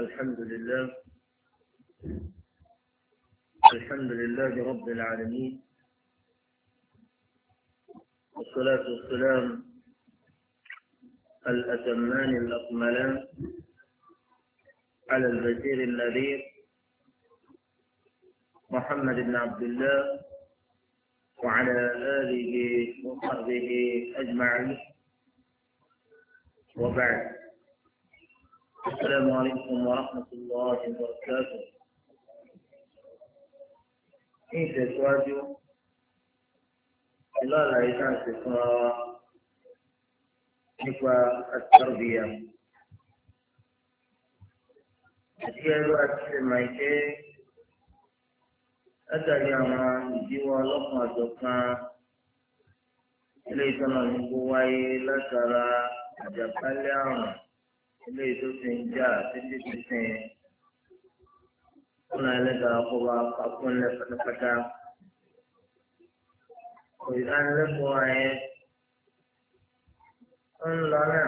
الحمد لله الحمد لله رب العالمين والصلاة والسلام الأتمان الأكملان على البشير النذير محمد بن عبد الله وعلى آله وصحبه أجمعين وبعد السلام عليكم ورحمة الله وبركاته ní ìtẹ̀síwájú ìlú àlàyé náà ti fún wa nípa àtàrbíyà àti ẹrú àti ìmọ̀-ìṣe látàrí àwọn ìdíwọ́ ọlọ́kùn àjọkan ilé ìtọ́nà ilé tó ti ń jà títí ti sìn fúnra ẹlẹ́dàá kó wa kápún lẹ pátápátá. Ìdánilẹ́kọ̀ọ́ ayẹ ń lọ náà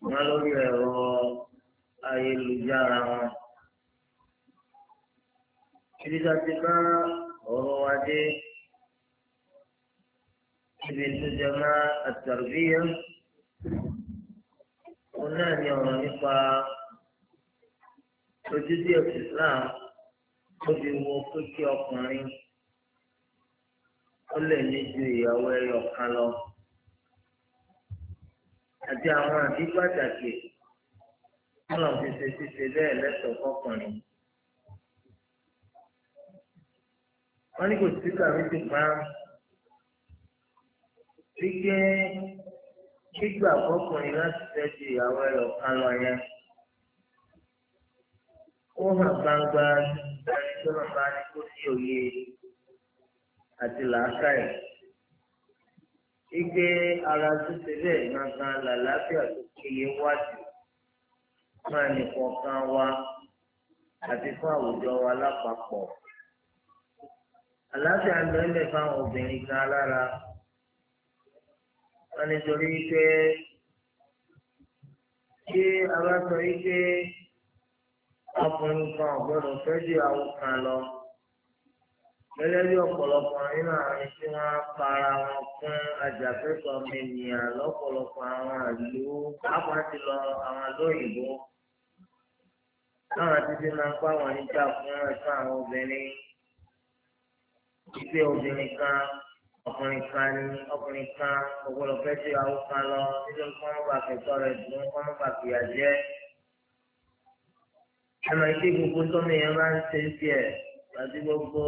wọ́n lórí ẹ̀rọ ayélujára wọn. Ìdíjà ti bá ọ̀rọ̀ wa dé. Ibi tó jẹ mọ́ àtàrbíyà òun náà ni ọ̀rọ̀ nípa ojú bí ọ̀sìn Islam ó fi wo pé kí ọkùnrin ó lè ní ju ìyàwó ẹyọ kan lọ àti àwọn àbí pàtàkì ọlọ́run fi ṣe ṣíṣe bẹ́ẹ̀ lẹ́tọ̀ọ́ fọkùnrin. wọ́n ní kò sí kàwé ti pa á. wíkẹ́ gbígbà fọkùnrin láti tẹ́jú ìyàwó ẹ̀ lọ́kàn lọ yẹn ó hàn gbangba dájú tó lọ́ bá ní kó sí òye àti làákàyè igbe ara tó ṣe bẹ́ẹ̀ gangan làlàáfíà tó kéye wájú máa nìkan kan wá àti fún àwùjọ wa lápapọ̀ àlàáfíà ń lọ ilẹ̀ fáwọn obìnrin gan lára wọn nítorí pé tí a bá sọ yìí pé ọkùnrin kan ọ̀gbọ́dọ̀ fẹ́ ju àwọn kan lọ gẹ́gẹ́ bí ọ̀pọ̀lọpọ̀ nínú àwọn tí wọ́n para wọn fún ajàfẹ́tọ̀ ọmọnìyàn lọ́pọ̀lọpọ̀ àwọn àlù pàápàá ti lọ àwọn lóyìnbó láwọn títí máa ń pa wọn níjà fún ẹ̀fọ́ àwọn obìnrin ìgbé obìnrin kan ọkùnrin kan ní ọkùnrin kan ọgbọ́dọ̀ fẹ́ sí àwọn kan lọ nítorí kí wọ́n bá fi tọrẹ dùn kí wọ́n bá fi àjẹ́. ẹnu ìdí gbogbo tọ́mọ yẹn máa ń ṣe tiẹ̀ àti gbogbo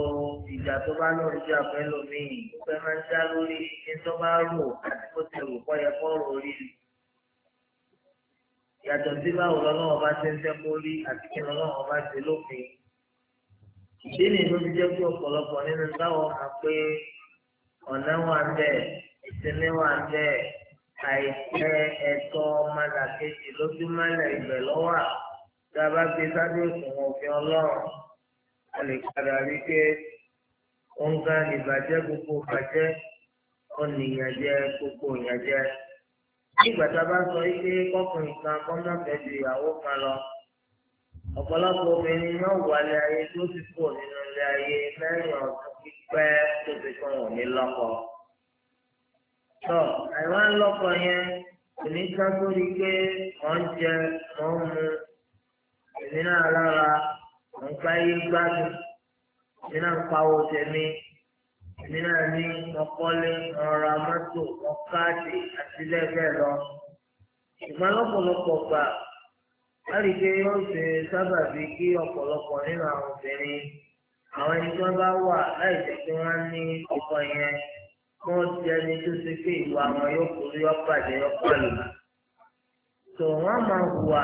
ìgbà tó bá lọ sí àpẹlòmíì pé máa ń dá lórí ní tó bá rò àti bó ti rò kọ́ yẹ kọ́ rò rí. yàtọ̀ sí báwo lọ́lọ́wọ́ bá ṣe ń tẹ́ rí àti kí lọ́lọ́wọ́ bá ṣe lópin. ìdí nìyí ló fi jẹ́ pé ọ̀pọ̀lọpọ̀ nínú táwọn ọ̀nà wà bẹ́ẹ̀ ìsinmi wà bẹ́ẹ̀ àìpẹ́ ẹ̀tọ́ ọmọlàkejì lójúmọ́lẹ̀ ìgbẹ́ lọ́wọ́ dábàá gbé sábẹ́ òkùnkùn òfin ọlọ́run a lè padà rí pé ó ń ga ìbàjẹ́ gbogbo bàjẹ́ ó ní ìyànjẹ gbogbo ìyànjẹ. nígbà tá a bá sọ pé kọkùnrin kan kọ́mọ́fẹ́ ju ìyàwó kan lọ ọ̀pọ̀lọpọ̀ obìnrin yóò wà lé ayé tó ti kú nínú ilé ayé lẹ́yìn ọ̀dún pẹ́ tó ti fún wọn ní lọ́kọ. tọ́ àìwá ń lọ́kọ yẹn kò ní ká sórí pé wọ́n ń jẹ wọ́n ń mu èmi náà lára wọ́n ká yé gbádùn èmi náà ń pawó tẹ̀mí èmi náà ní ọkọ́lé ọ̀rọ̀ amátò ọ̀káàdì àti bẹ́ẹ̀ lọ. ṣùgbọ́n lọ́pọ̀lọpọ̀ gbà láti gbé yóò ṣe sábàbí kí ọ̀pọ̀lọpọ̀ nínú àwọn obìnrin àwọn ẹni tí wọ́n bá wà láì jẹ́ pé wọ́n ní ọkọ yẹn kí wọ́n ti ẹni tó ṣe pé ìwà wọn yóò kúrú yọ bàjẹ́ yọ pọ̀lù. tó wọ́n máa hùwà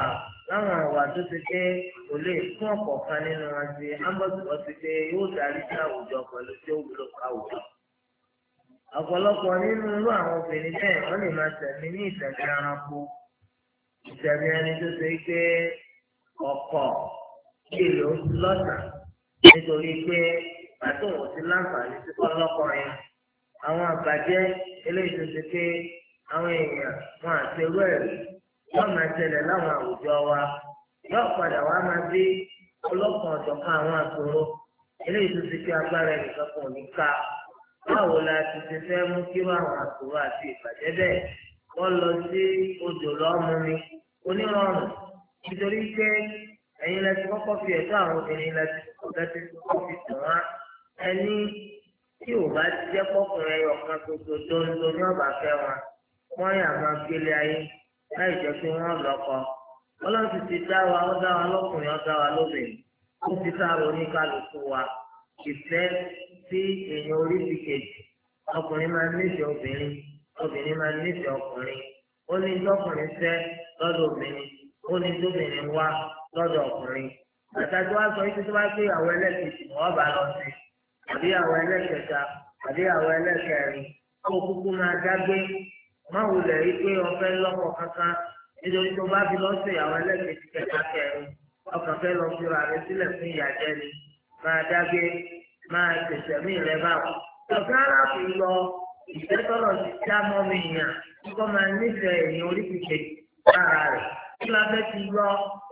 láwọn àwà tó ti pé kò lè fún ọ̀kọ̀ọ̀kan nínú wọn ti ambassador ti pé yóò darí sí àwùjọ pẹ̀lú tí ó wúlò káwùjọ. ọ̀pọ̀lọpọ̀ nínú irú àwọn obìnrin bẹ́ẹ̀ wọ́n lè máa tẹ̀mí ní ìtẹ̀mí ẹranko ìtẹ̀mí ẹni tó ṣe pé ọkọ̀ kí èlò lọ́sàn nítorí pé pàtó òsì láǹfààní sí ọlọ́kùnrin àwọn àbàjẹ́ eléyìí tó ṣe pé àwọn èèyàn wọn àti ewé ẹ̀rí yóò máa ṣẹlẹ̀ láwọn àwùjọ wa yóò padà wá máa bí ọlọ́kan ọ̀jọ̀kan àwọn àtòrò eléyìí tó ṣe pé agbára ẹnìkan kan ò ní ká báwo la ti ṣe fẹ́ mú kí àwọn àtòrò àti ìbàjẹ́ bẹ́ẹ̀ wọ́n lọ sí odò lọ́mú mi onírọ̀rùn nítorí pé ẹ̀yin la kọ́kọ́ fi ẹ̀tọ́ àwọn obìnrin la ọ̀gá ti ti kọ́ fi sùn wá ẹni tí ò bá ti jẹ́ kọkùnrin ẹyọ kan gbogbo tó ń lo ní ọ̀bà fẹ́ wọn wọ́n yà máa gbélé ayé láì jẹ́ pé wọ́n lọ́kọ. ọlọ́run ti ti dá wa ó dá wa lọ́kùnrin ó dá wa lóbìnrin ó ti sáré oníkálukú wa ìfẹ́ sí èèyàn orí ti kejì ọkùnrin máa nífẹ̀ẹ́ obìnrin obìnrin máa nífẹ̀ẹ́ ọkùnrin ó ní dọ́kùnrin fẹ́ lọ́dọ̀ obìnrin ó ní dóbìnrin wá lọ́dọ̀ ọkùnrin àtàjọ aṣọ yìí tó bá gbé ìyàwó ẹlẹ́kẹ̀ẹ́sì wọ́n bá lọ sí àbí ìyàwó ẹlẹ́kẹ̀ẹ́ta àbí ìyàwó ẹlẹ́kẹ̀ẹ́rin ọmọ kúkú máa dágbé má wulẹ̀ yìí pé ọ̀fẹ́ lọ́kọ̀ kankan nítorí tó bá fi lọ́sẹ̀ ìyàwó ẹlẹ́kẹ̀ẹ́sì kẹta kẹrin ọkàn fẹ́ lọ fura rẹ sílẹ̀ fún ìyàjẹ́ ni máa dágbé máa tẹ̀sẹ̀ mí rẹ báwọn. ọ̀gá aráàlú lọ ìfẹ́ tọ́lọ̀ kí la fẹ́ ti yọ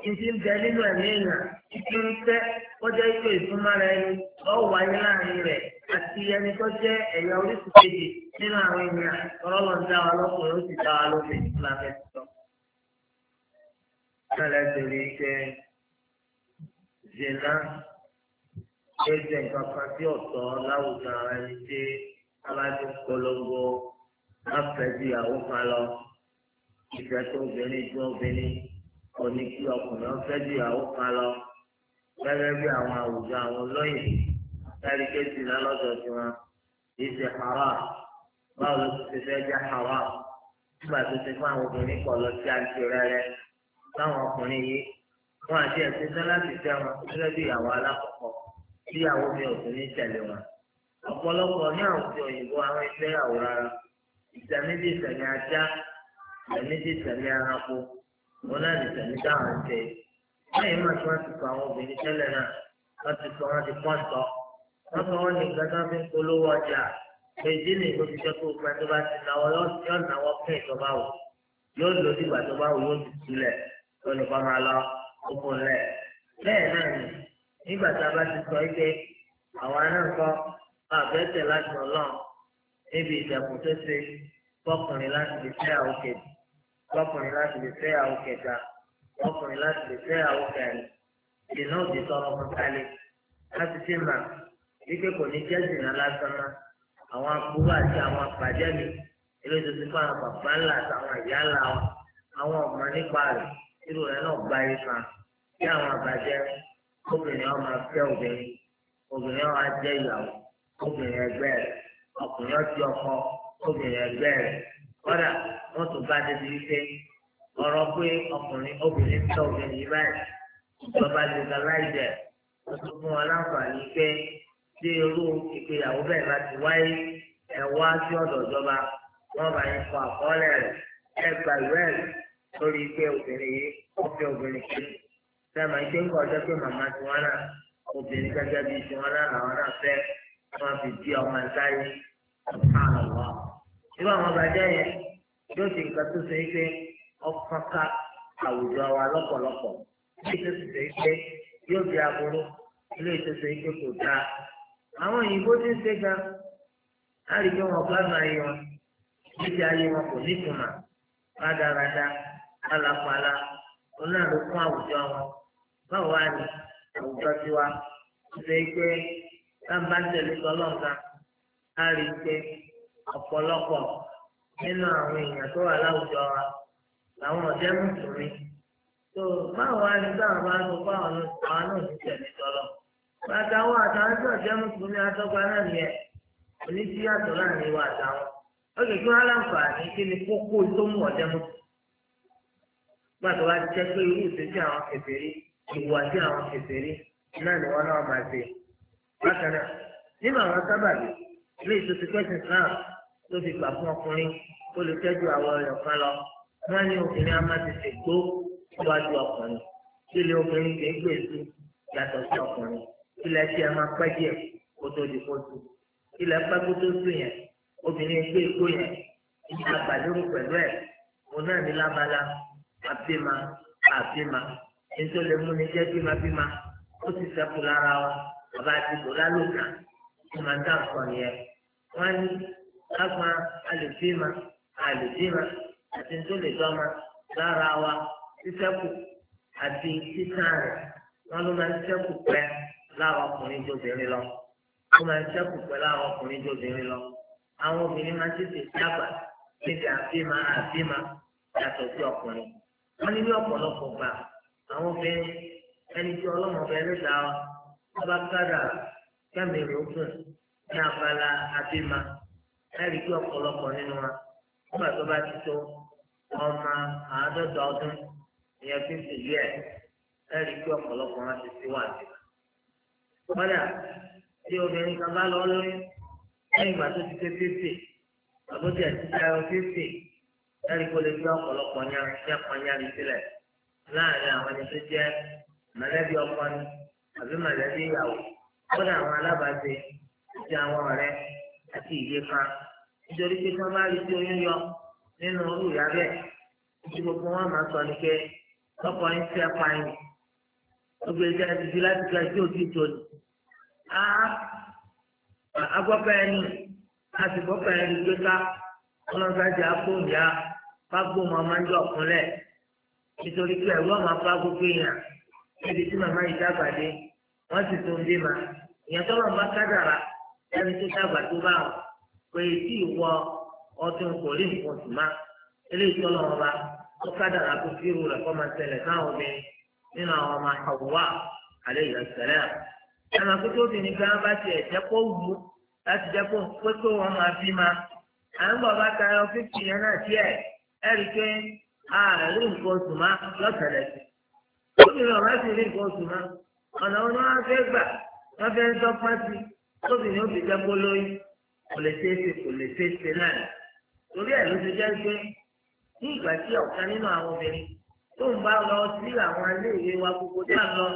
ìdí ń bẹ nínú ẹ̀mí èèyàn títí ń fẹ́ kọjá ikú ìfúnmára ẹni lọ́wọ́ wáyé láàrin rẹ̀ àti ẹni tó jẹ́ ẹ̀yà oríṣi kejì nínú àwọn èèyàn ọlọ́lọ́ ń dá wa lọ́kùnrin ó sì dá wa lóde kí la fẹ́ ti sọ. Bẹ́ẹ̀ lẹ́sẹ̀rí pé Zena ṣe jẹ́ nǹkan kan tí ọ̀tọ̀ láwùjọ àwọn ẹni tí alájọ polongo láfẹ̀ẹ́ bí àwọn kan lọ ìfẹ́ tó obìnrin tó obìnrin òní kí ọkùnrin ọ̀fẹ́ ju ìyàwó kan lọ gẹ́gẹ́ bí àwọn àwùjọ àwọn olóyìn sáré kéésì lọ́lọ́dọ̀ tí wọn kì í ṣe haram báwo ló ti fẹ́ jẹ́ haram nígbà tó ti fún àwọn obìnrin pọ̀ lọ sí àǹtí rẹ́rẹ́ láwọn ọkùnrin yìí wọn àti ẹ̀sìn tán láti fẹ́ wọn gẹ́gẹ́ bí ìyàwó alákọ̀ọ́kọ́ tí ìyàwó mi ò tẹ̀lé wọn ọ̀pọ̀lọpọ̀ ní àwùjọ òyìnbó àwọn ẹgbẹ́ àwòrán ìtàn ẹni tí tẹ̀lé aráko wọn náà lè tẹ̀lé dáhùn ẹ̀jẹ̀ lẹ́yìn máa tí wọ́n ti pa àwọn obìnrin tẹ́lẹ̀ náà wọ́n ti pa wọ́n ti pọ́n sọ wọ́n sọ wọ́n ní nǹkan tó fi ń polówó ọjà èyí ni ìlú ti jẹ́ kó gba tó bá ti náwó yóò náwó fún ìjọba wò yóò lò sí ìgbà tó bá wò yóò tutù lẹ̀ olùkọ́ máa lọ kókó lẹ̀ bẹ́ẹ̀ náà ni nígbà tá a bá ti sọ ike àwọn anáǹkọ́ àbẹ́tẹ̀ láti ọlọ́run níbi ìjẹ̀kùn tó ṣe fọkùnrin láti fi fẹ́ àwọn kejì lọ́kùnrin láti lè fẹ́ àwọn kẹta lọ́kùnrin láti lè fẹ́ àwọn kẹrin ìdè náà ti tọrọ fún kálí láti fi mà wípé kò ní jẹ́ ìdènà lásán mọ́ àwọn aburú àti àwọn àpàjẹ́ mi eléyìí tó ti fún àwọn bàbá ńlá àtàwọn ìyá ńlá wa àwọn ọmọ nípa rẹ̀ irú rẹ̀ náà gba ifa kí àwọn àbàjẹ́ obìnrin ọmọ fẹ́ obìnrin obìnrin ọmọ jẹ́ ìyàwó obìnrin ẹgbẹ́ rẹ̀ ọkùnrin ọjọ́ ọkọ obìnrin ẹgbẹ́ rẹ̀ kọ́dà wọ́n tún bá débi wípé ọ̀rọ̀ pé ọkùnrin obìnrin ń tọ́ obìnrin yìí báyìí ìjọba legalize wọ́n tún fún wọn láǹfààní pé tí irú ìgbéyàwó bẹ́ẹ̀ bá ti wáyé ẹ̀ wá sí ọ̀dọ̀ ìjọba wọ́n bá yẹn kọ àkọọ́lẹ̀ rẹ̀ ẹ̀ gba ìwé rẹ̀ lórí pé obìnrin yìí wọ́n fẹ́ obìnrin kiri sẹ́mi ìgbé ń kọ́ ọjọ́ pé màmá tiwọn náà obìnrin gẹ́gẹ́ bíi tiwọn náà làwọn náà fẹ́ wọ́n fi di ọmọ ìsáyé irú àwọn bàjẹ́ yẹn yóò ṣe nǹkan tó ṣe pé ọkàn ká àwùjọ wa lọ́pọ̀lọpọ̀ ilé tó ṣe pé yóò di aburú ilé tó ṣe pé kò dáa àwọn òyìnbó ti ń ṣe gan á rí i pé wọn bá máa yọ títí ayé wọn kò nítumọ̀ rádaràda pálapàla onáàlú fún àwùjọ wọn báwo wá ní àwùjọ tiwa ṣe pé táǹbà ń tẹ̀lé tọ́lọ́ǹkà á rí ọ̀pọ̀lọpọ̀ nínú àwọn èèyàn tó wà láwùjọ wa làwọn ọ̀jẹ́ mùsùlùmí tó báwo ní táwọn bá ń sọ fáwọn àwọn náà ti tẹ̀lé tọ́lọ̀ bàtà àtàwọn tó ọ̀jẹ́ atọ́gba náà láàrin wa àtàwọn ó kí láǹfààní kí ni kókó tó mú ọ̀jẹ́ jẹ́ pé irú àwọn ìwà sí àwọn náà ni náà tó fi gbà fún ọkùnrin kó lè tẹ́jú àwọn ọ̀rẹ́ kan lọ wọ́n ní obìnrin a máa ti ṣègbó níwájú ọkùnrin kí lè obìnrin kì í gbèsè yàtọ̀ sí ọkùnrin kí lè tí a máa pẹ́ díẹ̀ kó tó di kó tu kí lè pẹ́ kó tó tu yẹn obìnrin gbé ìgbó yẹn ìdí àgbàlérò pẹ̀lú ẹ̀ òun náà ní lábala àbímá àbímá nítorí lè múni jẹ́ bímábímá ó ti sẹ́kù lára wa bàbá àti bòlá lòkà ó máa lágbọn alèfíìmà alèfíìmà àti ntòlèdọ́mà lára wa sísẹ́kù àti sísan rẹ̀ wọ́n ló máa ń sẹ́kù pẹ́ lára ọkùnrin jóbìnrin lọ wọ́n máa ń sẹ́kù pẹ́ lára ọkùnrin jóbìnrin lọ àwọn obìnrin máa ń tètè dábàá níbi àfíìmà àfíìmà yàtọ̀ sí ọkùnrin wọ́n ní ní ọ̀pọ̀lọpọ̀ gbà àwọn obìnrin ẹni tí ọlọ́mọbẹ ẹlẹ́dàá wa wọ́n bá kádà kẹ́mìrì ó gùn ní abala àfíìmà ẹ̀rí kí ọ̀pọ̀lọpọ̀ nínú wa nígbà tó bá ti tó ọmọ àádọ́ta ọdún ìyẹn fi ń tèlú ẹ̀ ẹ̀rí kí ọ̀pọ̀lọpọ̀ wọn ti ti wà ní. kọ́dà tí obìnrin kan bá lọ lóyún lẹ́yìn ìgbà tó ti pé fífì àbójú ẹ̀ ti tayọ fífì ẹ̀rí kó lè fi ọ̀pọ̀lọpọ̀ yánpọnyárí sílẹ̀ láàrin àwọn ẹni tó jẹ́ mọ̀lẹ́bí ọkọ ni àbí mọ̀lẹ́bí ìyàwó kọ́dà àwọn alábàáṣe àti àwọn ọ̀rẹ́ àti ìyẹ́fà nítorí pé sọ́mà rí tí oyún yọ nínú orú ìyá bẹ́ẹ̀ ojú gbogbo wọn máa sọ ní kẹ lọ́kùnrin tí a pa yín ọgbẹ́ ìjà ìdíjú láti gba ìjọ òtí ìjọ ni. agbọ́pẹ́ ẹni àti gbọ́pẹ́ ẹni gbé ká ọlọ́sàájà fóònù yá bá gbóhùn ọmọ ń jọ kúnlẹ̀ nítorí pé ẹ̀rú ọmọ apá gbogbo èèyàn níbi tí màmá yìí dábàá dé wọ́n sì tún dé mà ìyẹn tọ́lọ́ ń bá kádàrà. ẹni tó dàgbà tó bá wọn pé tí ìwọ ọdún kò rí nǹkan má eléyìí tó lọ́wọ́ bá rẹ̀ máa káwọn nínú àwọn ọmọ àlẹ́ bá tiẹ̀ jẹ́ ma àwọn bàbá tayọ fífi yẹn náà tiẹ̀ ẹ̀rí pé ààrí nǹkan oṣù má lọ́tẹ̀lẹ̀ sí obìnrin sì rí nǹkan má ọ̀nà wọn fẹ́ gbà wọ́n tóbi ni ó fi jẹ́ gbólóyún kò lè ṣe é ṣe kò lè ṣe é ṣe náà torí ẹ̀ ló ti jẹ́ pé ní ìgbà tí ọ̀kan nínú àwọn obìnrin tó ń bá lọ sí àwọn iléèwé wa gbogbo tí à ń lọ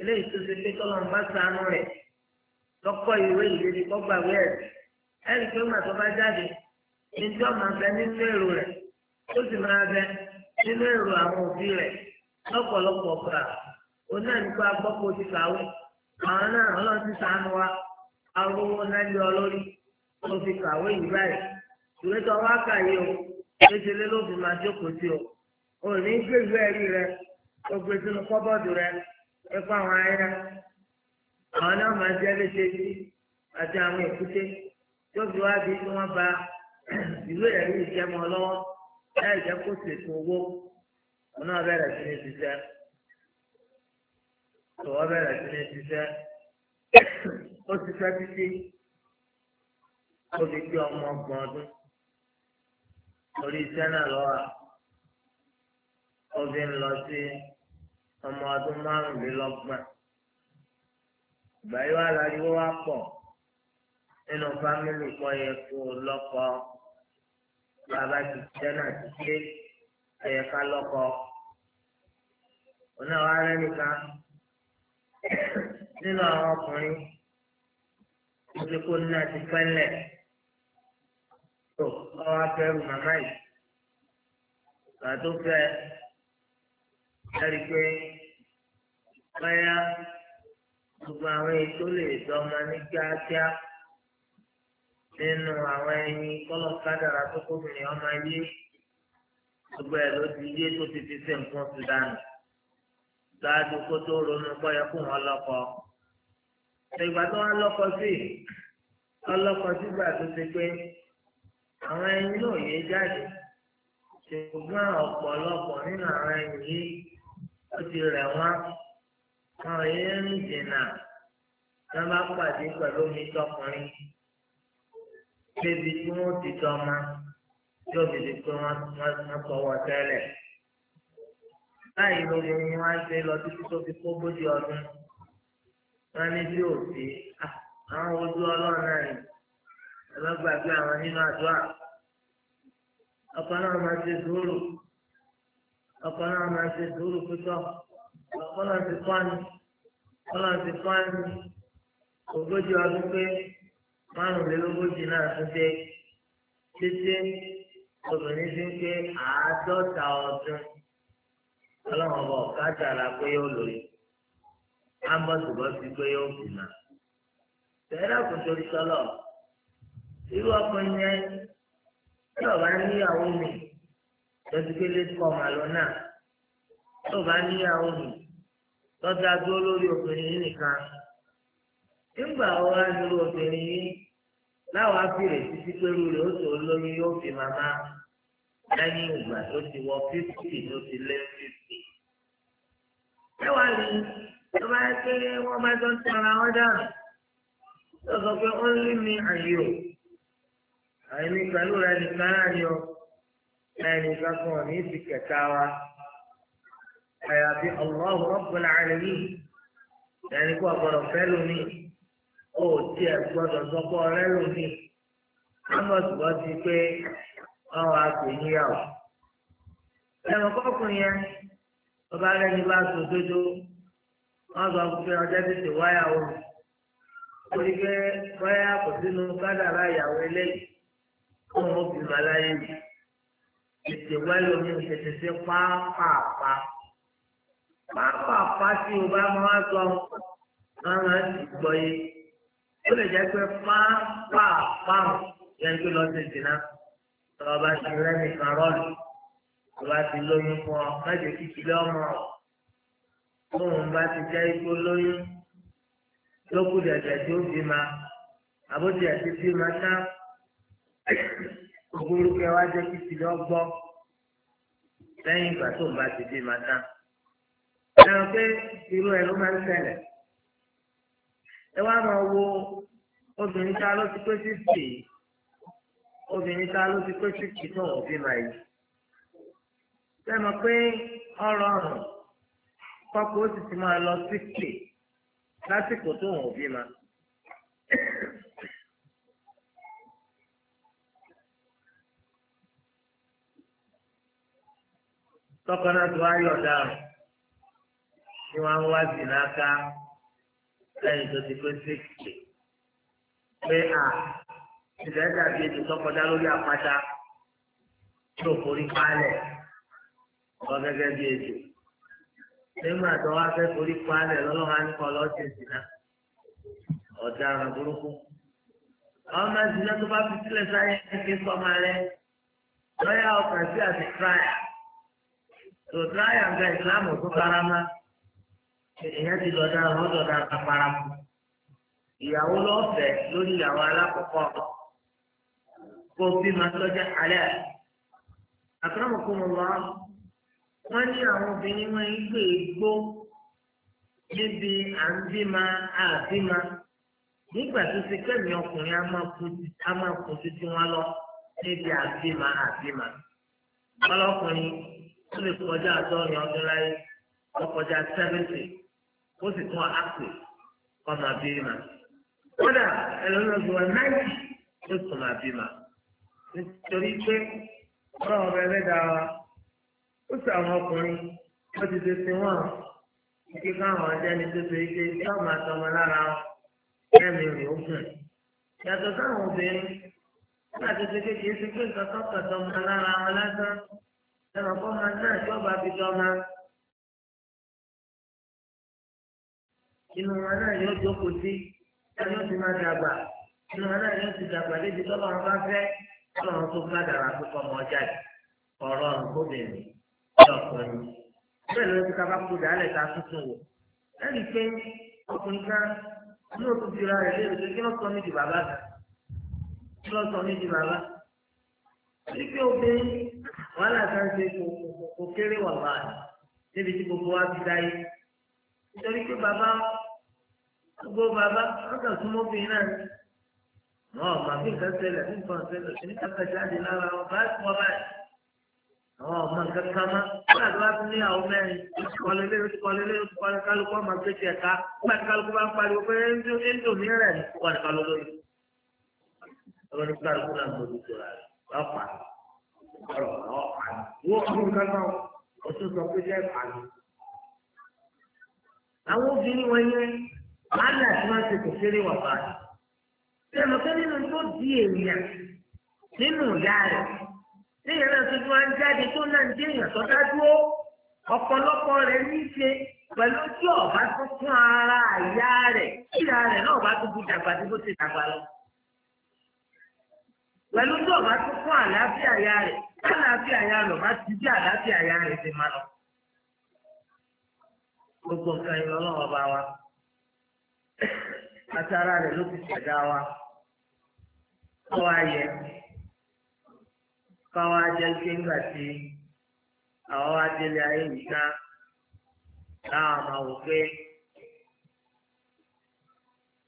eléyìí tó ṣe pé tọ́lọ́ ń bá sànú rẹ̀ lọ́kọ́ ìwé ìlérí kọ́gbà wẹ́ẹ̀ ẹ̀rí pé màá tó bá jáde ní tí ọmọ abẹ nínú èrò rẹ̀ tó sì máa bẹ nínú èrò àwọn òbí rẹ̀ lọ́pọ̀lọpọ̀ gbà òun náà nípa gbọ́kọ̀ ti kàwé àwọn náà ọlọ́run ti sànú wa. arúgbó náírà lórí tó fi kàwé yìí báyìí ìwé tó wá kà yìí o kéṣeré ló fi máa jókòó sí o ò ní gbé ìwé ẹ̀rí rẹ o gbé sínú kọ́bọ́ọ̀dù rẹ àwọn ayẹyẹ àwọn náà máa léṣe sí àti àwọn èkúté tó fi ba ìwé kó owó wọn náà sí ní sí ní ó ti fẹ́ títí ó lè gbé ọmọ ọgbọ̀n ọdún orí iṣẹ́ náà lọ́wọ́ obì ń lọ sí ọmọ ọdún márùnlélọ́gbọ̀n ìgbàyọ̀ aláriwo wá pọ̀ nínú fámìlì kan yẹ kó lọ́kọ bàbá ti jẹ́ náà ti gbé ẹ̀yẹ ká lọ́kọ òun náà wá nínú àwọn ọkùnrin mo ti kó náà ti pẹ́lẹ̀ tó ọwọ́ afẹ́rù màmá yìí gbà tó fẹ́ ẹ̀rí pé báyà gbogbo àwọn èyí tó lè dọ́mọ ní kíákíá nínú àwọn ẹyin kọ́lọ̀ kádàrà tó kóbìnrin ọmọ ayé gbogbo ẹ̀ ló ti yé tó ti fi ṣe nǹkan sùdánù ṣáájú kó tó ronú kọ́ kó wọn lọ́kọ̀ọ́ ìgbà tó wá lọ́kọ sí ọlọ́kọ sígbà tó ṣe pé àwọn ẹyin náà yé jáde ṣùgbọ́n ọ̀pọ̀lọpọ̀ nínú àwọn ẹyin yìí ó ti rẹ̀ wọ́n wọn yé ń dènà wọ́n bá pàdé pẹ̀lú omi tọkùnrin débi tí wọ́n ti tọ́ ọmọ tí ó bìí pé wọ́n tọwọ́ tẹ́lẹ̀ báyìí lóbìnrin wá ṣe lọ títí tó fi kó bójú ọdún. wọn ní tí ò sí ah, àwọn ojú ọlọ́run náà ni ọlọ́gbàgbé àwọn nínú àdúrà ọkọ náà máa ṣe dúró ọkọ náà máa ṣe dúró pípọ̀ ọkọ náà ti kọ́ ni ọkọ náà ti kọ́ ni ogójì ọdún pé márùnlélógójì náà tún dé títí obìnrin ti ń pé àádọ́ta ọdún ọlọ́run ọba ambọ̀sì bọ́ sí pé yóò sì nà. Tẹ̀lé àkùtò sọlọ̀, irú ọkùnrin yẹn tí ọba níyàwó mi lọ́sibílẹ̀ kọ́ màlúù náà tí ọba níyàwó mi lọ́dà dúró lórí obìnrin yìí nìkan. Nígbà wo wá nírú obìnrin yìí láwọn abìrè títí pẹ̀lú rẹ̀ ó tó lórí yóò fi màmá lẹ́yìn ìgbà tó ti wọ fífì tó ti lé fífì. Ẹ wá ní tó bá ké wọ́n bá jọ ń tẹ̀ra wọn dànù tó sọ pé ó ń lé mi àyè o àìní pẹ̀lú rẹ nìkan náà ni ọ ẹnì kankan ò ní ti kẹta wa àyàfi Allahu Rabbul Alamin ẹnì kó ọgbọ́dọ̀ fẹ́ lómi ó tiẹ̀ gbọ́dọ̀ sọ́kọ́ ọ̀rẹ́ lómi amos bọ́ ti pé ọ̀rọ̀ àgbè níyàwó ẹnì kọ́kùnrin yẹn ọba rẹ ní bá sọ dodo wọ́n sọ pé ọjọ́ ti ti wáyà o torí pé wáyà kò sínú kádàrá ìyàwó eléyìí kó wọn bí màláyé yìí tètè wáyà omi tètè sí pápápá pápápá tí o bá máa sọ máa máa ti gbọ́ yé ó lè jẹ́ pé pápápá yẹn tó lọ sí ìdìnnà tọ́ba ti rẹ́ nìkan rọ́ọ̀lù tọ́ba ti lóyún fún ọ má jẹ́ kíkí lọ́mọ́ tóun bá ti jẹ́ igbó lóyún lókù dẹ̀dẹ̀ tí ó bímọ àbójú ẹ̀ ti bímọ tán ògbórúkẹ wa jẹ́ kí tìlẹ̀ ọgbọ́ lẹ́yìn ìgbà tóun bá ti bímọ tán. ẹ̀rọ pé irú ẹ̀ ló máa ń ṣẹlẹ̀ ẹ wá máa wo obìnrin ta ló ti pé sísì obìnrin ta ló ti pé sísì náà òbí máa yìí. sẹ́mi pé ọ̀rọ̀ ọ̀rùn kọ́kọ́ ó sì ti máa lọ síkè lásìkò tó hàn òbí ma. tọkọ náà tó wá yọ̀ dáhùn tí wọ́n á wá sí n'aka lẹ́yìn tó ti pé síkè pé à ìfẹ́ dàbí ètò tọkọjá lórí àpáta tó forí kálẹ̀ lọ gẹ́gẹ́ bí ètò. lẹ́yìn àtọ́ wa fẹ́ forí pa lọ́lọ́wọ́ á ní kọ́ lọ́ọ́ ọ̀daràn burúkú. àwọn máa tó bá fi sílẹ̀ sáyẹ́ kékeré sọ́mọ rẹ̀ lọ́yà ọkàn sí àti tíráyà. tó tíráyà ń gba tó karama ti lọ wọ́n lọ ìyàwó lórí ìyàwó alákọ̀ọ́kọ́ kó bí tọ́jà alẹ́ àkàràmọ̀kọ́ mọ̀ wá wọ́n ní àwọn obìnrin wọn ń gbé igbó níbi à ń bímọ àbímọ nígbà tó ṣe kẹ́mi ọkùnrin á máa kún títí wọn lọ níbi àbímọ àbímọ ọlọ́kùnrin ó lè kọjá àádọ́rin ọdún láyé ọkọjá sẹ́fẹ̀sì ó sì tún àpè ọmọ àbímọ kódà ẹlẹ́lọ́dún ẹ̀ náírà ó tún àbímọ nítorí pé ọlọ́run ọ̀rẹ́ rẹ̀ dára ó sì àwọn ọkùnrin wọ́n ti ṣe sin wọ́n kí káwọn ajẹ́ni tó ṣe ike tí wọ́n máa tọmọ lára ẹ̀mí rẹ̀ ó gùn. yàtọ̀ sáwọn obìnrin nígbà tó ṣe pé kì í ṣe pé nǹkan kan kàn tọmọ lára wọn lásán ẹ̀rọ kọ́ máa náà tí ọba fi tọmọ. inú wọn náà yóò jókòó sí ẹni ó ti máa dàgbà inú wọn náà yóò ti dàgbà débi tọ́lọ́run bá fẹ́ tọ́lọ́run tó bá dàgbà kọ́ ọmọ jáde ọ̀rọ̀ ọ̀rùn kóbìnrin ọjọ́ ọkùnrin bẹ́ẹ̀ ló ń fi kábà kó dàálẹ̀ ta tuntun wò ẹnì pé ọkùnrin kan ní òkú ti ra rẹ̀ léèrè pé kí ló sọ mí di bàbá kan kí ló sọ mí di bàbá torí pé obìnrin wàhálà kan ṣe kò kéré wà báyìí níbi tí gbogbo wa ti dáyé nítorí pé bàbá gbogbo bàbá lọ́kàn súnmọ́ bí náà náà màmí kan ṣẹlẹ̀ nǹkan ṣẹlẹ̀ nípa kẹjáde lára wọn báyìí àwọn ọmọ nǹkan kan mọ́ wọ́n àti wọ́n ti ní àwọn mẹ́rin oṣù kọ́lé lé oṣù kọ́lé lé oṣù kọ́lé kálukú ọmọ gbé tiẹ̀ ká wọ́n àti kálukú bá ń pariwo pé ẹ̀ńdò mi rẹ̀ ní wọ́n àti kálukú lórí. ọlọ́run ní kálukú náà ń bọ̀ lójú rẹ̀ wọ́n pa ọ̀rọ̀ wọ́n pa wọ́n ọdún kan náà wọ́n tún sọ pé jẹ́ ìpàdé. àwọn obìnrin wọn yẹn wàhálà tí wọ́n ti kò kéré wà báyìí. ṣé téèyàn náà tuntun á ń jáde tó náà ń déèyàn tó dádúró ọ̀pọ̀lọpọ̀ rẹ̀ ní í ṣe pẹ̀lú tí ọ̀bá tó fún ara àyá rẹ̀ kíra rẹ̀ náà bá tó bu dàgbà tí bó ti dàgbà lọ. pẹ̀lú tí ọ̀bá tó fún àlàáfíà àyá rẹ̀ àlàáfíà àyá rẹ̀ ọ̀bá ti bí àlàáfíà àyá rẹ̀ ti máa lọ. gbogbo nǹkan ìlú ọlọ́run ọba wa àti ara rẹ̀ ló ti ṣẹ̀dá wa. ó wá yẹ káwá jẹ́ pé ńgbà tí àwọn adélé ayé yìí ná láwọn máa wò pé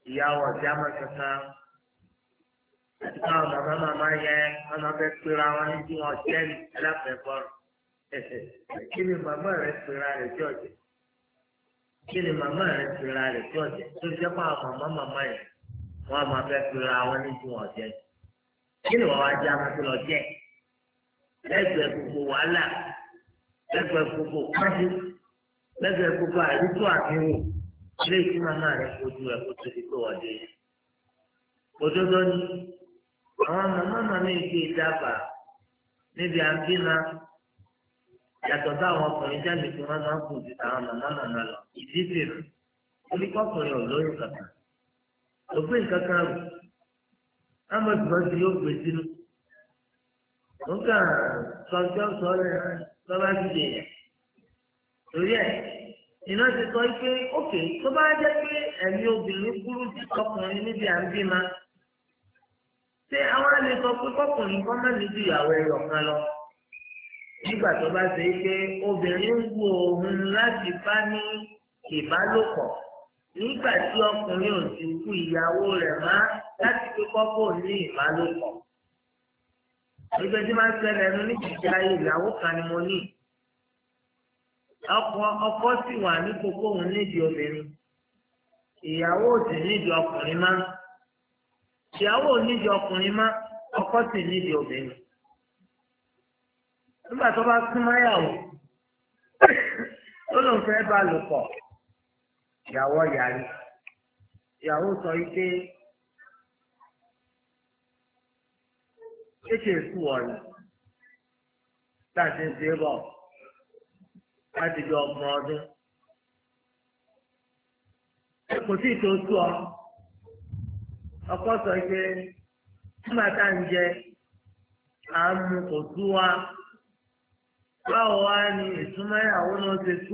ìyàwó ọ̀dí àmọ̀ kankan àti káwọn bàbá màmá yẹ ọmọ bẹ pera wọn ní bí wọn jẹ́ ẹlẹ́fẹ̀ẹ́bọ̀ kí ni màmá rẹ pera rẹ jọ jẹ kí ni màmá rẹ pera rẹ jọ jẹ tó jẹ́ fáwọn màmá màmá yẹn wọn máa bẹ pera wọn ní bí kí ni wọn wá jẹ́ ẹ̀. lẹ́gbẹ̀ẹ́ gbogbo wàhálà lẹ́gbẹ̀ẹ́ gbogbo pọ́jú lẹ́gbẹ̀ẹ́ gbogbo àdúgbò àfihàn ilé ìtura náà rẹ̀ kojú rẹ̀ kó tó di òdodo ni àwọn màmá màmá ìgbé e dábàá níbi àbínà yàtọ̀ táwọn ọkùnrin jáde tí wọ́n máa ń kù ju táwọn màmá màmá lọ ìdí kankan òfin kankan yóò gbé sínú. ó kàn sọjọ́ sọlẹ̀ lọ́ba dìde yẹn torí ẹ̀ iná ti sọ pé ókè tó bá jẹ́ pé ẹ̀mí obìnrin kúrú ti tọkùnrin níbi à ń bímọ ṣé àwọn àlè sọ pé kọkùnrin kan má ní ju ìyàwó ẹ̀rọ kan lọ nígbà tó bá ṣe é pé obìnrin ń wo òun láti bá ní ìbálòpọ̀ nígbà tí ọkùnrin ò sì kú ìyàwó rẹ̀ má láti pé kọ́kọ́ ní ìbálòpọ̀. ìgbẹ́ tí máa ń ṣẹlẹ̀ ẹnu ní ayé ìyàwó kan ni mo ní ọkọ ọkọ sì wà ní kókó òun nídìí obìnrin ìyàwó sì ọkùnrin má ọkọ sì nídìí obìnrin nígbà tó bá súnmọ́ yàwó ó lóun fẹ́ bá lò pọ̀ ìyàwó yàrí ìyàwó sọ yìí yake zuwa ni tá ṣe bọ̀ láti di ọdún. ọ ọkọ sọ pé ń jẹ à ń mu kò sú wa báwo wá ni ìyàwó náà ṣe sú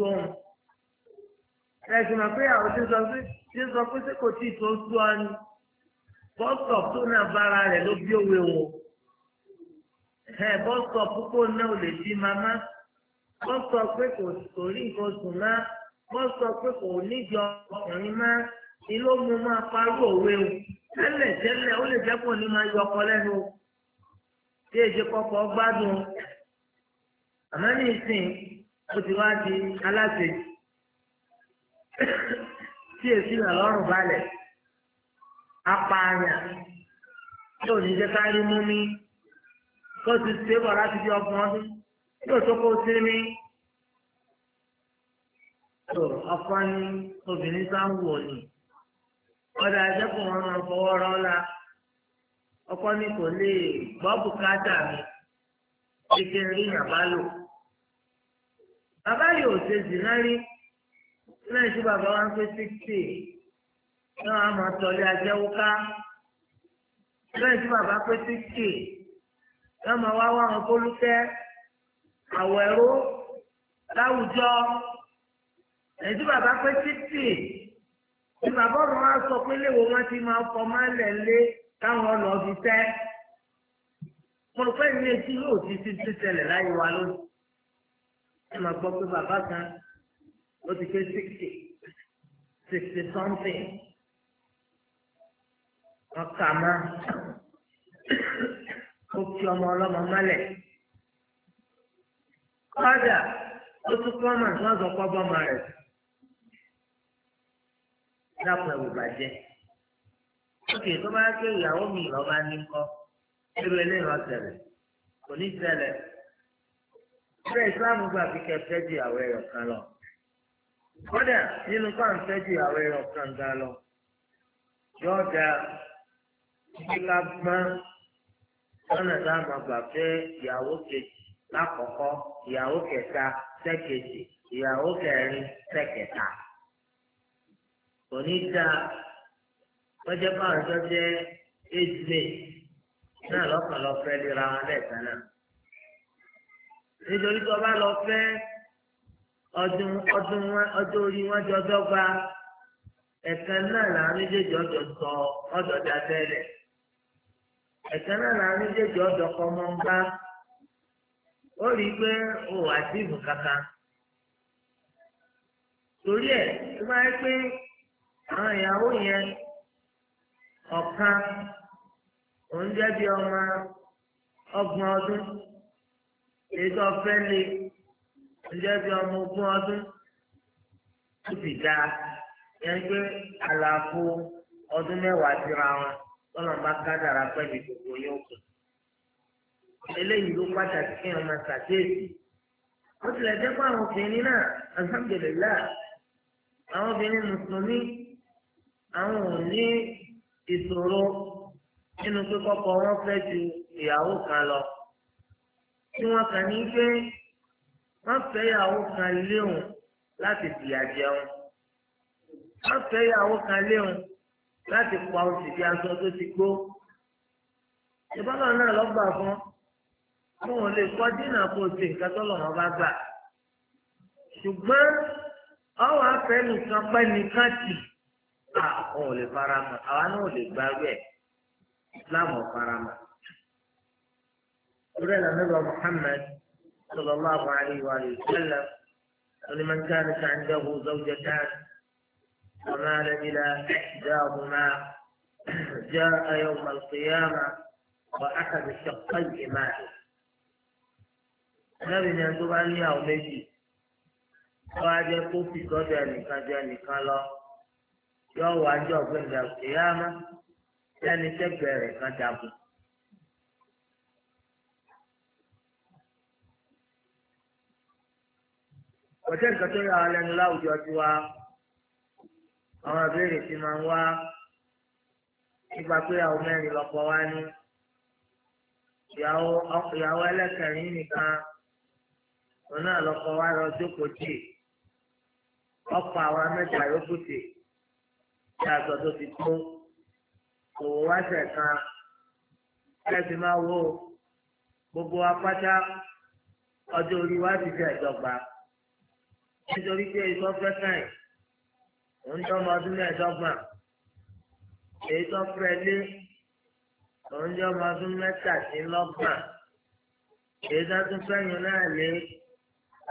ẹ̀sìn mọ̀ ọ ni bọ́sọ̀ tó náà bára rẹ̀ ló bí òwe ẹ bọ́ sọ púpọ̀ náà ò lè bí mamá bọ́ sọ pé kò rí nǹkan oṣù má bọ́ sọ pé kò níjọ ọkùnrin má ilé mu máa parú òwe o tẹ́lẹ̀ tẹ́lẹ̀ ó lè dẹ́kun ní máa yọ ọkọ lẹ́nu o tí èjì kọ́kọ́ gbádùn àmọ́ ní ìsìn ó ti wá di aláṣejù tí èsì rẹ̀ lọ́rùn balẹ̀ apààyàn tí ò ní jẹ́ ká rí mú mi tó ti ṣe bọ̀ láti bí ọgbọ̀n ọdún yóò tó kó sí ní. tó ọkọ ní obìnrin sáwùwọ̀ ni ọ̀dà ẹ̀jẹ̀kùn wọn máa fọwọ́ rán la ọkọ ní kò lè gbọ́ bùkátà mi kékeré rí yàrá lò. bàbá yóò ṣe jìnnà rí náà ṣe bàbá wa ń pé sixty náà a máa tọ́lé ajẹ́wó ká náà bàbá pé sixty yóò máa wá wá àwọn kólúkẹ́ àwẹ̀rú láwùjọ èyí tí bàbá pé títì ní bàbá ọ̀run wá sọ pé léwo wọn ti máa fọ máa lẹ̀ lé táwọn lọ fi tẹ́ mo rò pé ní etí yóò ti ti ti ṣẹlẹ̀ láyé wa lónìí ẹ máa gbọ́ pé bàbá kan ó ti pé sixty sixty something wọn kà máa. ó fi ọmọ ọlọ́mọ mọ́lẹ̀ kọ́dà ó tún kọ́mà náà sọ pé ọbọ̀mọ rẹ̀ dápọ̀ ẹ̀wù bàjẹ́ ókè tó bá ké ìyàwó mi lọ́ba ní kọ́ kò ní ṣẹlẹ̀ ṣé ìsìláàmù gbà fi kẹfẹ́ àwọn lọ kọ́dà nínú pàǹfẹ́ àwọn kan lọ yọ̀ọ̀dà lọ́nà na a máa gbà fẹ́ ìyàwó kejì lákọ̀ọ́kọ́ ìyàwó kẹta ìyàwó kẹrin sẹ́kẹta. kò da lọ́jọ́ bá ọjọ́ jẹ́ éjìlè náà lọ́kàn lọ fẹ́ lera wọn lẹ́ẹ̀kan náà. nítorí bá lọ fẹ́ ọdún ọdún ọjọ́ orí ẹ̀sẹ̀ náà làwọn méjèèjì ọ̀dọ̀ kọ́ mọ́ ń bá ó rí i pé o wà dìbò kankan torí ẹ̀ tó bá yẹ pé àwọn ìyàwó yẹn ọ̀kan òun jẹ́ bí ọmọ ọgbọ̀n ọdún èyí tó fẹ́ lé òun jẹ́ bí ọmọ ogún ọdún tó fi dáa yẹn pé àlàfo ọdún mẹ́wàá síra wọn tọ́lọ́n bá kádàrá pẹ́ ní gbogbo yóò kù. eléyìí ló pàtàkì kí wọn máa ṣàkíyèsí. ó tilẹ̀ jẹ́ pé àwọn obìnrin náà alhamdulilayi àwọn obìnrin mùsùlùmí àwọn ò ní ìṣòro nínú pé kọ́kọ́ wọn fẹ́ ju ìyàwó kan lọ. tí wọ́n kàn ní pé wọ́n fẹ́ ìyàwó kan léwu láti fìyà jẹun. wọ́n fẹ́ ìyàwó kan léwu láti pa oṣù tí aṣọ tó ti gbó ìbálò náà lọ́gbà fún mo ò lè kọ́ dínà kó o ṣe nǹkan tó lọ́wọ́ bá gbà ṣùgbọ́n ọwọ́ afẹ́ nìkan pẹ́ nìkan tì à ò lè fara mọ́ àwa náà ò lè gbà wẹ̀ islam ò fara mọ́. orí ẹ̀la nígbà Muhammad sallallahu alayhi wa sallam onímọ̀ nǹkan nìkan ń dẹ́hu zọ́jọ́ dáadáa. ومال إلى إحداهما جاء يوم القيامة وأخذ الشقين معه lẹ́yìn ẹni tó bá ní àwọn méjì tó wá jẹ́ kó fi sọ́dọ̀ ẹnìkan jẹ́ ẹnìkan lọ yóò wá jẹ́ ọ̀gbìn ìdàgbéyàmá lẹ́ni tẹ́gbẹ̀ẹ́ rẹ̀ kan dàbò. ọ̀jẹ̀ nǹkan tó yà wá lẹ́nu láwùjọ tiwa àwọn ìbéèrè ti máa ń wá nípa pé àwọn mẹ́rin lọ́pọ̀ wá ní ìyàwó ẹlẹ́kẹ̀rin nìkan òun náà lọ́pọ̀ wá lọ jókòó tì ọ̀pọ̀ àwọn mẹ́ta yòókù tì tí àgbọ̀ tó ti tó òwò wá sẹ̀ kan kẹ́sì máa wó gbogbo apáta ọjọ́ orí wa ti fẹ́ dọ́gba nítorí pé ìsọfẹ́ káyìí òun jẹ́ ọmọ ọdún mẹ́ẹ̀ẹ́dọ́gbọ̀n èyí tó pẹ́ lé òun jẹ́ ọmọ ọdún mẹ́tàdínlọ́gbọ̀n èyí tó tún fẹ́yìn náà lé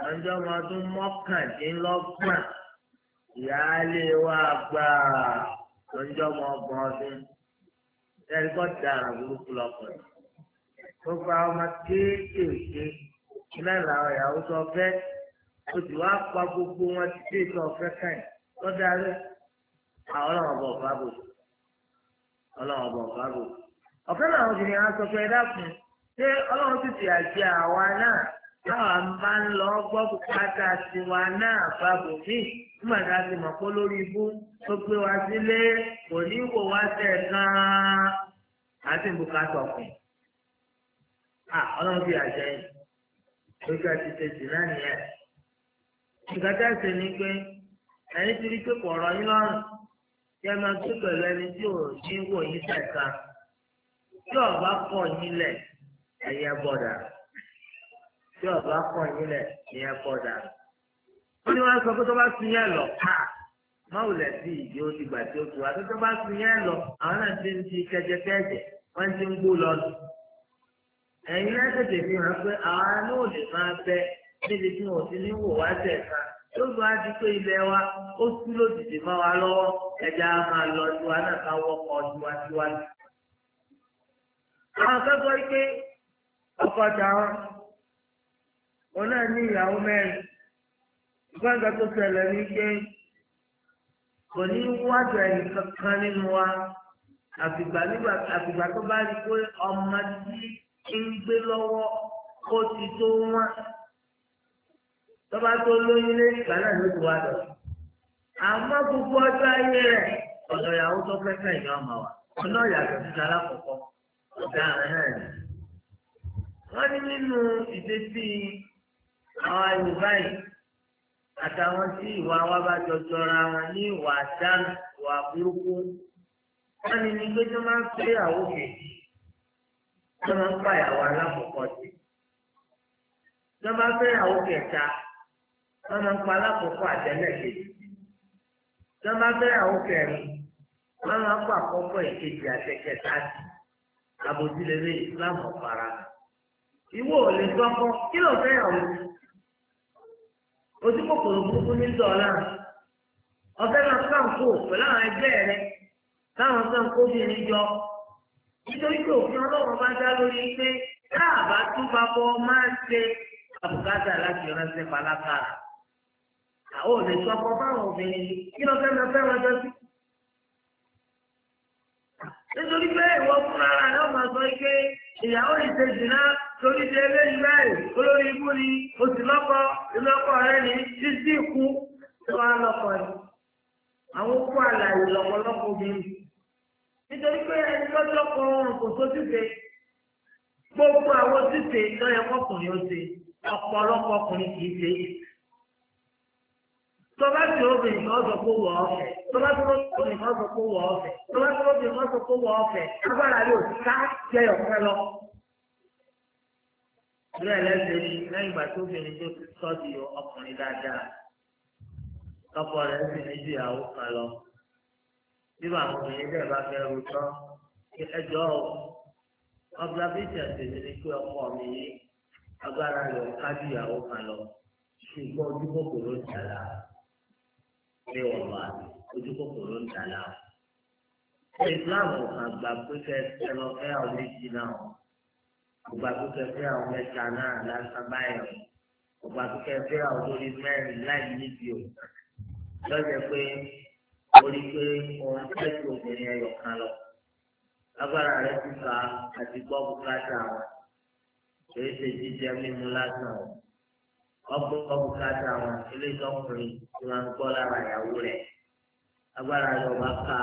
òun jẹ́ ọmọ ọdún mọ́kàndínlọ́gbọ̀n ìyáálé wa gbà òun jẹ́ ọmọ ọgbọ̀n ọdún ẹni kọ́ dara burúkú lọ́kùnrin gbogbo àwọn ọmọ kéékèèké náà làwọn ìyàwó sọ fẹ́ oṣù wa pa gbogbo wọn ti dé sọ fẹ́ káyìn. ó darí ah, àwọn ọlọ́wọ́ bọ̀ fáàbò ọlọ́wọ́ bọ̀ fáàbò ọ̀kan obìnrin á sọ pé dákun ṣé ọlọ́run ti ti àjẹ àwa náà bá ń lọ gbọ́ bùkátà tiwa náà fáàbò mí mọ̀ pé lórí ibú tó gbé wa sílé tẹ̀ ah, ọlọ́run àjẹ yìí àti náà nìyẹn ni ẹni tí rí pé kò ya yín lọ́rùn kí ẹ máa gbé pẹ̀lú ẹni tí ò ní wò yín sẹ̀ka tí ọba kọ̀ yín lẹ̀ ẹ̀yẹ bọ̀dà tí ọba kọ̀ yín sọ pé tó bá sun yẹn lọ ká má wulẹ̀ ìdí ó ti wa tó bá sun yẹn lọ àwọn ti ń kẹjẹkẹjẹ ti ń gbó lọ nù. ẹ̀yin náà tètè fi pé àwọn náà ò lè máa bẹ yóò lọ adi pé ilẹ̀ wa ó tú lójijì mọ́ wa lọ́wọ́ ẹja máa lọ tiwa náà ká wọ́pọ̀ tiwa tiwa. àwọn akẹ́kọ̀ọ́ yìí pé ọkọ̀ tàwọn òun náà ní ìyàwó mẹ́rin ìgbàgbọ́ tó ṣẹlẹ̀ ní pé kò ní wájú ẹ̀yìn kankan nínú wa àfìgbà nígbà àfìgbà tó bá rí i pé ọmọ tí ń gbé lọ́wọ́ ó ti tó wọ́n tọ́ba tó lóyún lé ìgbà náà ló ti wá lọ. àmọ́ gbogbo ọjọ́ ayé rẹ̀ ọ̀dọ̀ ìyàwó tó fẹ́ fẹ́ ìyá ọmọ wa ọ̀nà ìyàtọ̀ títa alákọ̀ọ́kọ́ ọ̀gá rẹ̀ náà ni. wọ́n ní nínú ìdésí àwọn yorùbá yìí àtàwọn tí ìwà wa bá jọjọra wọn ní ìwà àdánù ìwà burúkú wọ́n ní ní pé tó máa ń fẹ́ ìyàwó kejì tó máa ń pàyàwó alákọ̀ọ́kọ́ sí. tó máa ń fẹ́ ìyàwó kẹta wọ́n máa ń pa alákòókò àtẹ́lẹ̀kejì tí wọ́n bá fẹ́ àwọn kẹrin wọ́n máa ń pa àkọ́kọ́ ìkejì àtẹ̀kẹta sí àbòjì lẹ́lẹ́ ìsìlámù ọ̀fara ìwọ ò lè gbọ́kọ́ kí ló fẹ́ àwọn ojú kòkòrò burúkú ní dọ̀ọ́lá ọ̀fẹ́ máa kánkó pẹ̀lú àwọn ẹgbẹ́ rẹ táwọn kánkó bí ní jọ nítorí pé òfin ọlọ́run bá dá lórí pé táàbà túbà bọ́ máa ń ṣe àbùkátà láti ránṣẹ́ palákàrà àwọn ò lè sọ ọkọ fáwọn obìnrin yìí kí lọ fẹ́ lọ fẹ́ wọn jọ sí. nítorí pé ìwọ fúnra rẹ̀ náà máa sọ pé ìyàwó ìṣèjì náà torí ti eléyìí báyìí olórí ikú ni oṣù lọ́kọ̀ ìlọ́kọ̀ rẹ ní títí ikú tó wá lọ́kọ̀ ni. àwọn kó àlàyé lọ́pọ̀lọpọ̀ obìnrin. nítorí pé ẹni lọ́jọ́ kan òun kò sójúṣe gbogbo àwọn ojúṣe lọ́yẹ ọkùnrin ó ṣe ọ̀pọ̀lọpọ̀ ọkùnrin kì í ṣe tọ́lá obìnrin kan sọ pé wọ́ ọ̀fẹ́ tọ́lá obìnrin kan sọ pé wọ́ ọ̀fẹ́ tọ́lá obìnrin kan sọ pé wọ́ ọ̀fẹ́ agbára rẹ̀ ká jẹ ọ̀kan lọ. ìrẹ́ ẹlẹ́sẹ̀ ni lẹ́yìn ìgbà tó obìnrin tó ti sọ́ ọkùnrin dáadáa tọkọ rẹ̀ sì ní ju ìyàwó kan lọ. bíbá àwọn obìnrin bẹ́ẹ̀ bá fẹ́ ru tán ẹjọ́ observation tèmi ni pé ọkọ pé ọ̀wà ojú kòkòrò ń dà láà. Islam kan gba pípẹ́ ẹran fẹ́ àwọn méjì náà. Ọgbà pípẹ́ fẹ́ àwọn mẹ́ta náà lásán báyọ̀. Ọgbà pípẹ́ fẹ́ àwọn olórí mẹ́rin láì níbi o. Lọ́jọ́ pé orí pé òun tẹ́sí obìnrin ẹyọ kan lọ. Agbára rẹ̀ ti ka àti gbọ́ bùkátà wọn. Kì í ṣe jíjẹ mímu lásán o ọgbọ́ bùkátà wọn eléyìí tọkùnrin tí wọ́n ń gbọ́ lára ìyàwó rẹ̀ agbára rẹ̀ wá ká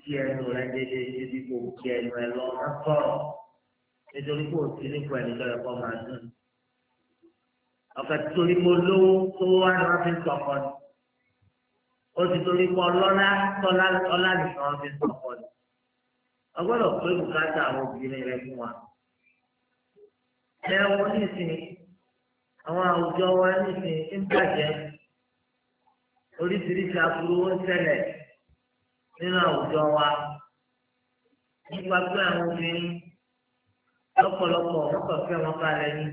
kí ẹnu rẹ̀ dédé débi kò kí ẹnu ẹ lọ ọkọ̀rọ̀ nítorí kò sí nípò ẹni tó yẹ kó máa dùn. ọ̀kẹ́ torí mo lówó tó wá ní wọ́n fi ń sọ̀kọ́ ni ó ti torí kó ọlọ́lá tọ́lá ọlá nìkan wọ́n fi ń sọ̀kọ́ ni. ọgbọ́dọ̀ pé bùkátà àwọn obìnrin rẹ̀ fún wa. ẹ wọ́n ní ìsinmi àwọn àwùjọ wa nísìnyí ń bàjẹ́ oríṣiríṣi aburú ó ń ṣẹlẹ̀ nínú àwùjọ wa nípa pé àwọn obìnrin lọ́pọ̀lọpọ̀ wọ́n kàn fẹ́ wọn kalẹ̀ ní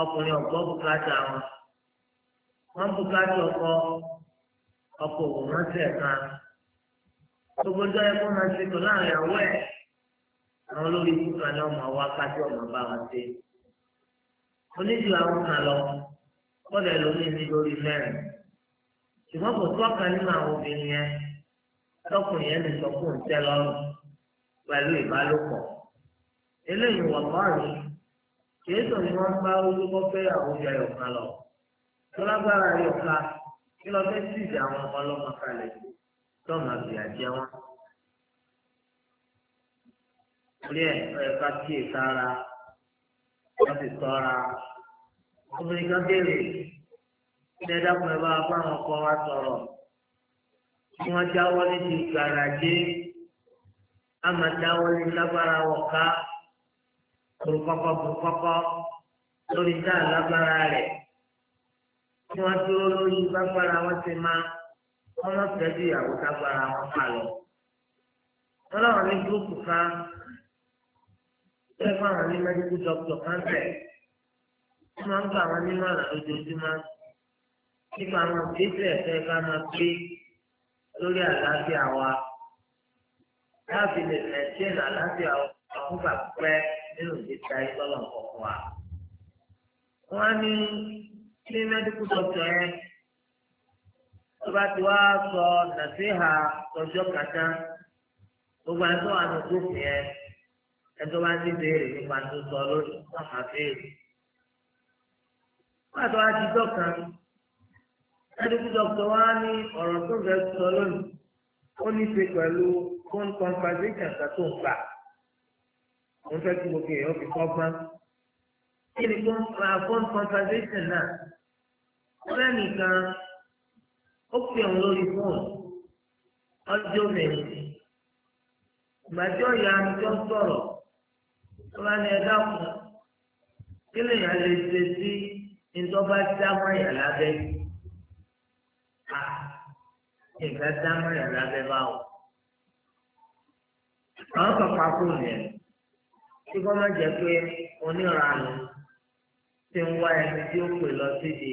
ọkùnrin ọ̀gbọ́ bùkátà wọn wọ́n bùkátà ọkọ ọkọ òwò wọn tẹ̀ kan gbogbo ọjọ́ ẹ̀kọ́ máa ń ṣe pẹ̀lú àwọn ìyàwó ẹ̀ àwọn olórí ikú kan ní ọmọ wa kájọ́ ọmọ bá wọn ṣe onídìí àwọn kan lọ kọ́lẹ̀ lómi ní lórí mẹ́rin ṣùgbọ́n kò tó ọ̀kan nínú àwọn obìnrin yẹn tọkùnrin yẹn lè sọ fún un tẹ́ lọ́rùn pẹ̀lú ìbálòpọ̀ eléyìí wọ̀ mọ́rin kìíṣọ ni wọ́n bá olúkọ fẹ́ àwọn ọjà yọ̀kan lọ tó lágbára yọ̀ka kí lọ fẹ́ sí ìjà àwọn ọmọ ọlọ́mọ kalẹ̀ tó ọmọ àbíyá jẹ wọn. orí ẹ̀ ẹ̀ka kí èka ara wọ́n ti sọ́ra obìnrin kan béèrè ilé dákun ẹ bá bá àwọn ọkọ wa sọ̀rọ̀ kí wọ́n jáwọ́ níbi gàràjé àmà jáwọ́ ní lágbára wọ̀ká burúkọ́kọ́ burúkọ́kọ́ lórí dá lágbára rẹ̀ kí wọ́n dúró lórí lágbára wọn ti máa wọ́n lọ́ọ́ fẹ́ bí ìyàwó lágbára wọn pa lọ. wọ́n ní gúrúùpù kan bẹ́ẹ̀ fún àwọn ní mẹ́díkù dọ́kítọ̀ káńtẹ̀ wọ́n máa ń gba àwọn onímọ̀ràn ojoojúmọ́ nípa àwọn ìgbésẹ̀ ẹ̀fẹ́ ká máa gbé lórí àlàáfíà wa láti lè mẹ̀tíẹ̀n àlàáfíà àkúgbà pẹ́ nínú ìgbésí ayé lọ́lọ́ kọ̀ọ̀kan wa. wọ́n á ní ní mẹ́díkù dọ́kítọ̀ yẹn tó bá ti wá sọ nàṣíhà ọjọ́ kàtá gbogbo àti àwọn àdókòfin yẹn ẹjọ́ bá ti béèrè nípa tó sọ lórí ọmọ béèrè. wọ́n àtọ́ àti dọ́kan ẹ̀dùkú dọ́kítọ̀ wá ní ọ̀rọ̀ tó fẹ́ sọ lónìí ó ní ṣe pẹ̀lú phone conversation kan tó ń gbà mo fẹ́ kí gbogbo èèyàn fi kọ́gbọ́n kí ni phone conversation náà ọ̀rẹ́ nìkan ó pè òun lórí fóònù ọjọ́ mẹ́rin ìgbàjọ́ ìyá mi tó ń sọ̀rọ̀ tó bá ní ẹ̀dá kù kí lèèyàn lè ṣe sí ìjọba dámọ̀yà lábẹ́ ìgbà dámọ̀yà lábẹ́ báwò àwọn kan pa kú nìyẹn tí wọ́n má jẹ́ pé oníranù ti ń wá ẹni tí ó pè lọ síbi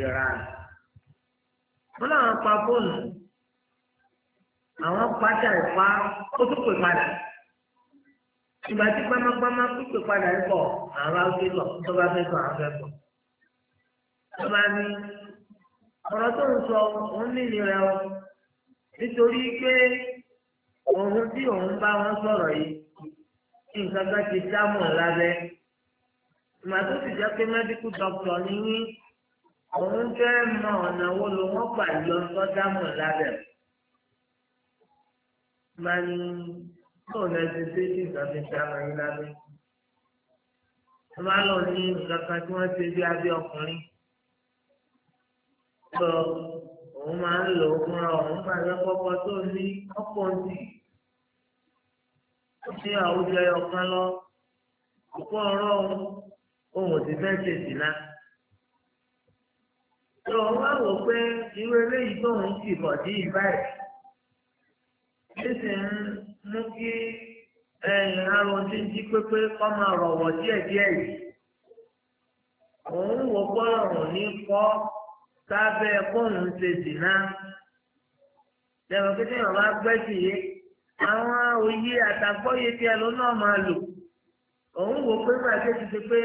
ìranù wọn làwọn pa fóònù àwọn pátá ìpá ó tún pè padà ìgbà tí gbámágbámá pípé padà ń bọ̀ àwọn awúgbé lọ tó bá fẹ́ sọ àwọn fẹ́ sọ. tó bá ní ọ̀rọ̀ tó ń sọ òun nìlera o nítorí pé òun tí òun bá wọn sọ̀rọ̀ yìí nǹkan kan ti dámọ̀ lábẹ́. ìgbà tó ti jẹ́ pé mẹ́díkù dọ́kítọ̀ ni yín òun fẹ́ mọ ọ̀nà wo ló wọ́n gbà yọ ọ́ dámọ̀ lábẹ́. ìgbà ní báwo la ṣe ṣe tí nǹkan fi ṣe àwọn yín lábẹ́ ẹ máa lọ ní nǹkan kan tí wọ́n ṣe bí abẹ́ ọkùnrin lọ òun máa ń lò ó fúnra òun gbà yẹ kọ́kọ́ tó ní ọ̀pọ̀ ntì ó ṣe àwùjọ ọ̀kan lọ òkú ọ̀rọ̀ ohun òsì fẹ́ ṣèṣì náà lọ wá wò pé irú eléyìí tó ń kì bọ̀ dí ìbáyìí nísìnyí. mú kí àrùn tí ń jí pépé kọ́ máa rọ̀wọ̀ díẹ̀díẹ̀ yìí. òun wò gbọ́rọ̀ ní kọ́ sábẹ́ fóònù ṣe dìná. bá àwọn òye tí ẹ ló náà máa lò. òun wò pé gbàgbé ti ṣe pé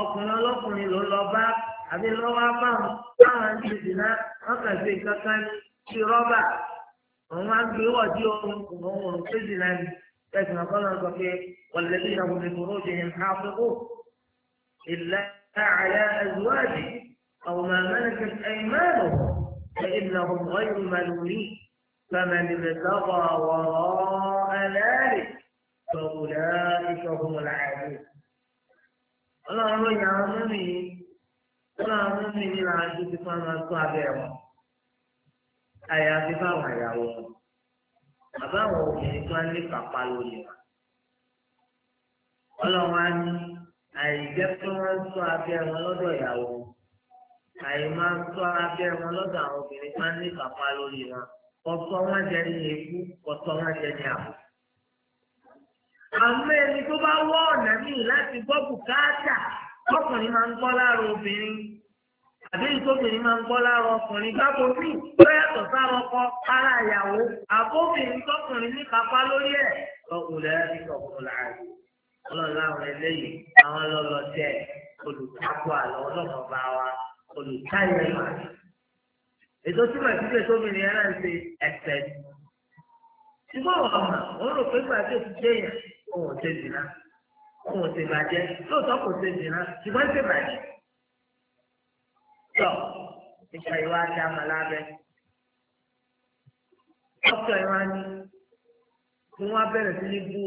ọkùnrin ọlọ́kùnrin ló lọ òun máa ń gbé wọ́ọ̀dí ohun òun òun péjì náà ni ẹ̀sìn àkọ́nà sọ pé wọ̀lẹ́bí náà wọlé fòró jẹ yẹn ká fúnpọ̀ ìlà àyà ẹ̀zúwájì àwọn mẹ́lẹ́kẹ̀ ẹ̀yìnmẹ́rù فإنهم غير ملومين فمن ابتغى وراء ذلك فأولئك هم العادون ọlọ́run ló yàn án mú mi ọlọ́run mú mi nínú àjò tí wọ́n máa tó abẹ́ wọn. àyàfi fáwọn ìyàwó wọn bàbá àwọn obìnrin tó ń ní pàpà lórí wọn. ọlọ́run á ní àìjẹ́ pé wọ́n sọ abẹ́ wọn lọ́dọ̀ ìyàwó àì máa sọ abẹ́ wọn lọ́dọ̀ àwọn obìnrin tó ń ní pàpà lórí wọn kọ̀sọ́ wọn jẹ ní ikú kọ̀sọ́ wọn jẹ ní ẹni tó bá wọ́ ọ̀nà míì láti gbọ́ bùkátà ọkùnrin máa ń gbọ́ lára obìnrin. àdéhùn tóbìnrin máa ń gbọ́ lára ọkùnrin gbáko sí tó yàtọ̀ sára ọkọ ara ìyàwó àbóbìnrin tọkùnrin ní kápá lórí ẹ̀ lọ́kùnrin ẹ̀ ní ọkùnrin láàrin ọlọ́run àwọn eléyìí àwọn lọ́lọ́ tẹ̀ olùtakò àlọ́ ọlọ́mọba wa olùtayọ̀ ìmọ̀ ètò tí màá sílẹ̀ tóbìnrin yẹn náà ń ṣe ẹ̀fẹ̀ ṣùgbọ́n ọ̀mà òun rò pé gbàdé ti dé yẹn òun ò ṣe dìnnà òun ò tọ nípa ìwà àdámà lábẹ dókítà ìwọn ni tí wọn bẹ̀rẹ̀ sí ní bú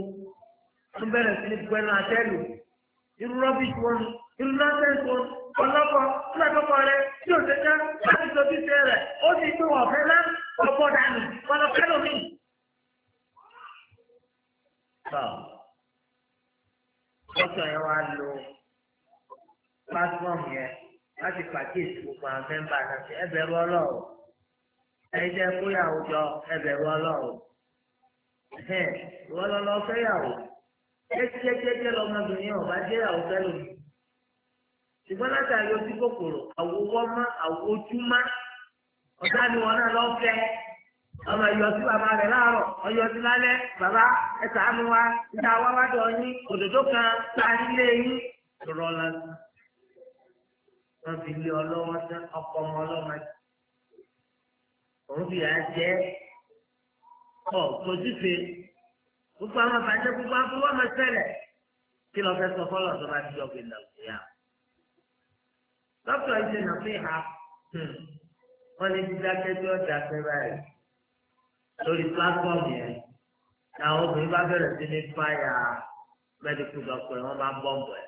wọn bẹ̀rẹ̀ sí ní gbẹnu àtẹlù irú rọbìtì wọn irú nọọsẹsì wọn ọlọpọ ọlọpọ rẹ tí o ṣe tẹ láti sojú ṣe rẹ ó ti tó ọ̀fẹ́ lá ọ̀pọ̀ dànù ọlọpẹ lómi. dókítà yẹn wá lo platform yẹn. láti pàkíyèsí gbogbo àwọn mẹ́mbà náà sí ẹbẹ̀ rú ọlọ́run ẹni jẹ́ kóyàwó jọ ẹbẹ̀ rú ọlọ́run ìwọ lọ lọ fẹ́yàwó jẹ́jẹ́jẹ́jẹ́ lọmọbìnrin ọba jẹ́yàwó fẹ́lò mi ṣùgbọ́n látàrí ojú kòkòrò àwòwọ́mọ́ àwòjúmọ́ ọ̀dà ni wọn náà fẹ́ ọmọ sí bàbá láàárọ̀ sí lálẹ́ bàbá ìta wá wá dọ̀ yín òdòdó kan ta yín wọ́n fi lé ọlọ́wọ́ tán ọkọ ọmọ ọlọ́mọ òun fi yà á jẹ́ ọ̀ tójúfe gbogbo àwọn àbájẹ́ gbogbo àwọn fúnwọ́n máa ṣẹlẹ̀ kí lọ fẹ́ sọ fọ́lọ́ tó bá ti ọ̀gbìn lọ sí à. dókítà ìṣe náà fi hà hmm. wọ́n ní dídákẹ́ tí ó dákẹ́ báyìí lórí pílátífọ́ọ̀mù yẹn làwọn obìnrin bá bẹ̀rẹ̀ sí ní fáyà mẹ́díkù dọ́kítà wọn bá bọ́ǹbù ẹ̀.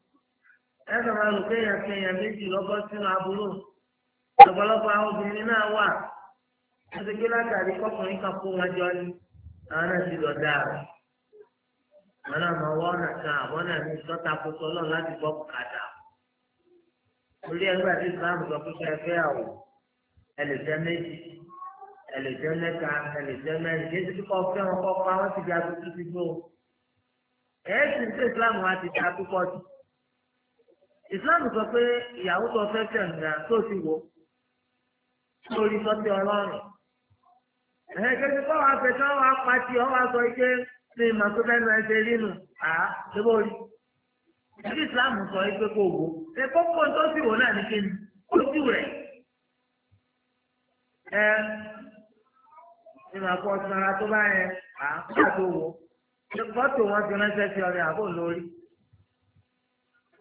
ẹ̀sọ̀ máa rò pé èèyàn ti èèyàn méjì lọ́kọ́ sínú aburú ọ̀pọ̀lọpọ̀ àwọn obìnrin náà wà wọ́n ti gbé látàrí kọkùnrin kan kó wọn jọ ní àwọn náà ti lọ dáa rẹ̀ wọn náà mọ ọwọ́ ọ̀nà kan àwọn náà ní sọ́ta kótó ọlọ́run láti gbọ́ bùkátà orí ẹgbẹ́ àti ìsìlámù sọ pé ẹfẹ́ àwọ̀ ẹ méjì ẹ mẹ́ta ẹ mẹ́rin kí ẹsẹ̀ kíkọ́ fẹ́ wọn kọ́ pa wọ́n ti di akutu ti gbó ẹ̀ẹ́sì ní ìsìlámù wa ti di akúkọ́ jù. Islam sọ pé ìyàwó tó fẹ́ tẹ̀ nìyà tó ti wò lórí sọ́tì ọlọ́run ẹ̀hẹ́ kẹ́kẹ́ kọ́ wa fẹ́ kí wọ́n wá pàtì ọ́ wá sọ pé ní ìmọ̀ tó fẹ́ nu ẹsẹ̀ rínu à débò rí ìdí ìsìláàmù sọ pé kò wò ẹ kókó tó ti wò náà ní kí ni ojú rẹ̀ ẹ ìmọ̀ àpọ̀ ọ̀sán ara tó bá yẹn à ń pàtó wò ṣe kọ́tò wọn ti ránṣẹ́ sí ọ̀rẹ́ àbò lórí.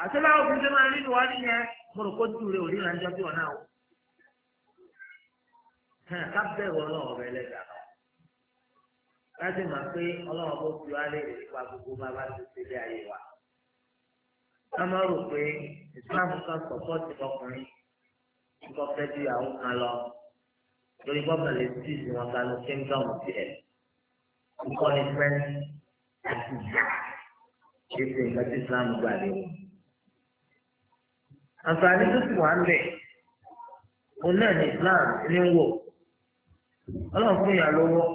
àtẹ́lá òfin tó máa nínú wá nìyẹn mo rò kó jù rẹ òní là ń jọ sí ọ̀nà o. kábẹ́ ìwọ náà ọ̀rẹ́ lẹ́dàá náà láti mọ̀ pé ọlọ́run bó fi wá lè pa gbogbo bàbá tó ti lé ayé wa. ká má rò pé ìsìláàmù kan sọ̀pọ́ọ̀tì ọkùnrin kíkọ́ fẹ́ ju ìyàwó kan lọ lórí bọ́ọ̀lù tí ìsìn wọn kanú kingdom tiẹ̀ kíkọ́ ní fẹ́ẹ́ àti ìyá kí ẹsẹ̀ ìgbà tí ìsìláàmù gbà lé wọn. àǹfààní tó sì wà ń bẹ̀ òun náà ní Islam ní wò ọlọ́run fún ìyá lọ́wọ́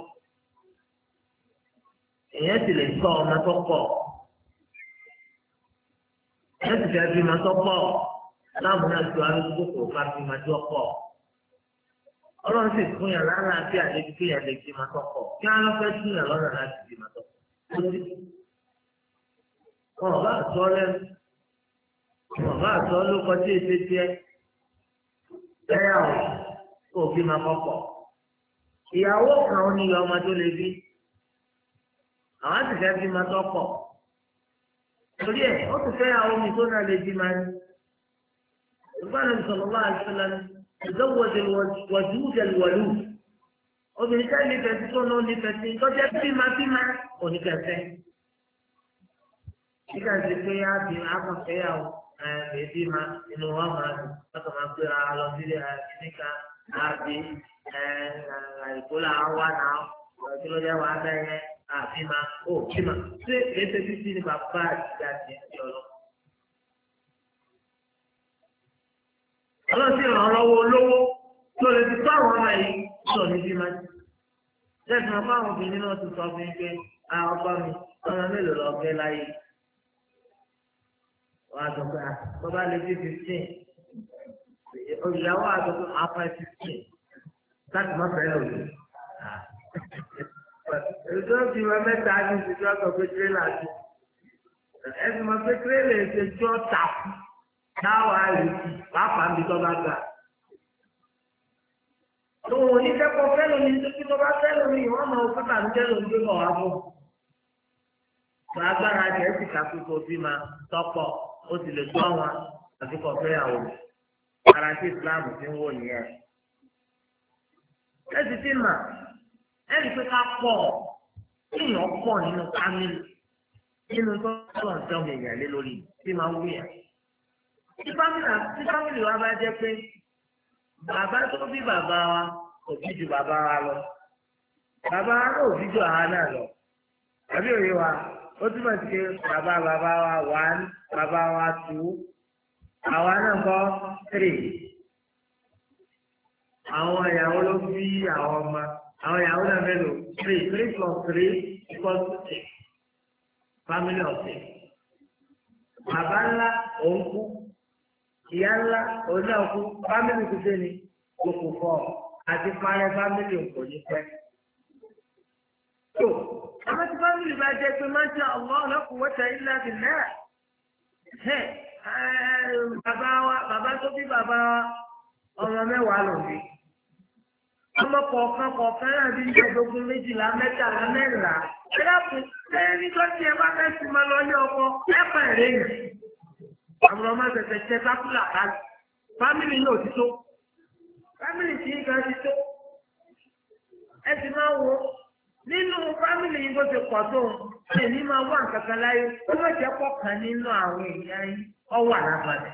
èèyàn sì lè kọ́ ọmọ tó pọ̀ èèyàn sì fẹ́ bí ọmọ tó pọ̀ aláàbùn náà tó arúgbó kò bá bí tó pọ̀ ọlọ́run sì fún ìyá lára àti àlejò kí ìyá lè bí tó pọ̀ kí wọ́n fẹ́ tún ìyá lọ́nà láti bí tó pọ̀ bá sọ lẹ́nu. ọ̀gá àtọ́ ló kọ sí ètè tiẹ̀ lẹ́yàwó kó fi máa kọ́kọ́ ìyàwó kan ó ní ìyá ọmọ tó lè bí àwọn àti fẹ́ bí máa tọ́kọ̀ torí ẹ̀ ó ti fẹ́ àwọn omi tó náà lè bí máa ní ìgbà náà sọ̀rọ̀ bá àṣọ lánàá ìdánwòde wọ̀dúwùdẹ wọ̀lú obìnrin ká nífẹ̀ẹ́ tí tó náà nífẹ̀ẹ́ tí tọ́jú bímá bímá oníkẹ̀fẹ́ nígbà tí pé á bí akọ̀fẹ́ yà wọ́n bèbí eh, ma inú wọn máa dùn lọ́kàn máa pé ara lọ sílé kíníkà àbí ìkólà wà náà kí ló dé wàá bẹ́ yẹn àbí ma ó bí ma ṣé èsè títí ni bàbá àtijọ́ ti ń jọ lọ. ọlọ́sìn ìrànlọ́wọ́ olówó tó lè fi tó àwọn ọmọ yìí sọ ní bí ma ti. lẹ́sìn ọ̀pá àwọn obìnrin náà ti sọ fún mi pé ọba mi ọmọ mélòó lọ gẹ́ láyé wọ́n á sọ pé ah, bàbá lè dé fifteen olùyàwó á sọ pé àpá fifteen láti má fẹ́ lò ní. ètò ti wọ mẹ́ta ní ìṣèjọ́ sọ pé tírélà ti ẹ̀sìn mọ̀ pé tírélà ìṣèjọ́ tàkù dáwàá yìí pàápàá mi tọ́ bá gbà lóun onífẹ́kọ̀ fẹ́lò ní nítorí tó bá fẹ́lò ní ìwọ́n máa ń fẹ́lò ní gbé bọ̀ wá bọ̀. Gbàgbára jẹ́ ti kàkókò bí ma tọ́pọ̀ ó sì lè gbọ́ wọn àti kọ̀ fẹ́yàwó ara tí islam ti ń wò nìyẹn. ẹ sì ti mà ẹ rí i pé ká pọ̀ èèyàn pọ̀ nínú kámílì nínú tó sọ̀rọ̀ ń tẹ́wọ̀n èèyàn lé lórí tí máa wú yẹn. tí fámìlì wa bá jẹ́ pé bàbá tó bí bàbá wa kò bí ju bàbá wa lọ bàbá wa náà ò bí ju àwa náà lọ àbí òye wa ó túmọ̀ sí pé bàbá bàbá wa one bàbá wa two àwa náà kọ́ three àwọn ìyàwó ló bí àwọn ọmọ àwọn ìyàwó náà mélòó three three plus three equals six family of six bàbá ńlá òun kú ìyá ńlá òun náà kú fámìlì kú sẹ́ni kò kò fọ́ àti parẹ́ fámìlì òun kò ní pẹ́ fámìlì bá jẹ́ pé máa ń jẹ́ Allah la quwwata illa billah eh, bàbá wa bàbá tó bí bàbá ọmọ mẹ́wàá lò ní. ọmọ kọ̀ọ̀kan kọ̀ọ̀kan náà bí ìjọdógún méjìlá mẹ́tàlá mẹ́rìnlá. ẹ dákun ṣé nígbà tí ẹ bá fẹ́ ti máa lọ ní ọkọ ẹ pa ẹ̀rẹ́ yìí. àwọn ọmọ ṣẹ̀ṣẹ̀ ṣe sákúlà kan fámìlì náà ti tó fámìlì tí ń ga ti tó ẹ sì máa wọ nínú fámìlì yìí bó ti pọ̀ tó èmi máa wá nǹkan láyé ó má jẹ́ pọ̀ kan nínú àwọn èèyàn yín ọwọ́ àlábàdà.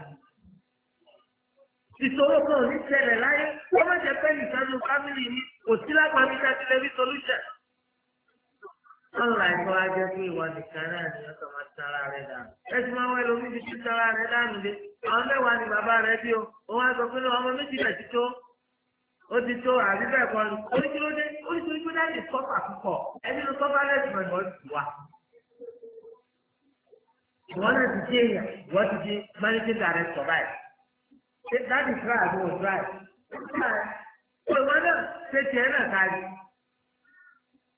ìṣòro kan ò ní ṣẹlẹ̀ láyé ó má jẹ́ pé nìkan nínú fámìlì yìí kò sí lágbàmí kájí lẹ́bí solúṣà. wọ́n ajẹ́ pé ìwà nìkan náà ni wọ́n tara rẹ̀ dànù. ẹ máa ń wá ẹlòmíì ti tara rẹ̀ dànù àwọn ni bàbá rẹ̀ bí o òun á sọ ó ti tó àbí bẹ́ẹ̀ kọ́ oríṣiríṣi oríṣiríṣi láti sọ́fà púpọ̀ ẹni ló sọ́fà lẹ́sìn mọ̀ ìwọ́n ti wà. ìwọ́n náà ti dé èèyàn ìwọ́n ti di managing director báyìí. ṣé dáàbì tíra àbí òun tíra ẹ̀? ìwọ́n náà ṣe tiẹ̀ náà kárí.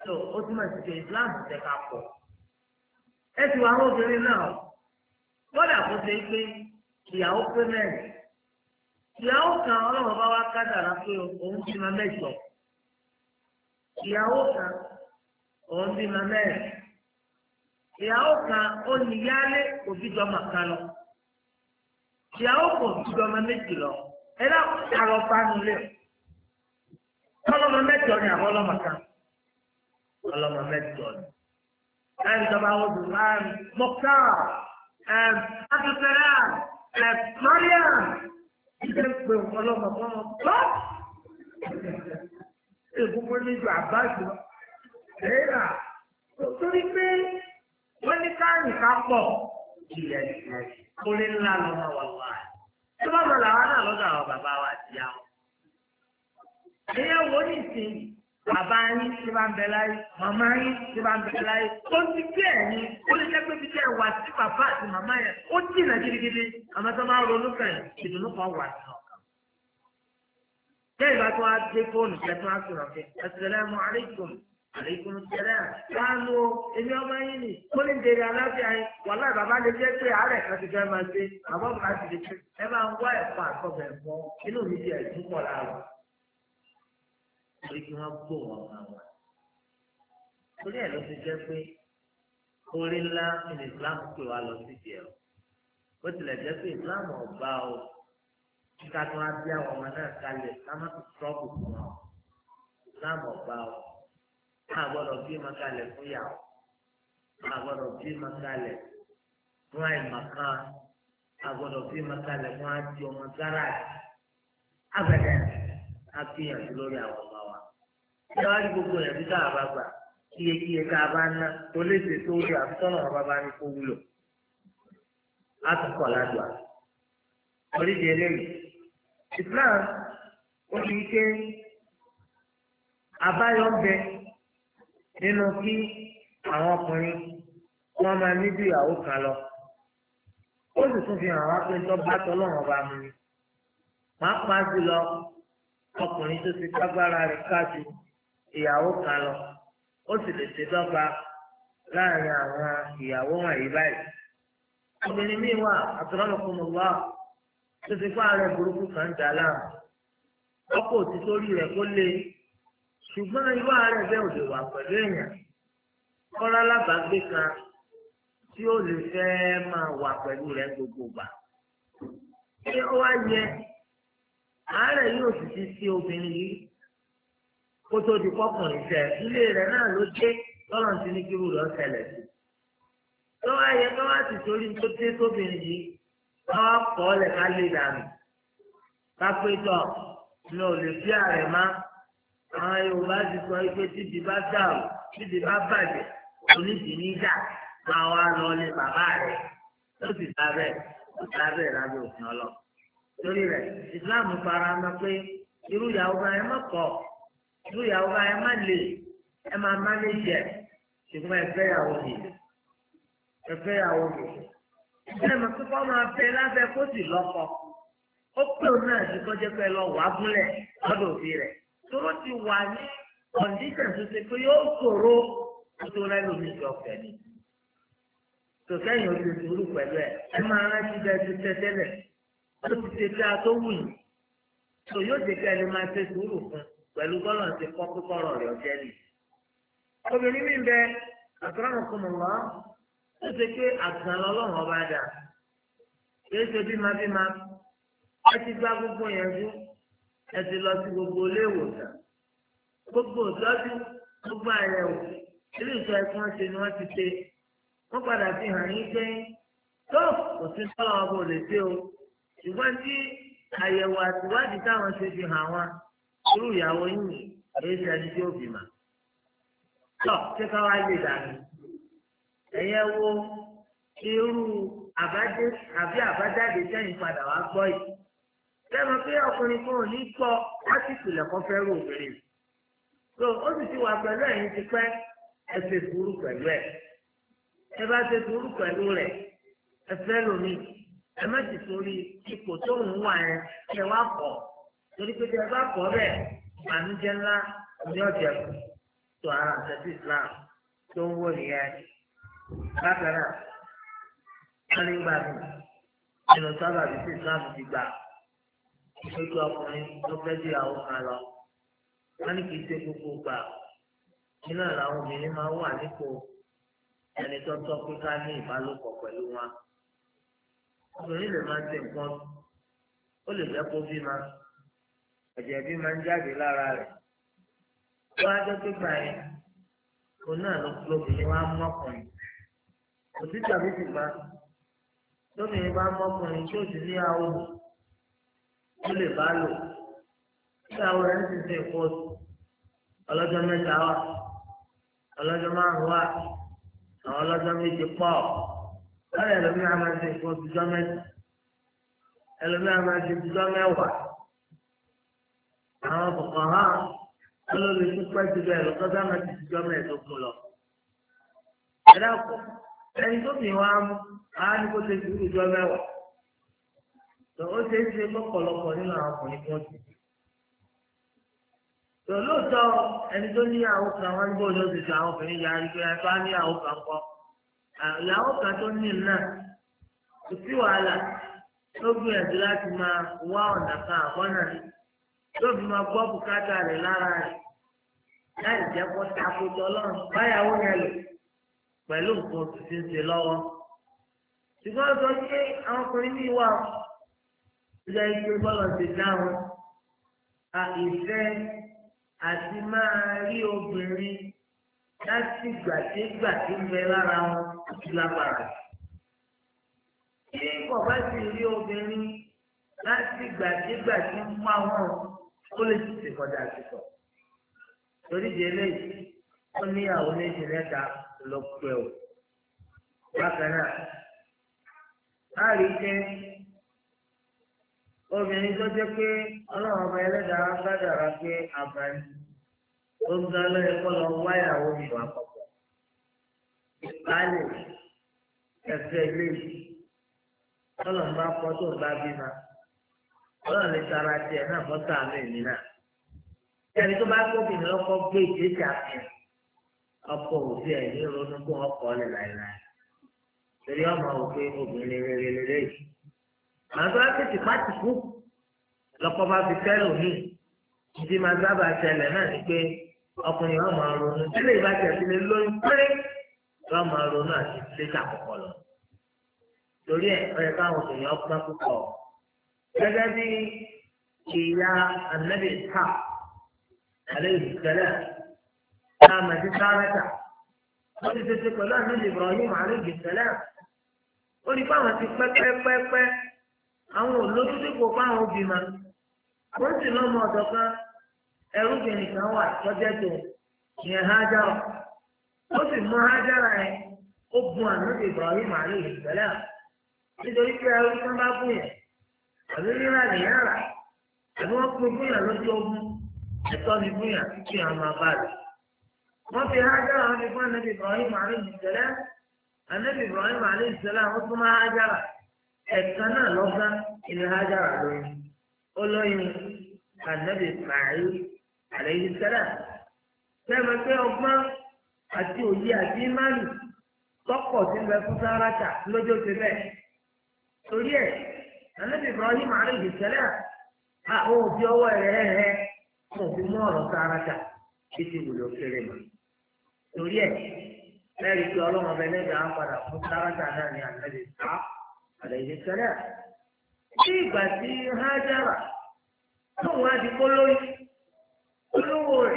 tó o túmọ̀ sí pé Islam ṣe ká pọ̀. ẹ ti wọ àwọn obìnrin náà wọ́n dà kó ṣe pé ìyàwó pé mẹ́rin ìyàwó kan ọlọ́run bá wá kádàrá pé òun ti máa mẹ́jọ ìyàwó kan òun ti máa mẹ́rin ìyàwó kan ó ní yálé òbíjọ màkà lọ ìyàwó kan òbíjọ ọmọ méjì lọ ẹ dákun ta lọ bá nulẹ̀ ọlọ́mọ mẹ́jọ ni àwọn ọlọ́mọ kan ọlọ́mọ mẹ́jọ ni láì dọ́ba wọn dùn láàrin mọ́kà ẹ̀ adùnkẹ́rẹ́ ẹ̀ mọ́ríà ilé ń pè wọn lọ́mọ fún wọn bá ègúngún ní ju àbá jù léèrà torí pé wọ́n ní káàrì ká pọ̀ ilẹ̀ orí ńlá lọ́mọ wà wá tó bá bọ̀ làwọn náà lọ́dọ̀ àwọn bàbá wa ti yá wọn. ìyẹn wo ní ìsinyìí bàbá yín tí bá ń bẹ láyé màmá yín tí bá ń bẹ láyé ó ti bí ẹ̀yìn ó lè jẹ́ pé bí jẹ́ wà sí bàbá àti màmá yẹn ó jìnà gidigidi àmọ́ tó máa ronú kàn ìdùnnú kan wà sí ọ̀kan. bẹ́ẹ̀ ìgbà tó wá dé fóònù kẹ́ tó wá sọ̀rọ̀ kẹ́ assalamu alaikum alaikum assalam láàánú o èmi ọmọ yín ni mo lè dèrè aláfíà yín wàhálà bàbá lè jẹ́ pé àárẹ̀ kan ti fẹ́ máa ṣe àbọ̀ bàbá ti lè ṣe ẹ máa torí kí wọ́n gbọ́ wọn máa wà. torí ẹ̀ ló ti jẹ́ pé orí ńlá ní Islam pè wá lọ sí ìdí ẹ̀ ó tilẹ̀ jẹ́ pé Islam ọ̀gbá o kíkà tó wá bí àwọn ọmọ náà kalẹ̀ ká má fi trọ́bù fún wọn Islam ọ̀gbá o má gbọ́dọ̀ bí ma kalẹ̀ fún yà o má gbọ́dọ̀ bí ma kalẹ̀ fún àìmọ̀kan má gbọ́dọ̀ bí ma kalẹ̀ fún àti ọmọ gáràjì abẹ́rẹ́ á gbìyànjú lórí àwọn kí wọ́n á rí gbogbo yẹn títà àbàgbà iyekíye tá a bá ń ná tó lè ṣe tó rí àfitọ́nà ọba bá ní kó wúlò á tún kọ̀ ládùá. oríṣi eléyìí Islam ó ti ké àbáyọ ń bẹ nínú kí àwọn ọkùnrin wọn máa níbi ìyàwó kan lọ ó sì tún fi hàn wá pé tó bá tọ́lọ́run ọba mu ni pàápàá jùlọ ọkùnrin tó ti kágbára rẹ̀ káàdì ìyàwó kan lọ ó sì lè ṣe dọ́gba láàrin àwọn ìyàwó wọ̀nyí báyìí. obìnrin míì wà àtúrọ́mọkùnrin wà tó ti fún ààrẹ burúkú kan dà láàmú ọkọ̀ òtí sórí rẹ̀ kó lé ṣùgbọ́n irú ààrẹ bẹ́ẹ̀ ò lè wà pẹ̀lú èèyàn kọ́lá lábàágbé kan tí ó lè fẹ́ máa wà pẹ̀lú rẹ̀ gbogbo gbà. ṣé ó wá yẹ ààrẹ yóò sì ti ṣe obìnrin yìí kó tó di pọ́kùnrin tẹ ilé rẹ̀ náà ló dé lọ́rọ̀ tí ní kí wúlọ́ ṣẹlẹ̀ sí. tó wá yẹ kó wá sì torí tó dé tóbìnrin yìí wọ́n á kọ́ lẹ̀ ká lè dànù ká pé tọ̀ ní ò lè bí ààrẹ má àwọn Yorùbá ti sọ pé títí bá dà ó títí bá bàjẹ́ oníṣìí ní dà máa wá lọ ní bàbá rẹ̀ ó sì dábẹ́ ó dábẹ́ lábẹ́ òfin ọlọ́ torí rẹ̀ Islam fara mọ́ pé irú ìyàwó bá ẹ mọ̀ kọ́ irú ìyàwó bá ẹ má lè ẹ máa mánéjì ẹ ṣùgbọ́n ẹ fẹ́ ìyàwó mi ẹ fẹ́ ìyàwó mi ẹ mọ̀ pé kọ́ máa fẹ́ lábẹ́ kó sì lọ́kọ ó pè ó náà sí kọjá pé lọ wàá gúnlẹ̀ lọ́dọ̀ òbí rẹ̀ tó ló ti wà ní kọ̀ǹdíṣàn tó ṣe pé yóò ṣòro tó lẹ́nu mi jọ fẹ́ ni tòkẹ́yìn oṣù sùúrù pẹ̀lú ẹ̀ ẹ máa rántí bẹ́ẹ̀ ti tẹ tẹ́lẹ̀ ó ti ṣe dáa tó wù yìí tò yóò dé ká ẹni máa ṣe sùúrù fún un pẹ̀lú bọ́lọ̀ ti kọ́ pípọ́rọ̀ rẹ̀ ọ̀jẹ́ nì. obìnrin mi bẹ àtúrọ̀nù fún mi wá ó ṣe pé àgàn lọ́lọ́run ọba dà kì í ṣe bímabíma ẹ ti gbá gbogbo yẹn jú ẹ ti lọ sí gbogbo ilé ìwòsàn gbogbo ìtọ́jú gbogbo àyẹ̀wò ilé ìtọ́ ẹ̀kọ́ ṣe ni wọ́n ti ṣe wọ́n padà fi hàn yín pé tó kò sí tọ́lọ́ ọba ò lè ṣe o ṣùgbọ́n tí àyẹ̀wò àtiwádìí táwọn ṣe fi hàn wọn irú ìyàwó yìí èyí ṣe ẹni tí ó bímọ. tọ́ ṣé ká wá lè dànù ẹ̀yẹ wo irú àbájáde àbí àbájáde sẹ́yìn padà wá gbọ́ yìí. lẹ́nu pé ọkùnrin kan ò ní gbọ́ láti ìpìlẹ̀ kan fẹ́ rú obìnrin. tó ó sì ti wà pẹ̀lú ẹ̀yìn ti pẹ́ ẹ ṣe sùúrù pẹ̀lú ẹ̀. ẹ bá ṣe sùúrù pẹ̀lú rẹ̀ ẹ fẹ́ lómi ẹ má ti torí ipò tó ń wà ẹ wá pọ̀ torí pé tí a bá kọ́ bẹ́ẹ̀ ànújẹ ńlá ní ọ̀jẹ̀ kù tó ara àtẹ̀sí Islam tó ń wò nìyẹn bákan náà wọ́n lè gbà mí nínú sábà bí sí Islam ti gbà lójú ọkùnrin tó fẹ́ di àwọn kan lọ wọ́n ní kí n ṣe gbogbo gbà nínú àwọn obìnrin máa wà nípò ẹni tó tọ́ pé ká ní ìbálòpọ̀ pẹ̀lú wọn obìnrin lè máa ṣe nǹkan ó lè jẹ́ kó bí máa ẹ̀jẹ̀ bí máa ń jáde lára rẹ̀ wọ́n á jẹ́ pé gbà yẹn òun náà ló lóbìnrin wá mọ́kùnrin òtí tàbí ṣùgbọ́n lóbìnrin bá mọ́kùnrin tí ó sì ní àwọn ó lè bá lò tí àwọn rẹ̀ ń sì ṣe ìkó ọlọ́jọ́ mẹ́ta wà ọlọ́jọ́ márùn-ún wà àwọn ọlọ́jọ́ méje pọ̀ lọ́rọ̀ ẹlòmíràn máa ń ṣe ìkó ọdúnjọ́ mẹ́ta ẹlòmíràn máa ń ṣe ọdúnjọ́ mẹ́wàá àwọn kọ̀ọ̀kan ha olórí pípẹ́ ti bẹ̀rẹ̀ lọ́sọ́dá náà ti ti jọ́mọ̀ ẹ̀dógún lọ. ẹ dákun ẹni tó fi wá mú àá ní kó ṣe sùúrù jọ mẹ́wàá. tòun ṣe é ṣe lọ́pọ̀lọpọ̀ nínú àwọn ọkùnrin kan sí. tòun lóòótọ́ ẹni tó ní àwọn kan wọn gbọ́ ọjọ́ ti sọ àwọn obìnrin yarí pé ẹni tó á ní àwọn kan kọ́. ìyàwó kan tó ní náà kò sí wàhálà tó gbìyànjú láti máa wá ọ̀nà kan àbọ̀nà yóò fi máa gbọ́ bùkátà rẹ̀ lára rẹ̀ láì jẹ́ kó takòtò ọlọ́run báyàwó yẹn lò pẹ̀lú nǹkan tuntun ṣe lọ́wọ́. ṣùgbọ́n sọ pé àwọn ọkùnrin ní ìwà ìjọ ìgbé bọ́lọ̀ ti dáhùn à ìfẹ́ àti máa rí obìnrin láti gbàdégbà tó ń bẹ lára wọn ti lágbára. ṣé kò bá sì rí obìnrin láti gbàdégbà tó ń pa wọn? ó lè ti ṣe kọjá àtìkọ torí di eléyìí ó níyàwó méjì mẹ́ta lọ pẹ o bákan náà á rí pé obìnrin tó jẹ́ pé ọlọ́run ọba ẹlẹ́dàá gbàdàrà pé àbáyé ó ń ga lọ́yẹ kó lọ wáyàwó mi wà pọ̀pọ̀ ìbálẹ̀ ẹ̀fẹ́ ilé yìí bá kọ́ tó ń bá bí ma ọlọ́run lè sara tiẹ̀ náà fọ́ sàánú èmi náà ẹni tó bá gbé obìnrin lọ́kọ́ gbé ìgbésẹ̀ àfihàn ọkọ̀ òbí ẹ̀ ní ronú kó ọkọ̀ lè láìláì torí ọmọ òkè obìnrin rere lélẹ̀ yìí màá tó láti tìpá tìkú lọ́kọ́ bá fi tẹ́lẹ̀ òní ìdí máa sábà ṣẹlẹ̀ náà ni pé ọkùnrin ọmọ ronú tẹ́lẹ̀ ìbáṣẹ̀ ti lè lóyún péré lọ́mọ ronú àti tẹ́lẹ̀ àkọ́kọ́ lọ gẹ́gẹ́ bí ìyá ànábì ká àlejò tẹ́lẹ̀ náà màtí sáárẹ́tà wọ́n ti tètè pẹ̀lú ànábì Ibrahim àlejò tẹ́lẹ̀ ó ní fáwọn ti pẹ́pẹ́pẹ́pẹ́ àwọn olójúdìpò fáwọn obìnrin wọ́n sì lọ́mọ ọ̀dọ́ kan ẹrúbìnrin kan wà tọ́jẹ́ tó yẹn hájára ó sì mú hájára yẹn ó gun ànábì Ibrahim àlejò tẹ́lẹ̀ nítorí pé ẹrú kan bá gùn yẹn. àbí rírà nìyẹn rà àbí wọ́n pín fúnyà lójú ogun ẹ̀tọ́ ni fúnyà kí àwọn máa bá rẹ̀. wọ́n fi hájára wọn fi fún anabi ibrahim alayhi salam anabi ibrahim alayhi salam wọ́n tún máa náà lóyún olóyún anabi alayhi sẹ́mi pé ọgbọ́n na Ibrahim alayhi salam a ò a ọwọ́ rẹ̀ rẹ̀ kò fi mú ọ̀rọ̀ sáárátà bí ti wùlò kéré mọ́ torí ẹ̀ lẹ́yìn tí ọlọ́run padà fún sáárátà náà ní ànábì sá alayhi ọkọ rẹ̀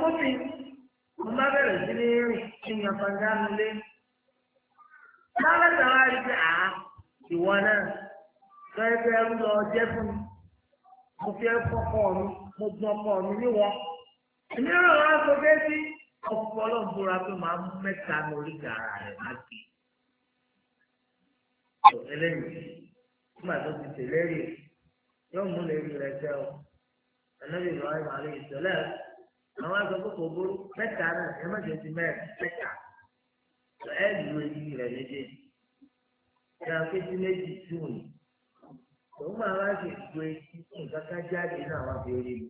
kófin. mo bá bẹ̀rẹ̀ sí ní rìn kí n yàtọ̀ dánú lé. Lálẹ́sẹ̀ wá rí pé àá ìwọ náà fẹ́ẹ́fẹ́ ń lọ jẹ́ fún mi. Mo fi fọ́kọ̀ mi, mo gun ọkọ mi níwọ̀. Èmi rò wá sọ pé sí ọ̀pọ̀ ọlọ́gbọ́ra pé màá mú mẹ́ta lórí gàrà rẹ̀ má gbé. Ẹlẹ́yìn, nígbà tó ti tẹ̀lé rè, yóò múlẹ̀ rí rẹ̀ jẹ́ o. Ẹlẹ́yìn lọ́wọ́ ìmàlẹ́ ìtọ́lẹ́ rẹ̀ àwọn agbègbè kò burú mẹ́ta náà ẹ má jẹ́ ti mẹ́rin mẹ́ta ẹ lu èyí rẹ̀ méjèèjì ẹ akéjì méjì tún ní òun máa wá sí ìgbó etí nǹkan ká jáde náà wá fi rí mi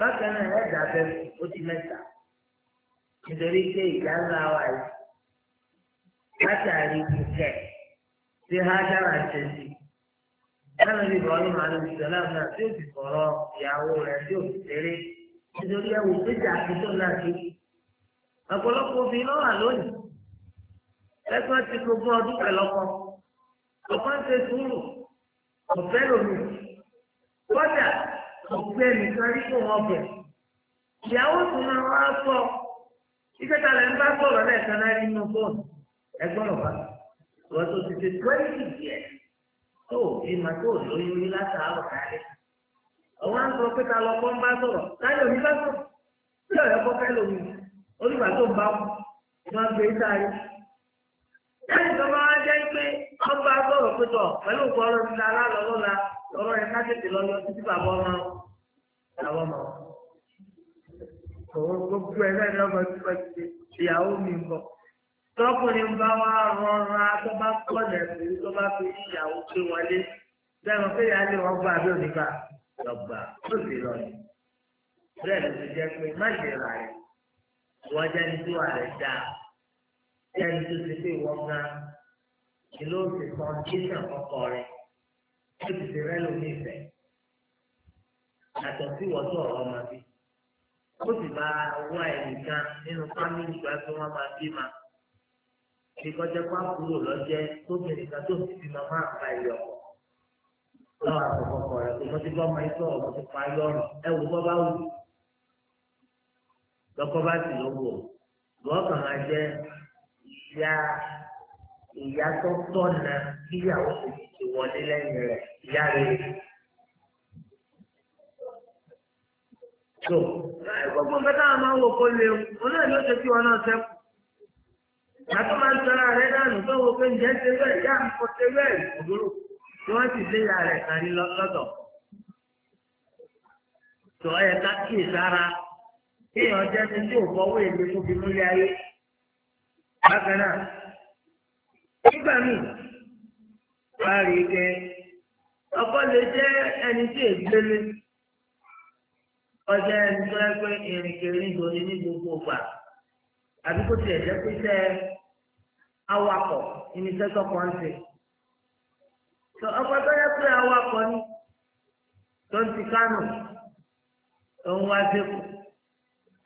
bákan náà ẹ dàbẹ̀ ó ti mẹ́ta nítorí pé ìyá ńlá wa yìí látàrí ìfẹ́ tí hájára ń ṣe ẹlẹ́nu bíi Ibrahim alẹ́sọ̀lám náà tí ó ti sọ̀rọ̀ ìyàwó rẹ̀ tí ó ti tẹ̀lé nítorí ẹ̀wò péjà àtúntò náà ti rí ọ̀pọ̀lọpọ̀ obìnrin lọ́wọ́ lónìí ẹgbẹ́ ti gbogbo ọdún pẹ̀lọ́kọ́ ọ̀pọ̀ ń ṣe sùúrù ọ̀fẹ́ lòmù kọ́jà ọ̀pẹ́ nìkan rí fún wọn bẹ̀ ìyàwó tó máa wá sọ iṣẹ́ ta lẹ́ bá sọ̀rọ̀ lẹ́ẹ̀kan náà nínú fóònù ẹgbọ́n ọ̀bá tó o bí ma tó lórí orí látàárọ̀ kálẹ̀. ọ̀wọ́n á sọ pé ká lọ kọ́ ń bá sọ̀rọ̀ láyé òní bá sọ̀rọ̀ tí ọ̀yọ́ kọ́ fẹ́ lómi tó ń bá wù gbé sáré. tó jẹ́ pé bá sọ̀rọ̀ pé tọ̀ pẹ̀lú ọ̀rọ̀ ti yẹn tọkùnrin bá wá rọra tó bá kọlẹ̀ sí tó bá fi ìyàwó pé wọlé bẹ́ẹ̀ pé ìyá lè wọ́n gbà bí onígbà lọ́gbà tó sì lọ ni bẹ́ẹ̀ ló ti jẹ́ pé má ṣe rà rẹ̀ wọ́n jẹ́ ní tí wà rẹ̀ dáa jẹ́ ní tó ti pé ìwọ́n gan ni ló ti kan kíṣàn ọkọ rẹ̀ ó ti ti rẹ́ lómi ìfẹ́ àtọ̀ sí wọ́n tó ọ̀rọ̀ ọmọ bí ó sì bá wá ẹnìkan nínú fámìlì gbà tó máa bí máa kí pa kúrò lọ́jẹ́ tó bẹ̀rẹ̀ ká tó fi máa máa ka ìyọ̀ lọ́wọ́ àkọ́kọ́ rẹ̀ kò mọ́tí bá máa sọ̀rọ̀ mo ti parí ọ̀rọ̀ ẹ wò bọ́ bá wù lọ́kọ́ bá sì ló wò lọ́kàn máa jẹ́ ìyá ìyá tó tọ̀nà kíyàwó kò ti wọlé lẹ́yìn rẹ̀ ìyá rẹ̀. tó gbogbo nǹkan táwọn máa ń wò kó lè o náà ló ṣe kí wọn náà sẹ́kù. Yàtọ̀ máa ń tọ́ra rẹ̀ dànù tó wo pé ǹjẹ́ ṣe bẹ́ẹ̀ yá ń kọ́ ṣe bẹ́ẹ̀ òdòdó tí wọ́n sì lé ya rẹ̀ kàn ní lọ́dọ̀. Tọ́ ẹ ká kí ìsára kéèyàn jẹ́ ní tí ò fọwọ́ èlé tó fi múlé ayé. Bákan náà, nígbà míì, wàá rí i kẹ́ ọkọ lè jẹ́ ẹni tí ègbélé. Ọjà ẹni tó ẹgbẹ́ ìrìnkèrindò ní gbogbo gbà àbí kó tiẹ̀ jẹ́ pé iṣẹ́ awakọ̀ irinṣẹ́ tọkọ ń ṣe. tó ọkọ tó yẹ pé awakọ̀ ni tó ń ti kánò tó ń wá dẹ́kù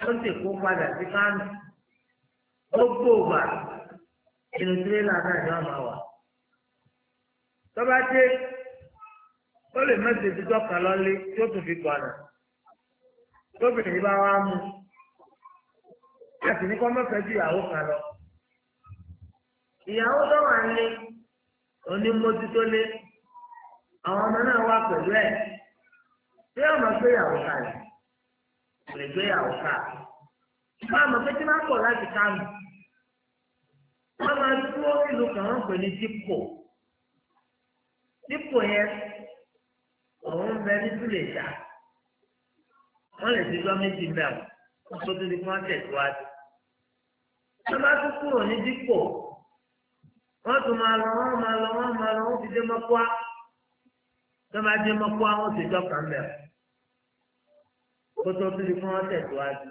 tó ń tèkó padà sí kánò gbogbo ògbà inú tirẹ́là náà ni wọ́n máa wà. tó bá dé ó lè mẹ́sẹ̀ẹ́dì tọ́ka lọ́lé tí tún fi gbọ̀nà tóbi ní bá wá mú a sì ní kọ́ mọ́fẹ́ ju ìyàwó kan lọ. ìyàwó tó wà ń lé onímọ́tútó lé àwọn ọmọ náà wà pẹ̀lú ẹ̀ ṣé ọmọ gbéyàwó ká rẹ̀ lè gbéyàwó ká ṣùgbọ́n àmọ̀ pé tí máa pọ̀ láti ká mi wọ́n máa dúró nílùú kan wọ́n pè ní dípò dípò yẹn òun bẹ ní túlẹ̀ wọ́n lè ti gbọ́ méjì mẹ́wàá wọ́n tó tún ní kí wọ́n tẹ̀síwájú wọ́n bá tún kúrò ní dípò wọ́n tún máa lọ wọ́n máa lọ wọ́n máa lọ wọ́n fi dé mọ́kúá wọ́n máa dé mọ́kúá wọ́n ti jọ kàn bẹ̀rẹ̀ kó tó tó di fún wọn tẹ̀síwájú.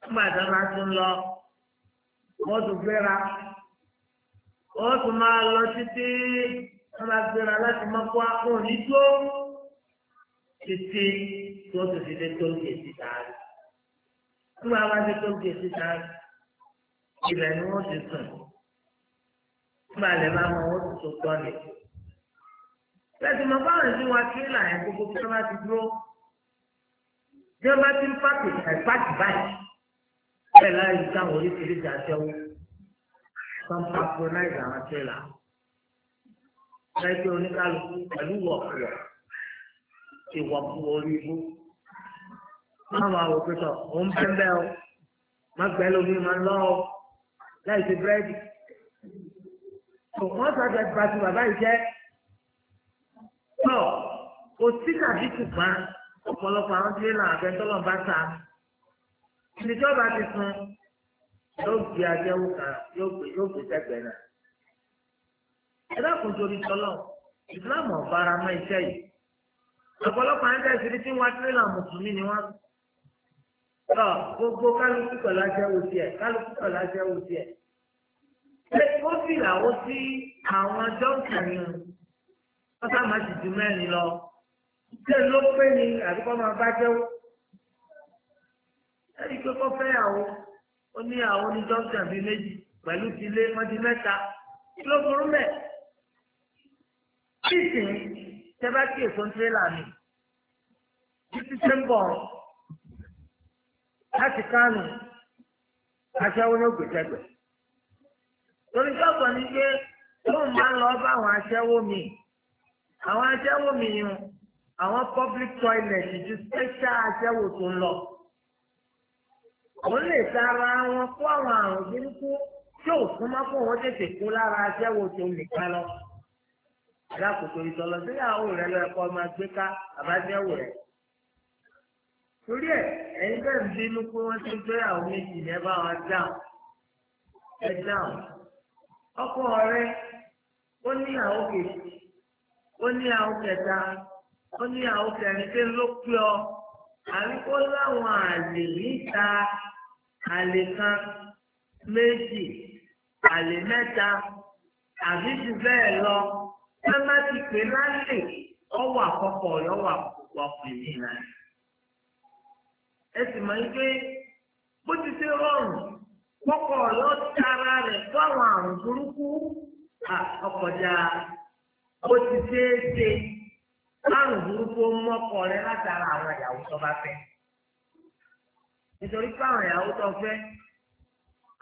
nígbà tí wọ́n máa tún lọ wọ́n tún gbéra wọ́n tún máa lọ títí wọ́n máa gbéra láti mọ́kúá wọn ò ní tó títí tó tó fi dé tó ń gé síta nígbà wọn ti tó ń gé síta ibẹ̀ ni wọ́n ti sùn nígbà lè máa mọ wọ́n ti sọ̀tọ̀ ni. Bẹ́ẹ̀ni mo báwọn ìlú wa tírélà yẹn gbogbo bí wọ́n bá ti dúró. Bí wọ́n bá ti ń pàkì pàkì báyìí, bẹ́ẹ̀ láyé táwọn oríṣiríṣi àjẹwò kan patronize àwọn tírélà. Lẹ́gbẹ́ oníkálukú pẹ̀lú wọ̀kùwọ̀ ìwọ̀kùwọ̀ orí igbó. Máa wà òun bẹ́ẹ̀ bẹ́ẹ̀ o, má gbẹ́ lómi máa lọ́ o láì ṣe búrẹ́dì. Kò wọ́n sọ jẹ́ bàtú bàbá yìí jẹ́. Tọ́ kò sí tàbí ṣùgbọ́n ọ̀pọ̀lọpọ̀ àwọn tí làwọn abẹ́tọ́lọ̀ bá ta. Ìníjọba ti sun yóò gbé ajẹ́wò kan yóò gbé yóò gbé sẹ́gbẹ̀ẹ́ náà. Ẹ dákun torí tọ́lọ̀ ìsìlámù ọ̀bára mọ́ iṣẹ́ yìí. Ọ̀pọ̀lọpọ̀ àwọn ẹgbẹ́ ìṣèlú tí wọ́n ti rí làwọn mùsùlùmí ni wọ́n sùn tọ́ gbogbo kálukú kan lájẹ́ wo tiẹ̀ kálukú kan lájẹ́ wo tiẹ̀. ṣé ó sì làwọ́ sí àwọn jọ́ǹkì ni wọ́n sá máa ti ju mẹ́rin lọ. ṣé ló pé ni àbíkọ́ máa bá jẹ́wọ́? ẹni pé kọ́ fẹ́ yàwó ó ní àwọn oníjọ́ǹkì àbí méjì pẹ̀lú ti lé wọ́n mẹ́ta kí ló burú mẹ́? sísìn tẹ́bá kí èso ń tẹ́lá mi títí tẹ́ ń bọ̀ láti kánù aṣẹ́wó ní ògbésẹ̀gbẹ̀. torí sọ́kàn ní pé tóun máa ń lọ bá àwọn aṣẹ́wó mi àwọn aṣẹ́wó mi yun àwọn public toilet ju special aṣẹ́wó tó ń lọ. òun lè tara wọn kó àwọn àrùn burúkú tí ò súnmọ́ fún wọn tètè kú lára aṣẹ́wó tó nìkan lọ. alákòókò ìtọ́lọ́síyàwó rẹ lọ ẹ̀kọ́ máa gbé ká àbájáwó torí ẹ ẹ̀yin bẹ́ẹ̀ ń bínú pé wọ́n ti ń gbéyàwó méjì ní bá wa dáhùn ẹ dáhùn ọkọ rẹ ó ní àwọn kejì ó ní àwọn kẹta ó ní àwọn kẹrin pé ló pé ọ àbí kó láwọn àlè níta àlè kan ẹ sì mọ̀ yí pé bó ti ṣe rọrùn pọ́pọ̀ yọ tara rẹ̀ fún àwọn àrùn burúkú ọkọjà bó ti ṣe é ṣe àrùn burúkú mọ́kọ rẹ látara àwọn ìyàwó tó bá fẹ́ nítorí pé àwọn ìyàwó tó fẹ́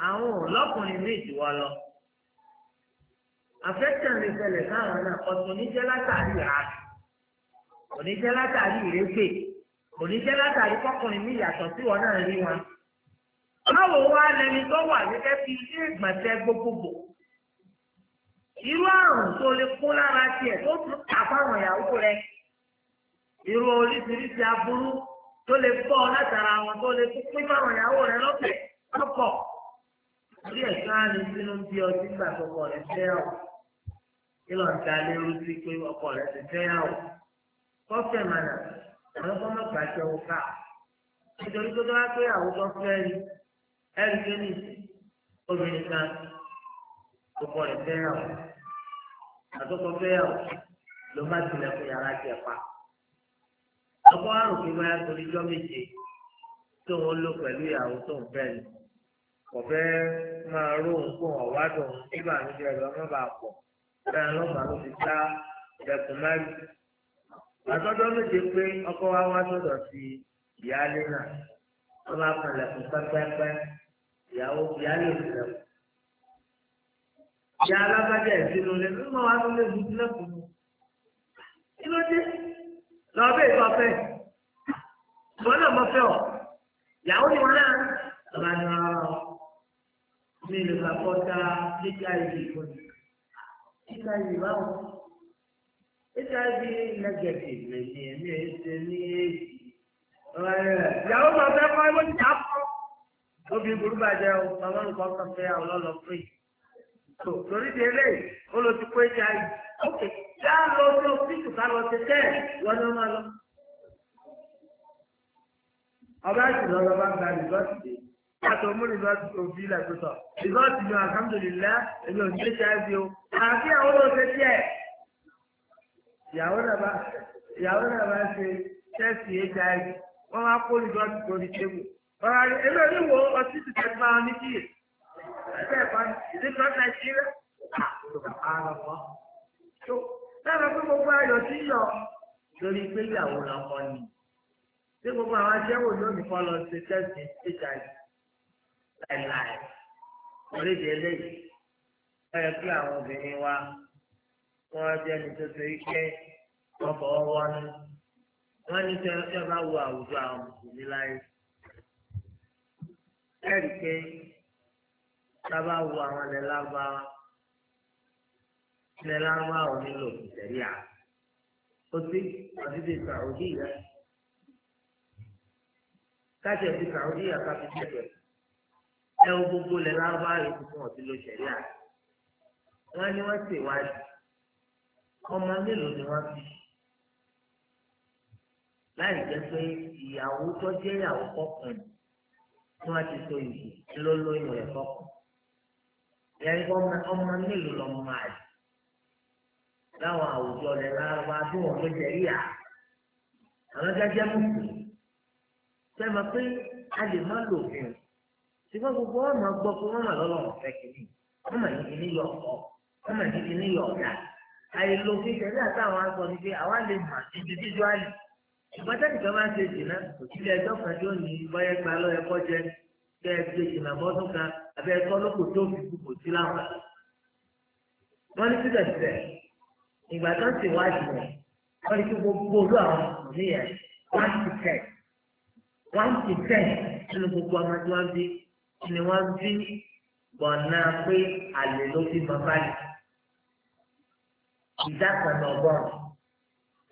àwọn ọlọ́kùnrin méjì wọ lọ àfẹ́tàn lè ṣẹlẹ̀ káwọn náà ọ̀tún níjẹ́ látàrí àárẹ̀ òníjẹ́ látàrí ìrẹ́pẹ̀ kò ní jẹ́ látàrí kọkùnrin mi yàtọ̀ sí wọn náà rí wọn. báwo wá lẹni tó wà gẹ́gẹ́ bí ilé ìgbọ̀nsẹ̀ gbogbogbò irú àrùn tó lè kó lára tiẹ̀ tó tún àfáwọn ìyàwó rẹ̀ irú oríṣiríṣi aburú tó lè bọ́ látara wọn tó lè tún pín fáwọn ìyàwó rẹ̀ lọ́pẹ̀ lọ́pọ̀ orí ẹ̀sán á ní sínú bí ọtí gbà tọkọ rẹ̀ fẹ́ ọ̀ kí lọ́n ta lérú sí pé ọkọ rẹ̀ ti fẹ́ ọ̀ kọ́fẹ́ mànà àwọn kan má gbàjọ ọ̀ka nítorí tó tó wá pé àwùjọ fẹ́ rí ẹ̀rí tó ní obìnrin kan ọkọ rẹ̀ fẹ́ yà wọ́n àtọkọ fẹ́ yà wọ́n ló bá tilẹ̀ fún yàrá jẹ pa ọkọ àròkè báyà torí jọ méje tó ń lò pẹ̀lú ìyàwó tó ń fẹ́ ni ọ̀fẹ́ máa róhun kó ọ̀wádùn nígbà níbi ẹ̀rọ ọmọ bá pọ̀ bẹ́ẹ̀ lọ́gbàá ló ti dá ẹ̀kún mẹ́rin àtọ́jọ́ méje pé ọkọ wa wá sọ̀dọ̀ sí ìyáálé náà wọ́n bá kan lẹ̀kùn pẹ́pẹ́pẹ́ ìyàwó ìyáálé òṣèlú. ìyá alábàjẹ́ ìsinú lé mímọ́ wa ló lé dúdú lẹ́kùn mu. kí dé lọ bẹ́ẹ̀ ìfọ̀ fẹ́ ìwọ náà mọ fẹ́ ọ ìyàwó ni wọn náà lọ́ba ní wọn rọ mi lè gbà kọ́ta nígbà yìí kọ́ni nígbà yìí HIV negative lè ní èmi èyí ṣe ní èyí. Ìyàwó máa fẹ́ kọ́ ẹgbẹ́ ti àpọ̀. Lóbi burú bàjẹ́ o, màmá nǹkan kan fẹ́ àwọn ọlọ́lọ́ pé. Torí ti eléyìí, ó lọ ti kó HIV. Ókè, yá lọ sí ọ́fíìsì ká lọ ti tẹ́ ẹ̀ wọ́n ní wọ́n máa lọ. Ọba ìṣúná lọ́ba gba rìsọ́ọ̀tì dé. Yàtọ̀ mú rìsọ́ọ̀tì tó bí ilẹ̀ tó sọ. Rìsọ́ọ̀tì mi, ìyàwó náà bá ṣe tẹ́sì hiv wọ́n wá kó ìjọ tó ní tébù ọ̀rọ̀ rẹ̀ èmi ò ní wo ọtí ti tẹ̀ máa ní kíyè ẹgbẹ́ ẹ̀kọ́ ìdíkan nàìjíríà àlọ́kọ́ tó lára pé gbogbo ayọ̀ tí yọ lórí pé ìyàwó lọ́kọ́ ni tí gbogbo àwọn aṣẹ́wò lónìí kọ́ lọ ṣe tẹ́sì hiv láìláì orílẹ̀-èdè eléyìí wọ́n yẹ kí àwọn obìnrin wa wọn á jẹ́ ẹni tó ṣe ike wọn bọ̀ wọ́n ní wọ́n ní sọ ẹ bá wo àwùjọ àwọn mùsùlùmí láyé ẹ̀rí pé tá a bá wo àwọn ilẹ̀ lágbára ilẹ̀ lágbára ò nílò ìtẹ̀rí à ó sí àdídè sàrúdì rẹ̀ káṣẹ̀ ti sàrúdì rẹ̀ ká fi tẹ̀lé ẹ wo gbogbo ilẹ̀ lágbára yìí fún ọ̀sìn ló ṣẹ̀rí à wọ́n ní wọ́n ṣèwádìí ọmọ mélòó ni wọ́n fi láì jẹ́ pé ìyàwó tó jẹ́ ìyàwó kọkùnrin tí wọ́n ti so ìlú ló lóyún rẹ̀ kọkùn yẹn ọmọ mélòó lọ́mọ àlè láwọn àwùjọ rẹ̀ lárúbá tí wọ́n ló jẹ́ ìyà àwọn gẹ́gẹ́ mùsùlùmí sẹ́mi pé a lè má lò fún un ṣùgbọ́n gbogbo wọn máa gbọ́ pé wọ́n mà lọ́lọ́run fẹ́ kìíní wọ́n mà ní kìíní yọ ọ̀pọ̀ wọ́n mà ní kìíní yọ ọ̀dà àìlò kékeré àtàwọn agbọ̀n ni pé àwa lè mà individually ṣùgbọ́n tẹ́lẹ̀ kan máa ń ṣe jìnnà kò sí ẹjọ́ kan tí ó ní bọ́yẹ́ gba lọ́yẹ kọ́ jẹ kẹ́ ẹ ṣe jìnnà bọ́dún kan àbẹ́ ẹ̀kọ́ lóko tó fi kú kò sí láwọn. wọ́n ní síbẹ̀síbẹ̀ ìgbà tó ń ṣèwádìí rẹ̀ wọ́n ní kí gbogbo olú àwọn òní yẹn one to ten one to ten nínú gbogbo ọmọ tí wọ́n bí ni wọ́n bí gbọ̀nà pé àlè ló fi máa báyìí ìdá kan ní ọgọ́rùn-ún.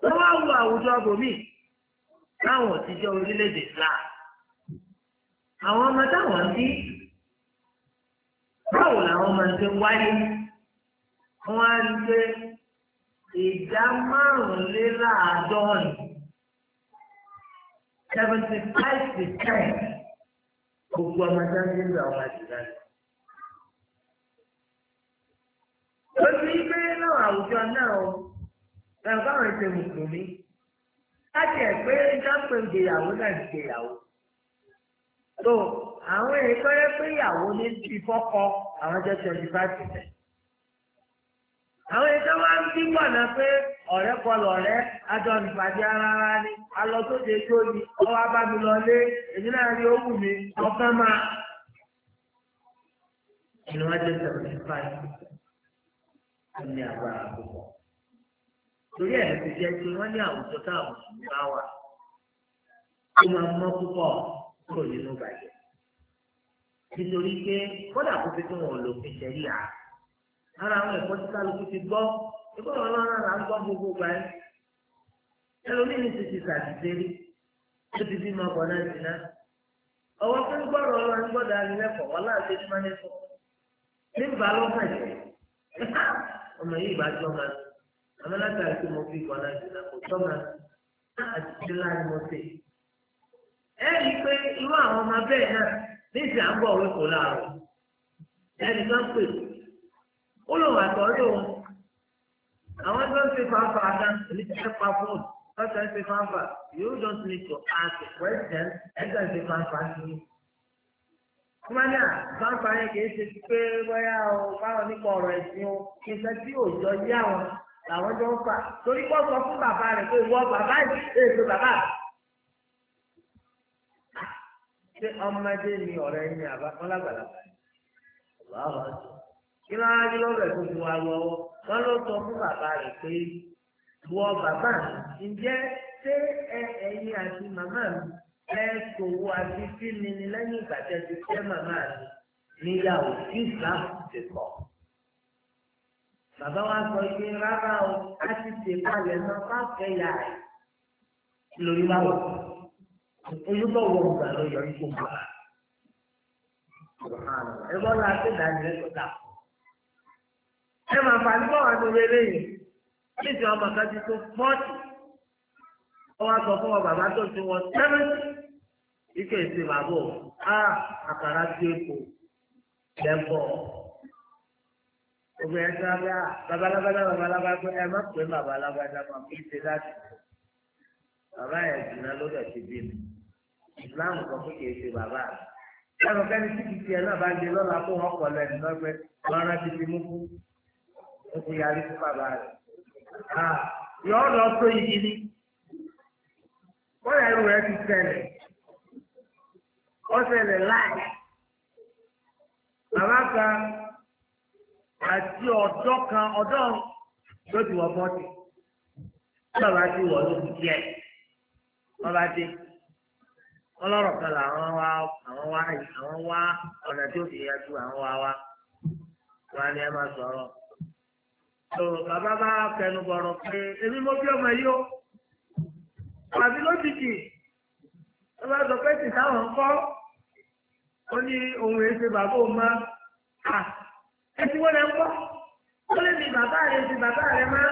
wọ́n wá wo àwùjọ bòmí láwọn òtijọ́ orílẹ̀-èdè Islam. àwọn ọmọ táwọn ń bí báwo làwọn ọmọ ń ṣe wáyé wọ́n á rí pé ìdá márùnléláàádọ́rin seventy five percent gbogbo ọmọ sáńdé ń bẹ ọmọ àdìgbà rẹ̀. ó ti ń gbé náà àwùjọ náà o ẹ̀rọ báwọn ṣe mùsùlùmí láti ẹ̀ pé jápé ìgbéyàwó náà ti gbéyàwó. tó àwọn èèyàn tó yẹ pé ìyàwó ní ti fọ́kọ àwọn jẹ́ twenty five percent. àwọn èèyàn tó wá ń bí gbọ̀nà pé ọ̀rẹ́ kọlù ọ̀rẹ́ ajọ nípàdé ara ni alọ tó ṣe tó ni ọwọ́ abámi lọ lé èyí náà rí owó mi ọ̀kan máa. ìnáwó jẹ́ twenty five percent. wọ́n ní agbára púpọ̀. torí ẹ̀ ti jẹ́ pé wọ́n ní àwùjọ táwọn mùsùlùmí bá wà ó máa mọ́ púpọ̀ kúrò nínú bàjẹ́. nítorí pé kó fi wọn lò fi ṣẹ̀rí à ara àwọn ẹ̀kọ́ tí kálukú ti gbọ́ ẹgbẹ́ wọn lọ́nà là ń gbọ́ gbogbo ọmọ yìí bá jọ ma àmọ́ látàrí pé mo fi ìkànnà ìdènà kò tọ́ ma àtijọ́ láti mo ṣe. ẹ rí i pé irú àwọn ọmọ bẹ́ẹ̀ náà níìsì à ń bọ̀ wí kò láàrọ̀ ẹnì kan pè ó lò wà tọ́jú òun àwọn tó ń ṣe fàáfà àdá ní ẹ̀pà fóònù tó ń ṣe fàáfà you don't need to ask questions ẹ̀ka ṣe fàáfà sí i kọ́mánìà báńkì ayé kìí ṣe ti pé bóyá o báwọn nípa ọ̀rọ̀ ẹ̀sìn o kí n sọ tí òòjọ́ yé àwọn làwọn jọ ń fà torí pọ́ sọ fún bàbá rẹ̀ pé ìwọ bàbá yìí èso bàbá. ṣé ọmọdé ni ọ̀rẹ́ ni àbá wọn lágbàlagbà ni ọ̀rọ̀ ọ̀sẹ̀ kí ló wá ní lọ́rọ̀ ẹ̀ tó fi wá lọ wọn ló sọ fún bàbá rẹ̀ pé ìwọ bàbá ǹjẹ́ ṣé ẹ̀yin àti màmá mi ẹ ṣòwò àti fíìmù ni lẹ́yìn ìgbà tẹ́ ti fẹ́ màmá mi níyàwó tí islam ti kọ̀. Bàbá wa sọ pé rárá o, a ti ṣe kalẹ̀ mọ́ fáfẹ́ ìyá rẹ̀ lórí wa wò. Olúbọ̀ wọ ọgbà ló yọ ikú gbà. Ẹ bọ́ la ṣe ìdánilẹ́kọ̀ọ́ dà. Ẹ máa fà ní bọ́wọ́ ní orí eléyìí. Níbi ọmọ kan ti tó fọ́ọ̀tì. Wọ́n sọ fún wọn bàbá tó ti wọ sẹ́mẹ́tì ike ìsìn bàbá o a àkàrà tí o kò lẹ́bọ̀ obìnrin tí wọn bá babalábádá babalábá pé ẹ má pè babalábádá máa fi ṣe láti bàbá yẹn jìnnà ló dẹ̀ ti bí mi ìsìláàmù kan fún kìí ṣe bàbá rẹ lẹ́nu kẹ́ni tí kìí ṣe ẹ náà bá ń gbé lọ́la kó wọ́n kọ̀ lẹ́nu lọ́gbẹ́ wọn rán ti fi mú kú ó ti yarí fún bàbá rẹ yọ ni wọ́n yà ẹrù rẹ ti tẹ̀lé ọ̀sẹ̀lẹ̀ láì. Bàbá kan àti ọ̀dọ́ kan ọ̀dọ́ ló ti wọ bọ́ọ̀tì. Bàbá ti wọ̀ ló ti díẹ̀. Bàbá dé. Ọlọ́rọ̀ kan làwọn wá àwọn wá àwọn wá ọ̀nà tí ó fi yanjú àwọn wá wá. Wọ́n á ní ẹ máa sọ̀rọ̀. Bàbá bá kẹnu bọ̀rọ̀ pé èmi mo bí ọmọ yìí o. Àbí lójijì. Bàbá sọ pé tìta wọn kọ́ ó ní ohun èṣe bàbá òun má à ẹ ti wọ́n lẹ ń kọ́ ó lè ní bàbá rẹ ti bàbá rẹ má.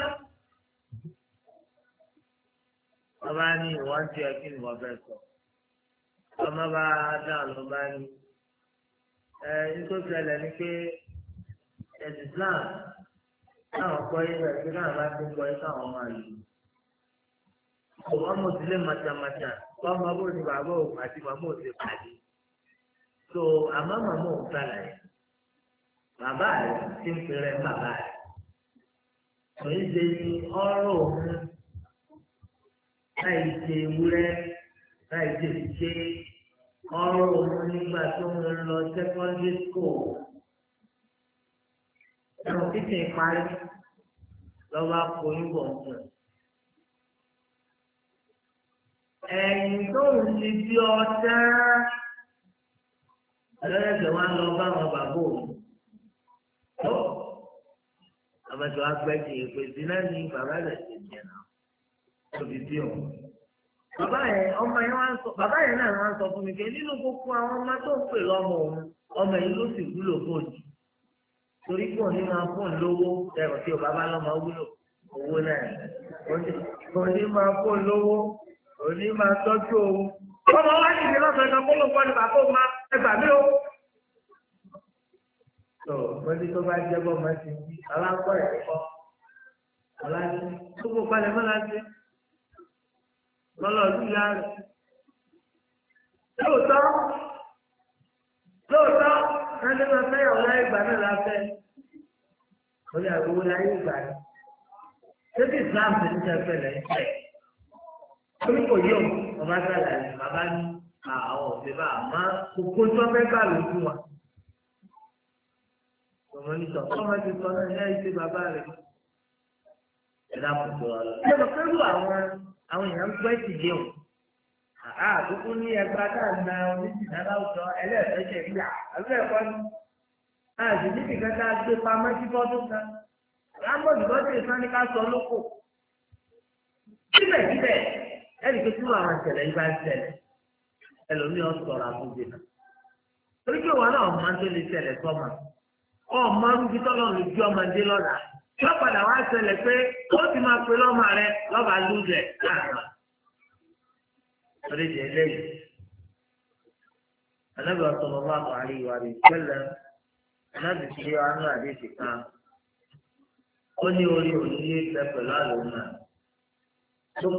bàbá ní ìwádìí ẹ kí ni wọ́n fẹ́ sọ ọmọ bá dáhùn ló bá ní ẹ nítorí ẹlẹ́ ni pé ẹ̀sìn Islam táwọn kọ́ yín rẹ̀ pé káwọn bá ti ń kọ́ yín káwọn máa lò ó. ọmọ òsì lè màtàmàtà kọ́ bó ti bàbá òun àti màmá òsì pàdé so àmọ́ màmá òun sàlàyé bàbá rẹ̀ ti ń pèrè bàbá rẹ̀ kò ń ṣe ní ọ̀rọ̀ òun láì ṣe ewúrẹ́ láì ṣe ṣe ọ̀rọ̀ òun nígbà tó ń lọ secondary school ẹ̀rọ kíkìn parí lọ́wọ́ akóyún bọ̀ fún un. ẹ̀yìn tó ń ṣe bí ọjà ọlọ́dẹ̀dẹ̀ wọn lọ bá àwọn bàbá òun tó àbàtà agbẹ́jì ìpèsè náà ní bàbá rẹ̀ ṣe jẹ náà tóbi tí òun. bàbá yẹn ọmọ yẹn wọn sọ bàbá yẹn náà wọn sọ fún mi pé nínú gbogbo àwọn ọmọ tó ń pè lọ́mọ òun ọmọ yìí ló sì wúlò fóònù torí pọ̀ ní máa fóònù lówó ẹ̀rọ tí o bàbá lọ́mọ wúlò owó náà òní máa fóònù lówó òní máa tọ́jú òun. ọmọ wa ti di lọ́sọ̀ọ́ ẹgbà mí o. tó wọ́n ti tó bá jẹ́ bọ́ máa ti di aláǹkọ́ rẹ̀ kọ́ ọ̀làjú tó kó palẹ̀ mọ́ láti lọ́lọ́ọ̀dún ìyá rẹ̀. lóòótọ́ lóòótọ́ ẹni máa fẹ́ ọ̀la ìgbà náà la fẹ́ wọ́n yà wọ́n láyé ìgbà rẹ̀. Ṣébí Islam ti ń tẹ́ fẹ́ lẹ́yìn tẹ̀? Ó ní kò yóò ọba sàlàyé bàbá ní àwọn òfin bá àmọ́ kókó tí wọ́n fẹ́ gbà ló fún wa. Ọmọ ní sọ, ọmọ ti sọ náà ẹ ṣe bàbá rẹ̀. Ẹ dákun tó wà lọ. Ẹ lọ pẹ̀lú àwọn àwọn èèyàn gbọ́ ẹ̀sìn léwu. Àkókò ní ẹgbẹ́ náà na oníṣìná láwùjọ ẹlẹ́ẹ̀fẹ́ṣẹ̀ rí à. Àbúrò ẹ̀kọ́ ni. Àṣì níbi kẹta gbé pamọ́ sí fọ́dún kan. Lámọ̀dù lọ́sẹ̀ sani ká sọ lóko. Síbẹ̀síbẹ̀ ẹnì kejì wà àwọn ìṣẹ̀lẹ̀ yìí bá ń ṣẹlẹ̀. ẹlòmíì ọ sọ̀rọ̀ àtúndì náà torí pé náà ọmọ tó lè ọ sọ́mà ọmọ rúbi tọ́lọ̀ lè ju ọmọ dé lọ́la yóò padà wá ṣẹlẹ̀ pé ó ti máa pe lọ́mọ rẹ lọ́ba lúzẹ̀ láàárọ̀ torí jẹ lẹ́yìn anábì ọ̀sọ̀rọ̀ bá ìwà rẹ̀ anábì tí ó ti ó ní orí òní pẹ̀lú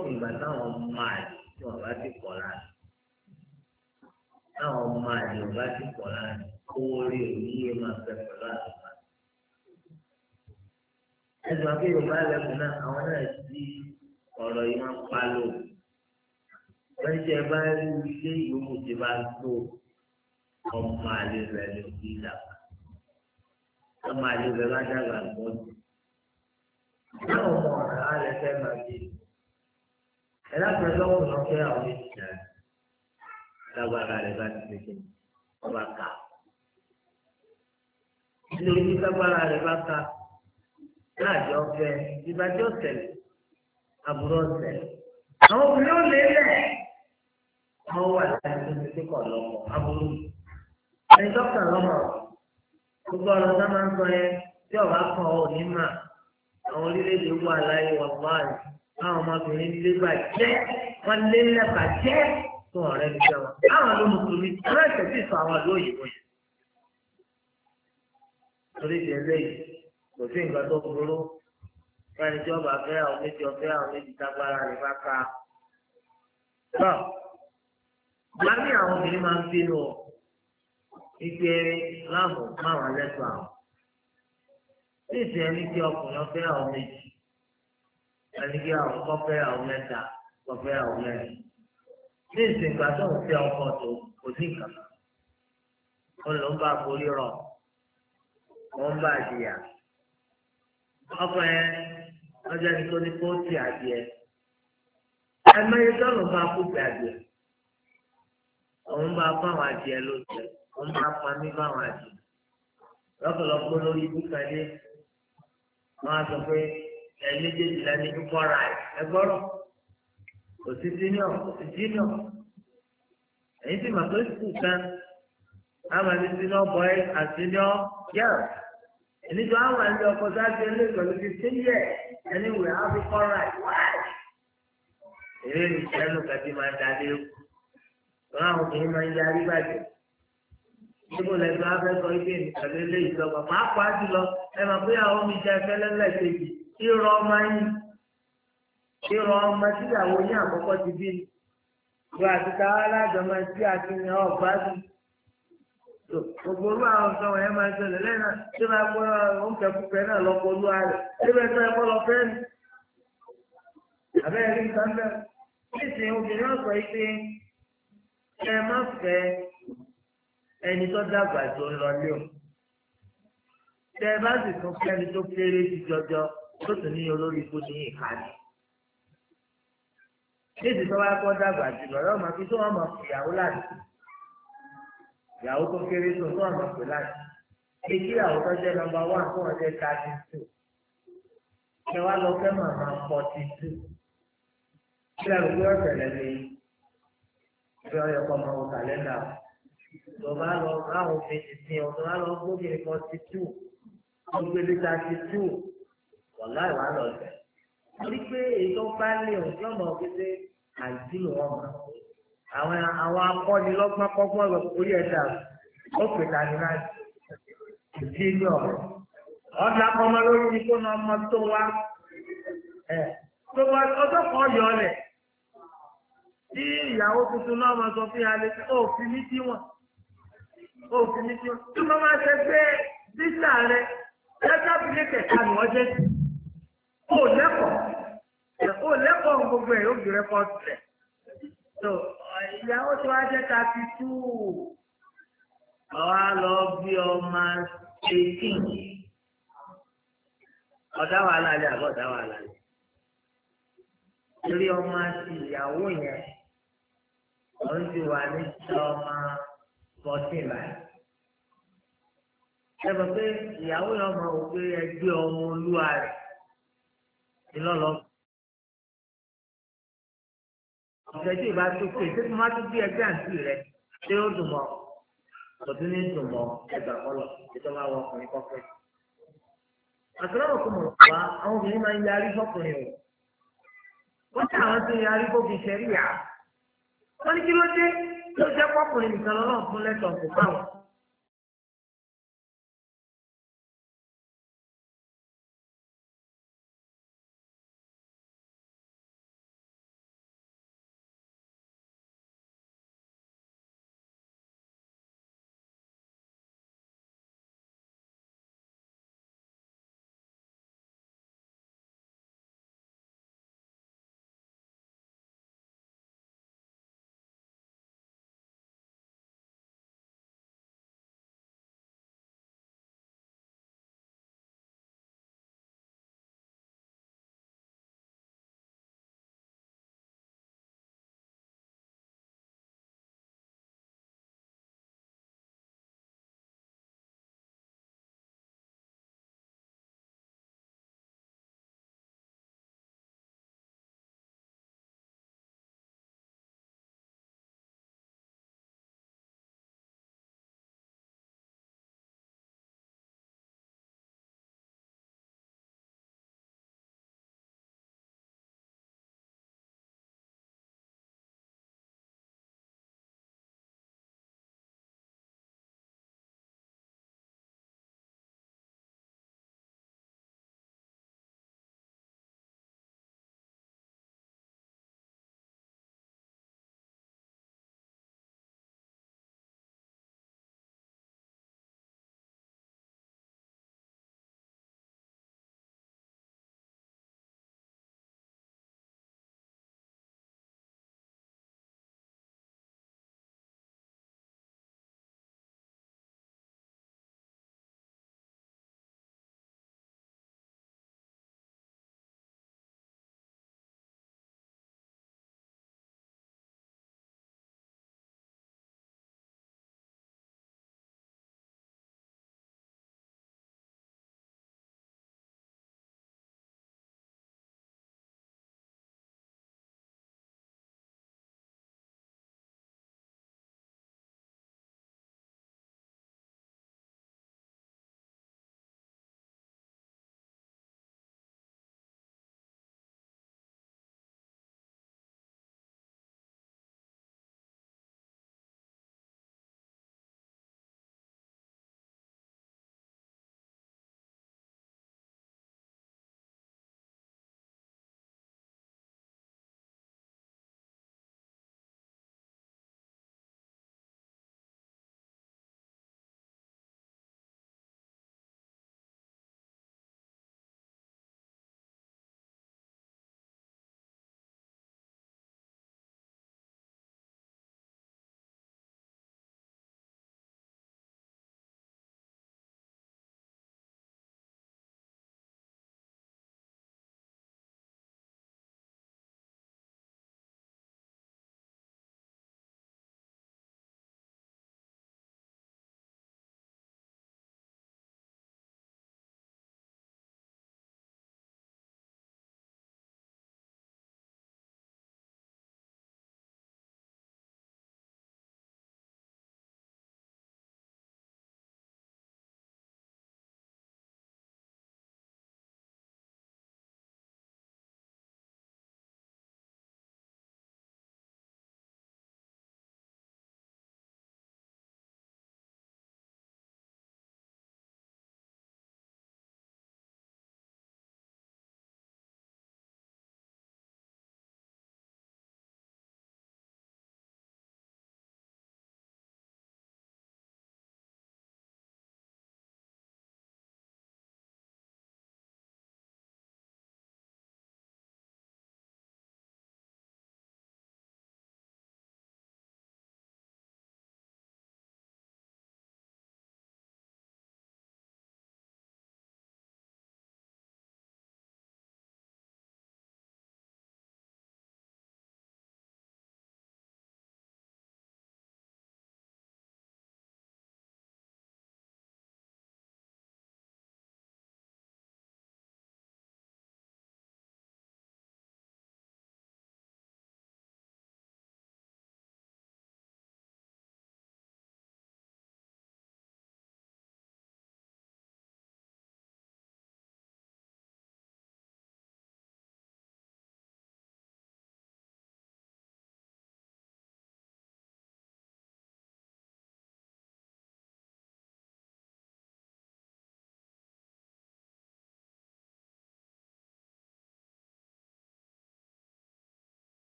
táwọn ọmọ àlè bá ti pọ̀ láàrin owó orí òní yé máa fẹ́ pẹ̀lú àtúmọ̀. ẹgbẹ́ pé yorùbá lẹ́kùn náà àwọn náà ti ọ̀rọ̀ yìí máa ń pa lò. wọ́n ti ẹ bá rí ilé ìyókù tí bá tó ọmọ àlè rẹ̀ lè fi dàgbà. ọmọ àlè rẹ̀ bá dàgbà gbọ́dọ̀. táwọn ọmọ ọ̀rẹ́ alẹ́ fẹ́ máa dé. ẹ lápẹ̀lẹ́ lọ́wọ́ lọ́fẹ́ àwọn ènìyàn tábàrà rẹ̀ bá ti ṣe ọba ká nítorí bí tábàrà rẹ̀ bá ká láàjọ ọ̀fẹ́ ìbàjẹ́ ọ̀sẹ̀lẹ̀ àbúrò ọ̀sẹ̀lẹ̀ àwọn obìnrin ò lé lẹ̀ wọ́n wà láti tó ti kọ̀ lọ́mọ aburú ẹni dọ́kítà lọ́mọ gbogbo ọ̀rọ̀ tá máa ń sọ yẹn tí ọ̀rọ̀ kan ò ní mà àwọn orílẹ̀ wà láyé wà báyìí àwọn ọmọbìnrin lé bàjẹ́ wọ́n lé lẹ́ bàjẹ́ tó ọ̀rẹ́ ní sẹ́wọ̀n àwọn ló mùsùlùmí aláìsẹ̀ sì sọ àwọn àlọ́ òyìnbó yẹn. torí ti ẹlẹ́yìn kò sí nǹkan tó burú fẹ́ni tí ọba fẹ́ àwọn méjì ọfẹ́ àwọn méjì tágbára rẹ̀ bá ka. bọ́ọ̀ wá ní àwọn obìnrin máa ń bínú ọ ike láàbù márùn-ún lẹ́tọ̀ àwọn. ní ìsìn ẹni tí ọkùnrin ọfẹ́ àwọn méjì ẹni tí àwọn kọ́fẹ́ àwọn mẹ́ta kọ́fẹ́ àwọn mẹ́rin ní ìsìnkà tó ń fi ọkọ tó kò sí nǹkan ó ló ń bá forí rọ ó ń bá àdìyà ọkọ yẹn ọjọ́ ní tó ní kó ti àdìyẹ ẹmẹyẹ sọ̀rọ̀ bá kú ti àdìyẹ òun bá fáwọn àdìyẹ ló jẹ òun bá pa mí fáwọn àdìyẹ lọ́pọ̀lọpọ̀ lórí ibùkún ẹdí wọn á sọ pé ẹ méjèèjì lẹni kúkọ ra ẹ gbọ́rọ̀ kò sí senior kò sí junior ẹ̀yin sì mà tó sùkúù kan àwọn ẹni senior boy àti senior girl ẹnìjọ àwọn ẹni ọkọ sáájú ẹni pẹ̀lú fifteen years ẹni wẹ̀ á fi kọ́ right wáyé èrè ní sẹ́nu kàdí máa ń darí o wọn àwọn obìnrin máa ń yarí bàjẹ́ níbo lẹ́gbẹ́ abẹ́kọ̀ọ́ ibi ìkàlẹ́ lé ìjọba pàápàá jùlọ ẹ máa bóyá omi jẹ ẹfẹ́ lẹ́lẹ́kejì irọ́ máa ń yí ìrọ̀ ọmọ tíyàwó ní àkọ́kọ́ ti bí ni ìwà àti káwá alájọmọ tí a ti yàn ọ̀gbá sí gbogbo olú àwọn ọ̀sán wọ̀nyẹn máa ń ṣẹlẹ̀ lẹ́yìn náà tí wọ́n á gbọ́ oúnjẹ púpẹ́ náà lọ́kọ̀ olú ààrẹ síbẹ̀ tó ẹ̀kọ́ lọ fẹ́ ni abẹ́rẹ́ nǹkan bẹ́ẹ̀ nísìnyí obìnrin ọ̀sọ̀ yìí pé ẹ má fẹ́ ẹni tó dàgbà tó ń lọ lé o tẹ ẹ bá sì tún fẹ́ ẹni tó kéré sí jọjọ tó sì ní olórí ikú ní ìkànnì léèdì tó wáá kọ́ dàgbà sí lọ́rọ́ máa fi tó wọn máa fi ìyàwó láti ìyàwó tó kéré tó tó wọn máa fi láti ṣé kí ìyàwó tó jẹ́ nọ́mbà wá fún ọjọ́ thirty two ṣé wàá lọ fẹ́ màmá forty two kí lẹ́nu pé ọ̀sẹ̀ lẹ́nu yìí ṣé ọyọ kọ́ máa kàlẹ́ndà tó bá lọ láwọn méjì sí ọ tó bá lọ gbóbìnrin forty two ọgbẹ́lẹ́ thirty two wọ̀lá tó bá lé òun yọ̀mọ̀ òfin àdìlù wọn mọ̀ àwọn àwọn akọni lọ́gbọ́n kọ́gbọ́n lọ orí ẹ̀dá ó pè tani ìdí na ọmọ tó wá ẹ̀ tó wá ọjọ́ kan yọ ọ lẹ̀ tí ìyàwó tuntun náà máa sọ fún yàrá òfin ní tí òfin ní tí tí máa ó lẹ́kọ̀ọ́ gbogbo ẹ̀ yóò gbé rẹ́kọ̀tì rẹ̀ so ìyàwó tí wàá jẹ́ thirty two ọ̀wá lọ bí ọmọ eighteen ọ̀dá wàhálà lé àbọ̀ ọ̀dá wàhálà lé torí ọmọ àti ìyàwó yẹn òun ti wà ní ọmọ fourteen báyìí ẹ bọ̀ pé ìyàwó yẹn ọmọ òun ẹgbẹ́ ọmọ olúwa rẹ̀ ni lọ́lọ́ọ̀ ọ̀sẹ̀ tí ìbá tó pé ṣé má tó bí ẹgbẹ́ àǹtí rẹ ṣé ó dùn mọ́ kò tún ní dùn mọ́ ẹgbà kọlọ̀ ètò bá wọ ọkùnrin kọ́kẹ́. àtúrọ̀mù kò mọ̀ wá àwọn obìnrin máa ń yarí fọkùnrin o wọ́n tí àwọn tó yarí kó fi ṣẹ́rí yà wọ́n ní kí ló dé ló jẹ́ pọ́kùnrin nìkan lọ́nà fún lẹ́tọ̀ọ̀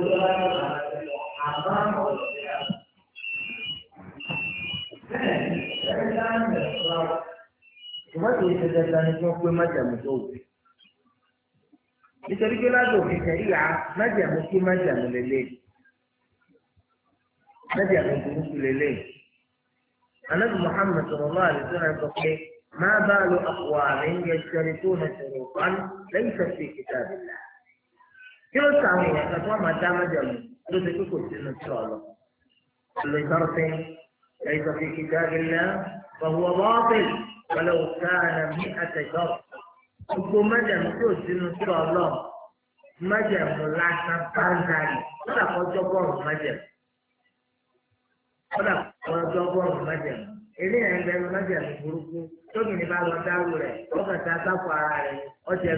ṣùgbọ́n kì í ṣe ni kí wọ́n pé májàmú tó wù. nítorí pé ládùn òfin ṣẹ̀yà májàmú kí májàmú lélẹ̀ májàmú burúkú lélẹ̀. anábì muhammed sọ̀rọ̀lá àdìsọ́nà sọ pé máa bá a lo àpò ààrẹ ń yẹ ṣẹ́ni tó na ṣẹ̀rọ̀ fún un lẹ́yìn sọ́sì ìkìtà àbílà. kí ló sàwọn èèyàn kan tí wọ́n máa dá mẹ́jọ mi n'o ti kókò sínú tí ọ̀lọ́. olùsọ̀rọ̀sìn ẹ̀sọ̀ kìkì dáadéla tí ò sínú tí ọ̀lọ́ mẹ́jọ mi lásán pàǹdàrì kódà kọjọ́ bọ́ọ̀rù mẹ́jọ mi. kódà kọjọ́ bọ́ọ̀rù mẹ́jọ mi.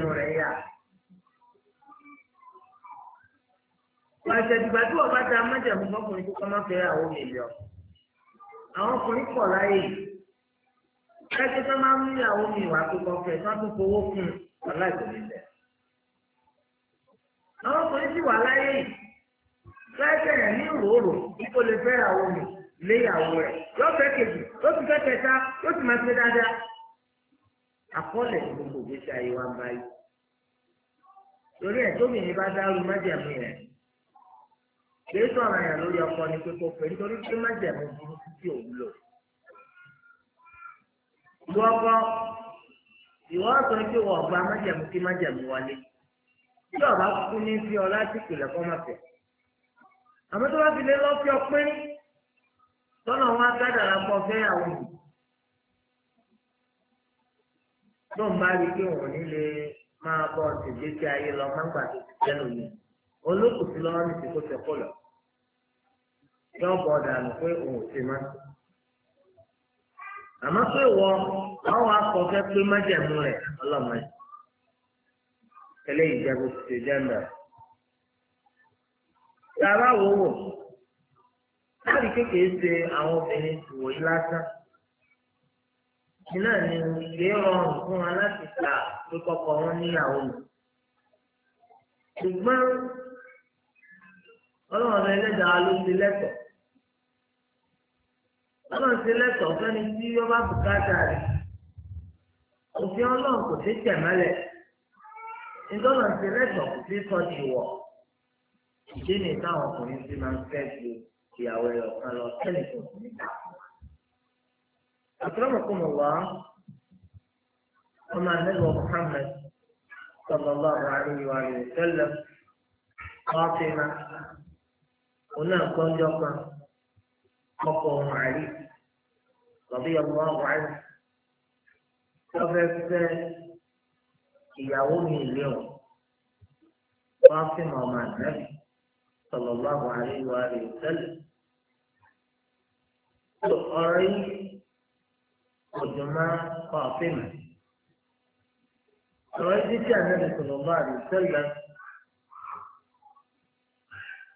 èlé ẹ̀ pàṣẹ ìgbà tí wọn bá da májàmú mọkùnrin kó kọ́má fẹ́ àwọn mílíọ̀n àwọn ọkùnrin pọ̀ láyè ẹgbẹ́ tó máa ń mú àwọn mi wá tó kọ́ fẹ́ tó tún fowó kún un láìpẹ́ nílẹ̀ àwọn ọkùnrin sì wà láyè láìpẹ́ yẹn ní ìròrò kó lè fẹ́ àwọn mi léyàwó rẹ̀ yóò fẹ́ kejì yóò tún fẹ́ kẹta yóò tún máa ṣe dáadáa àkọọ́lẹ̀ gbogbo ìgbésí ayé wa ń báyìí torí ẹ̀ tóbi ní bá dárú májàmú yẹn. kìí sọ̀rọ̀ yẹn lórí ọkọ ni pé kò pé nítorí pé burúkú tí ò wúlò. ìlú ọkọ ìwọ sọ pé wọ́n gba májẹ̀mú kí ọba kú ní fi ọ láti pèlè kọ́ máa fẹ̀. àmọ́ tó bá fi lé lọ́ọ́ fi ọ tọ́nà wọn gádàrà pọ̀ fẹ́yàwó ń bá rí pé òun ní ti kó lọ. yọ bọ̀ dànù pé òun ò ṣe má. àmọ́ pé wọ àwọn akọ̀fẹ́ pé májẹ̀mú rẹ̀ ọlọ́mọ yìí eléyìí jẹ́ ti ṣe jẹ́ ń bẹ̀rẹ̀. wò láti kékeré ṣe àwọn obìnrin wòye lásán. Iná ni kì rọrùn fún wa láti ta wọn níyàwó mi. Ṣùgbọ́n ọlọ́run ẹlẹ́dàá ló ti lẹ́tọ̀ọ́. ọlọ́run ti lẹ́tọ̀ọ́ fẹ́ni tí yọ bá bùkátà rẹ̀ òfin ọlọ́run kò sí tẹ̀mẹ́lẹ̀ ìdọ́lọ̀ ti lẹ́tọ̀ọ́ kò sí tọ́jú wọ̀ ìdí ni táwọn ọkùnrin ti máa ń fẹ́ ju ìyàwó ẹ̀ ọ̀kan lọ tẹ́lẹ̀ tó kù níta. àtúrọ̀mọ̀ kò mọ̀ wá ọmọ anáwó Muhammad sallallahu alaihi wa sallam Fatima onáà kan ọkọ̀ ọ̀hún àríkù. رضي الله عنه وفاة يوم اليوم فاطمة مع النبي صلى الله عليه وآله وسلم تقري قدما فاطمة كان النبي صلى الله عليه وسلم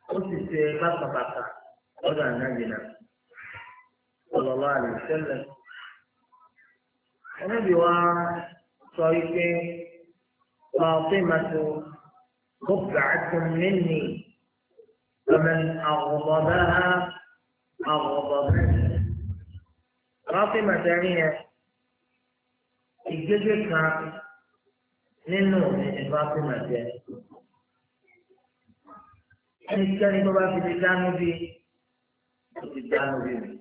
قلت بقى بقى قدر النبي نفسه sallallahu alaihi wasallam ẹnẹ́bí wa sọ wípé Fatimatu bukatun minni faman aghdabaha aghdabani Fatimatu ẹni yẹn ìgbésẹ̀ kan ẹnikẹ́ni tó bá fi di dánú bí ó ti dánú bí mi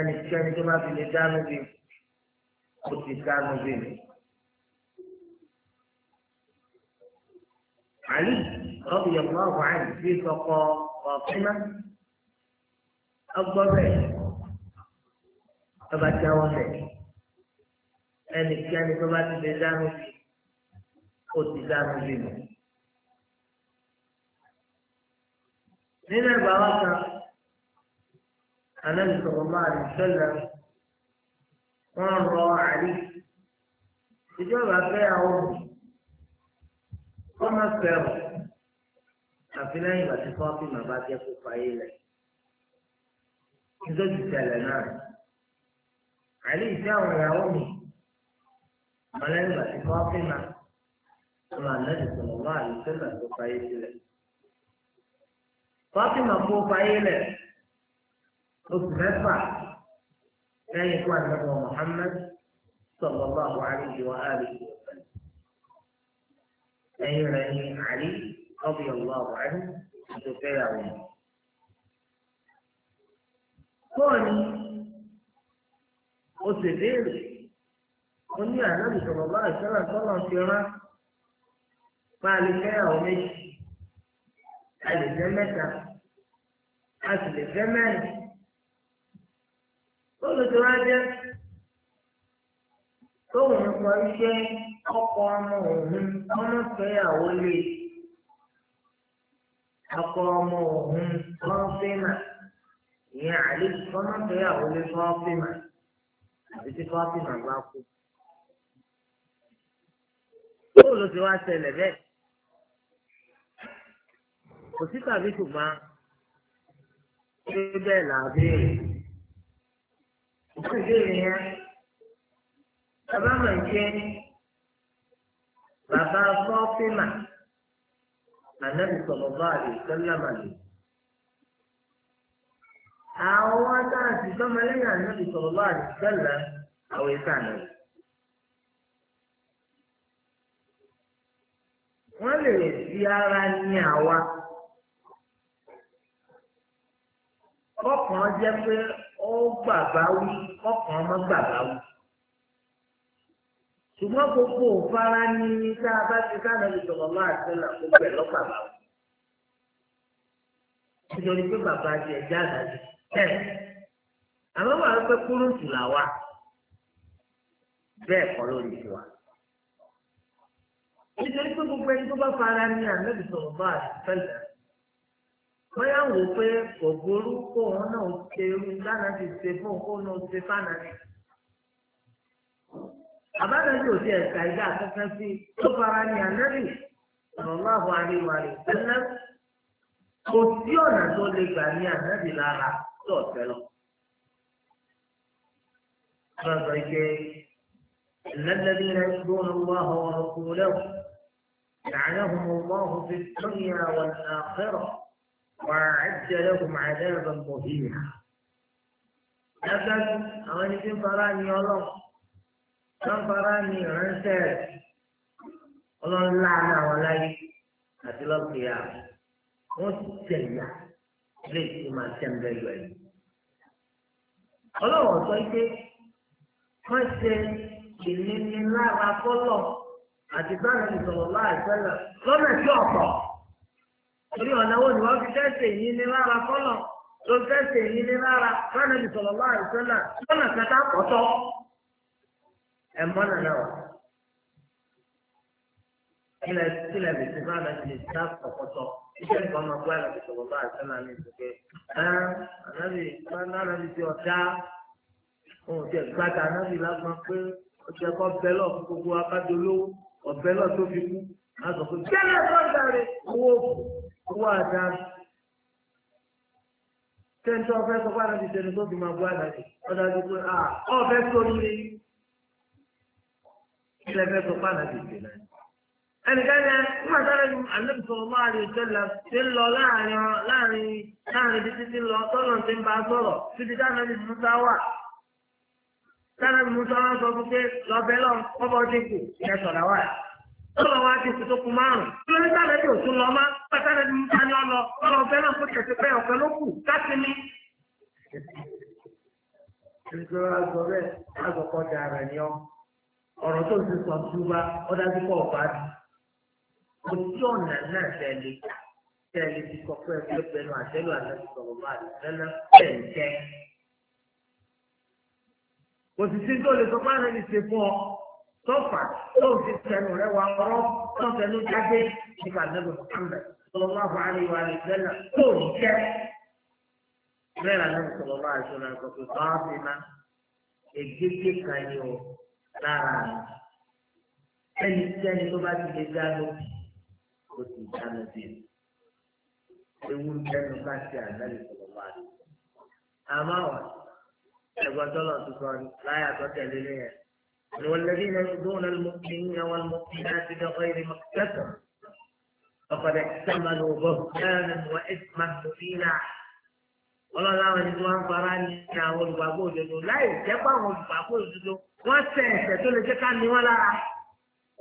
ẹnikẹ́ni tó bá fi lè àlì rọ́bì yọ̀pọ̀ àwọn àyè bí sọ́kọ ọ̀fínà ọgbọ́n bẹ́ẹ̀ ọba jáwọ́ bẹ́ẹ̀ ẹnikẹ́ni Ànábì sallallahu alaihi wasallam wọ́n rọ àlè. Ìjọba fẹ́ àwọn wọ́n máa fẹ́ràn àfi lẹ́yìn ìgbà tí kọ́ọ̀pì máa bá jẹ́ kó fàyè rẹ̀. Nítorí ìṣẹ̀lẹ̀ náà, àlè ìfẹ́ àwọn ìyàwó mi wọ́n lẹ́yìn ìgbà tí kọ́ọ̀pì máa ọmọ ànábì sọ̀rọ̀ wá àlùsẹ́lẹ̀ tó fàyè sílẹ̀. Kọ́ọ̀pì máa kó fàyè rẹ̀. oṣù mẹ́fà lẹ́yìn ikú Muhammad sallallahu alaihi hari alihi wa sallam. ẹ̀yìn rẹ̀ ní àlí radiyallahu anhu tó fẹ́yàwó. bọ́ọ̀ni ó sì béèrè ó ní ànábì sallallahu alaihi wa sallam ti rán máa lè méjì mẹ́ta olùdókòwò tóun sọ wípé ọkọ ọmọ òun ọmọfẹ́yàwó lè ọkọ ọmọ òun kọ́ńfẹ́mà ìyẹn àlejò ọmọfẹ́yàwó lè kọ́ńfẹ́mà àti tí kọ́ńfẹ́mà bá kú. tóun ló ti wá ṣẹlẹ̀ bẹ́ẹ̀ kò sí tàbí ṣùgbọ́n ṣé bẹ́ẹ̀ nǹkan ndị yẹn bàbá mà jẹ́ bàbá bọ́fìmà ànábì sọ̀rọ̀ àwọn adáàtì sọ́mọlẹ́yìn ànábì sọ̀rọ̀ àwọn ara ní àwa. ó gbàgbá wí ọkàn ọmọ gbàgbá wí. ṣùgbọ́n gbogbo òfara ní ní tá a bá ti dáná lè sọ̀rọ̀ máa tẹ́lá gbogbo ẹ̀ lọ́gbàgbá wí. nítorí pé bàbá ti ẹ̀já àdájọ́ ẹ̀ àmọ́ wà ló pé kúrúǹtù là wà bẹ́ẹ̀ kọ́ lórí tiwa. nítorí pé gbogbo ẹni tó bá fara ní àná lè sọ̀rọ̀ máa tẹ́lá bóyá wò pé ògbóró kó òun náà ṣe irú dáná ti ṣe fún òun kó náà ṣe fáná ni. àbájáde òsì ẹ̀ka ìdá kankan sí tó fara ní ànábì sallallahu alaihi wa kò sí ọ̀nà tó lè gbà ní ànábì lára tó ọ̀tẹ́ lọ. Bàbá ìṣe الذين يكبرون الله ورسوله يعلمهم الله في الدنيا والآخرة وأعد لهم عذابا مهينا لكن أولي في فراني الله كان فراني رنسات الله لعنة ولاي أتلا القيامة مستلع ليس ما تنبل وعي الله سيكي مستلع ìní لا lára kọ́lọ̀ àti báyìí sọ̀rọ̀ láìpẹ́ lọ lọ́nà tí torí ọ̀nà wo ni wọ́n fi tẹ́sẹ̀ yìí ní lára fọ́lọ̀ tó tẹ́sẹ̀ yìí ní lára fẹ́ràn ní sọ̀rọ̀ láàrin sọ́nà sọ́nà kẹta kọ́tọ́ ẹ̀ mọ́nà náà wà. kílẹ̀ kílẹ̀ lè ti máa lọ́sí ìta kọ̀kọ́tọ̀ iṣẹ́ nǹkan máa gbọ́ àlàbí sọ̀rọ̀ láàrin sọ́nà ní ìsìnkú ẹ̀ ànábì ànábì ti ọ̀tá ohun ti ẹ̀gbáta ànábì lágbọ́n pé ó ti ẹ̀kọ́ bẹ́lọ̀ fún gbogbo akádolówó ọ̀bẹ́lọ̀ tó fi kú owó àdá kẹ́ńtọ́ ọ̀fẹ́ sọ fún àdájì tẹnu tó fi máa bú àdájì ọ̀dájú pé à ọ̀fẹ́ sórí rí ilẹ̀ fẹ́ sọ fún àdájì tẹnu. ẹnìkan yẹn nígbà táwọn ẹni ànábì sọ̀rọ̀ máa rí ìjọba ti ń lọ láàrin láàrin láàrin títí ti lọ tọ́lọ̀ ti ń bá a sọ̀rọ̀ títí táwọn ẹni Musa wà táwọn ẹni Musa wà sọ fún pé lọ́bẹ̀ lọ́ lọ́wọ́ wa di tuntun kun márùn-ún. kí ló ní sáré tí òtún lọ má pàtàkì ní nípa ni ọ lọ ọlọ́run fẹ́ náà kó tẹ̀sí pé ọ̀fẹ́ ló kù káàkiri ní. ìgbẹ́ wa sọ bẹ́ẹ̀ àgọ́kọ́ da ara ni ọ ọ̀rọ̀ tó ti sọ túbá ó dájú pọ̀ bá mi. mo tí ọ̀nà náà tẹ̀lé tẹ̀lé ti sọ pé ẹgbẹ́ pẹ̀lú àtẹ́lù àtẹ́lù sọ̀rọ̀ tọ́fà tó fi tẹnu rẹ wà ọ̀rọ̀ tó tẹnu jáde nípa nẹ́bù Muhammad sallallahu alaihi wa sallam tó ní jẹ́. bẹ́ẹ̀ la nẹ́bù sallallahu alaihi wa sallam pé tọ́ọ̀fì náà ègégé kan ni o lára ẹnikẹ́ni tó bá ti lè dáná ó ti dáná bí ewu ẹnu bá ti àdáyé sallallahu alaihi wa sallam. àmọ́ ẹ̀gbọ́n tọ́lọ̀ tó sọ láyà tó tẹ̀lé lẹ́yìn. والذين يؤذون المؤمنين والمؤمنات بغير ما اكتسبوا فقد احتملوا بهتانا واثما مبينا ọlọ́run àwọn ẹni tí wọ́n ń fara ní àwọn olùgbàgbọ́ òdodo láì jẹ́ pé àwọn olùgbàgbọ́ òdodo wọ́n ṣe ẹ̀ṣẹ̀ tó lè jẹ́ ká ní wọ́n lára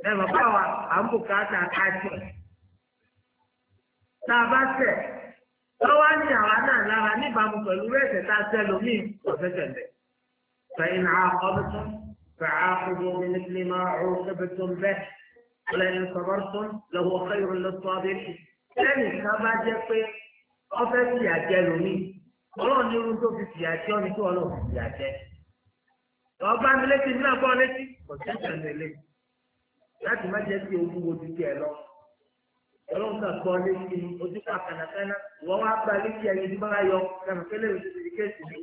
ẹ mọ̀ à ń bùkátà ká tá a bá ṣẹ̀ lọ́wọ́ ní àwa náà lára níbàámu pẹ̀lú rẹ̀ ẹ̀ṣẹ̀ tá a ṣẹ̀ lómi ọ̀fẹ́ tẹ̀lé. fẹ̀yìn àwọn ọmọ tó ń فعاقبوا بمثل ما عوقبتم به ولئن صبرتم لهو خير للصابرين lẹ́yìn ká bá jẹ́ pé wọ́n fẹ́ fìyà jẹ lómi ọlọ́run ní irun tó fi fìyà jẹ ọ́ ni kí ọlọ́run fi fìyà jẹ. ọba mi létí ní àbọ̀ létí kò jẹ́ ìtẹ̀lé láti má jẹ́ kí ogun wo dúdú ẹ̀ lọ. ọlọ́run kà gbọ́ létí ojú pa kànáfẹ́ná ìwọ́n wá gba létí ẹ̀yìn tó bá yọ kànáfẹ́ lè rí kéèsì mi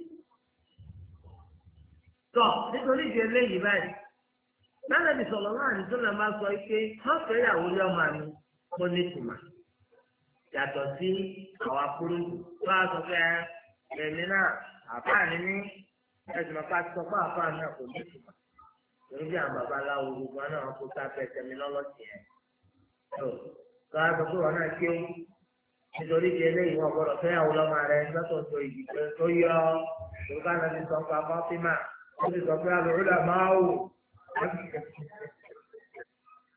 tọ̀ nítorí ìdí eléyìí báyìí lálẹ́bí sọ̀rọ̀ náà tó lè máa sọ pé wọ́n fẹ́ ọmọ mi mo ní tùmà yàtọ̀ sí àwọn akúrú tó a sọ pé ẹ̀mí náà àbáàní ní ẹ̀sìn ọ̀pá sọ pé àbáà náà kò ní tùmà torí bí àwọn babaláwo gbogbo náà kó sábẹ́ tẹ̀mí lọ́lọ́sì yẹn tó a sọ pé wọn náà kéwú nítorí ìdí eléyìí wọn gbọdọ̀ fẹ́ lọ́mọ rẹ lọ́tọ̀ tó ìdí tó yọ ọ́ tó bá lọ sí sọ́kà wọ́n ti sọ pé alùrúdà máa wò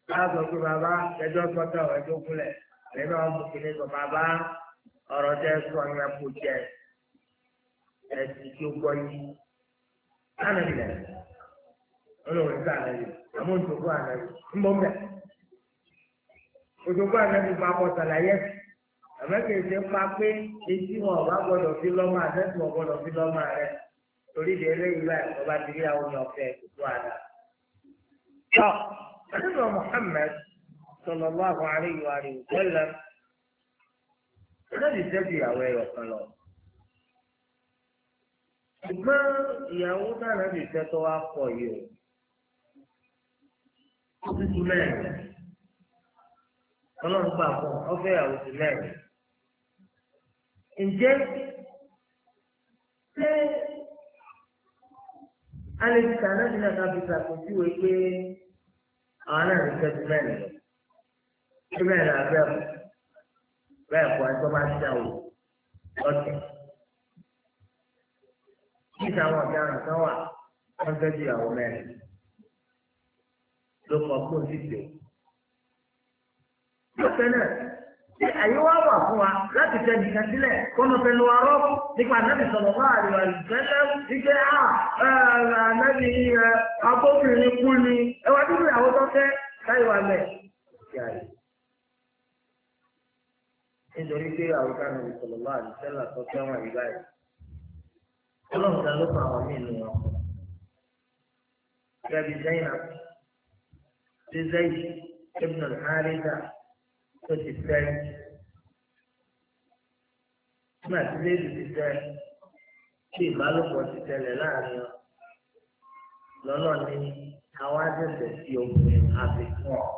láàzọ pé bàbá ẹjọ́ sọ́tọ̀ ẹjọ́ kúnlẹ̀ nínú ọmọ kìíní sọ bàbá ọ̀rọ̀ tẹ sọ yẹn kò jẹ ẹsì tí ó gbọ́ yìí lánàá ilẹ̀ olórí sí àná yìí àmọ́ òjòkó àná yìí ń bọ́ mẹ́ òjòkó àná yìí bá bọ̀ sàlàyé àmọ́ kìí ṣe pa pé etí wọn ò bá gbọdọ̀ fi lọ́mọ àtẹ́tù wọn gbọdọ̀ fi lọ́mọ rẹ̀ torí ìdí eléyìí báyìí ọba ti rí àwọn ọmọ ọ̀fẹ́ ìkókó àdá. Tọ́ Adébọ̀ Muhammad sallallahu alaihi wa alihi wa sallam lẹ́yìn sẹ́bi ìyàwó ẹ̀yọ̀ kan lọ. Ṣùgbọ́n ìyàwó dáná lè fẹ́ tó wá pọ̀ yìí o. Ó ti di mẹ́rin. Ọlọ́run gbà fún ọ ìyàwó ti mẹ́rin. Ǹjẹ́ ṣé alẹ́sìtà náà nínú ẹ̀ka fi ṣàkójúwe pé àwọn náà ní kẹ́tù bẹ́ẹ̀ lọ ṣé bẹ́ẹ̀ lọ abẹ́ ọ̀ bẹ́ẹ̀ kọ́ ẹjọ́ bá ṣá o lọ́tẹ̀. Níta àwọn ọ̀daràn kan wà wọ́n tẹ́jú ìyàwó mẹ́rin ló kọ́ kó ń Lọ́tẹ̀ náà àyè wá wà fún wa láti tẹ nìkan sílẹ̀ kọ́nà pẹ̀lú arọ́ nípa nẹ́bí sọ̀rọ̀ bá àríwá ìfẹ́lẹ́ wípé ah, à nẹ́bí agbófinrin kú ni ẹwà dúdú ìyàwó tó fẹ́ káyọ̀ alẹ̀. nítorí pé àwùjọ nẹ́bí sọ̀rọ̀ bá àríwá tó tẹ́wọ̀n yìí báyìí ọlọ́run ta ló fa àwọn míì nù wọn. gẹ́gẹ́ bí zainab ṣe zayi ibn al-harisa tó ti fẹ́ nígbà tí léèlú ti fẹ́ tí ìbálòpọ̀ ti tẹ̀lẹ̀ láàrin lọ́nà ní àwọn àjẹsẹ̀ sí obìnrin àfikún ọ̀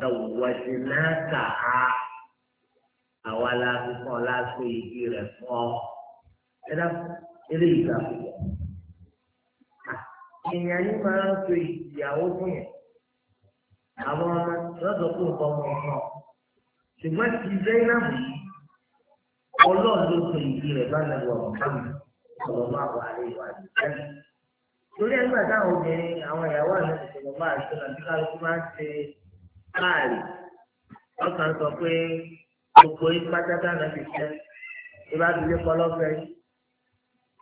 dàwùwọ̀dì náà kà á àwa la fi fún ọ láti igi rẹ̀ fún ọ ẹ dákun eré ìgbà fún ọ. èèyàn yìí máa ń so ìyàwó fún yẹn àwọn ọmọ lọ́dọ̀ kó nǹkan ọmọ ọ̀kan ṣùgbọ́n ti Zainab ọlọ́ọ̀dún tó ìdí rẹ̀ bá lọ wọ̀ kámi ọ̀rọ̀ máa wà ní ìwà ìjẹ́ni. torí ẹgbẹ́ táwọn obìnrin àwọn ìyàwó àná ìṣòro máa ṣe láti kálukú máa ń ṣe káàrí wọ́n kàn sọ pé gbogbo yìí pátákà náà ti ṣẹ́ ìbádìlé kọ́ lọ́fẹ́ yìí.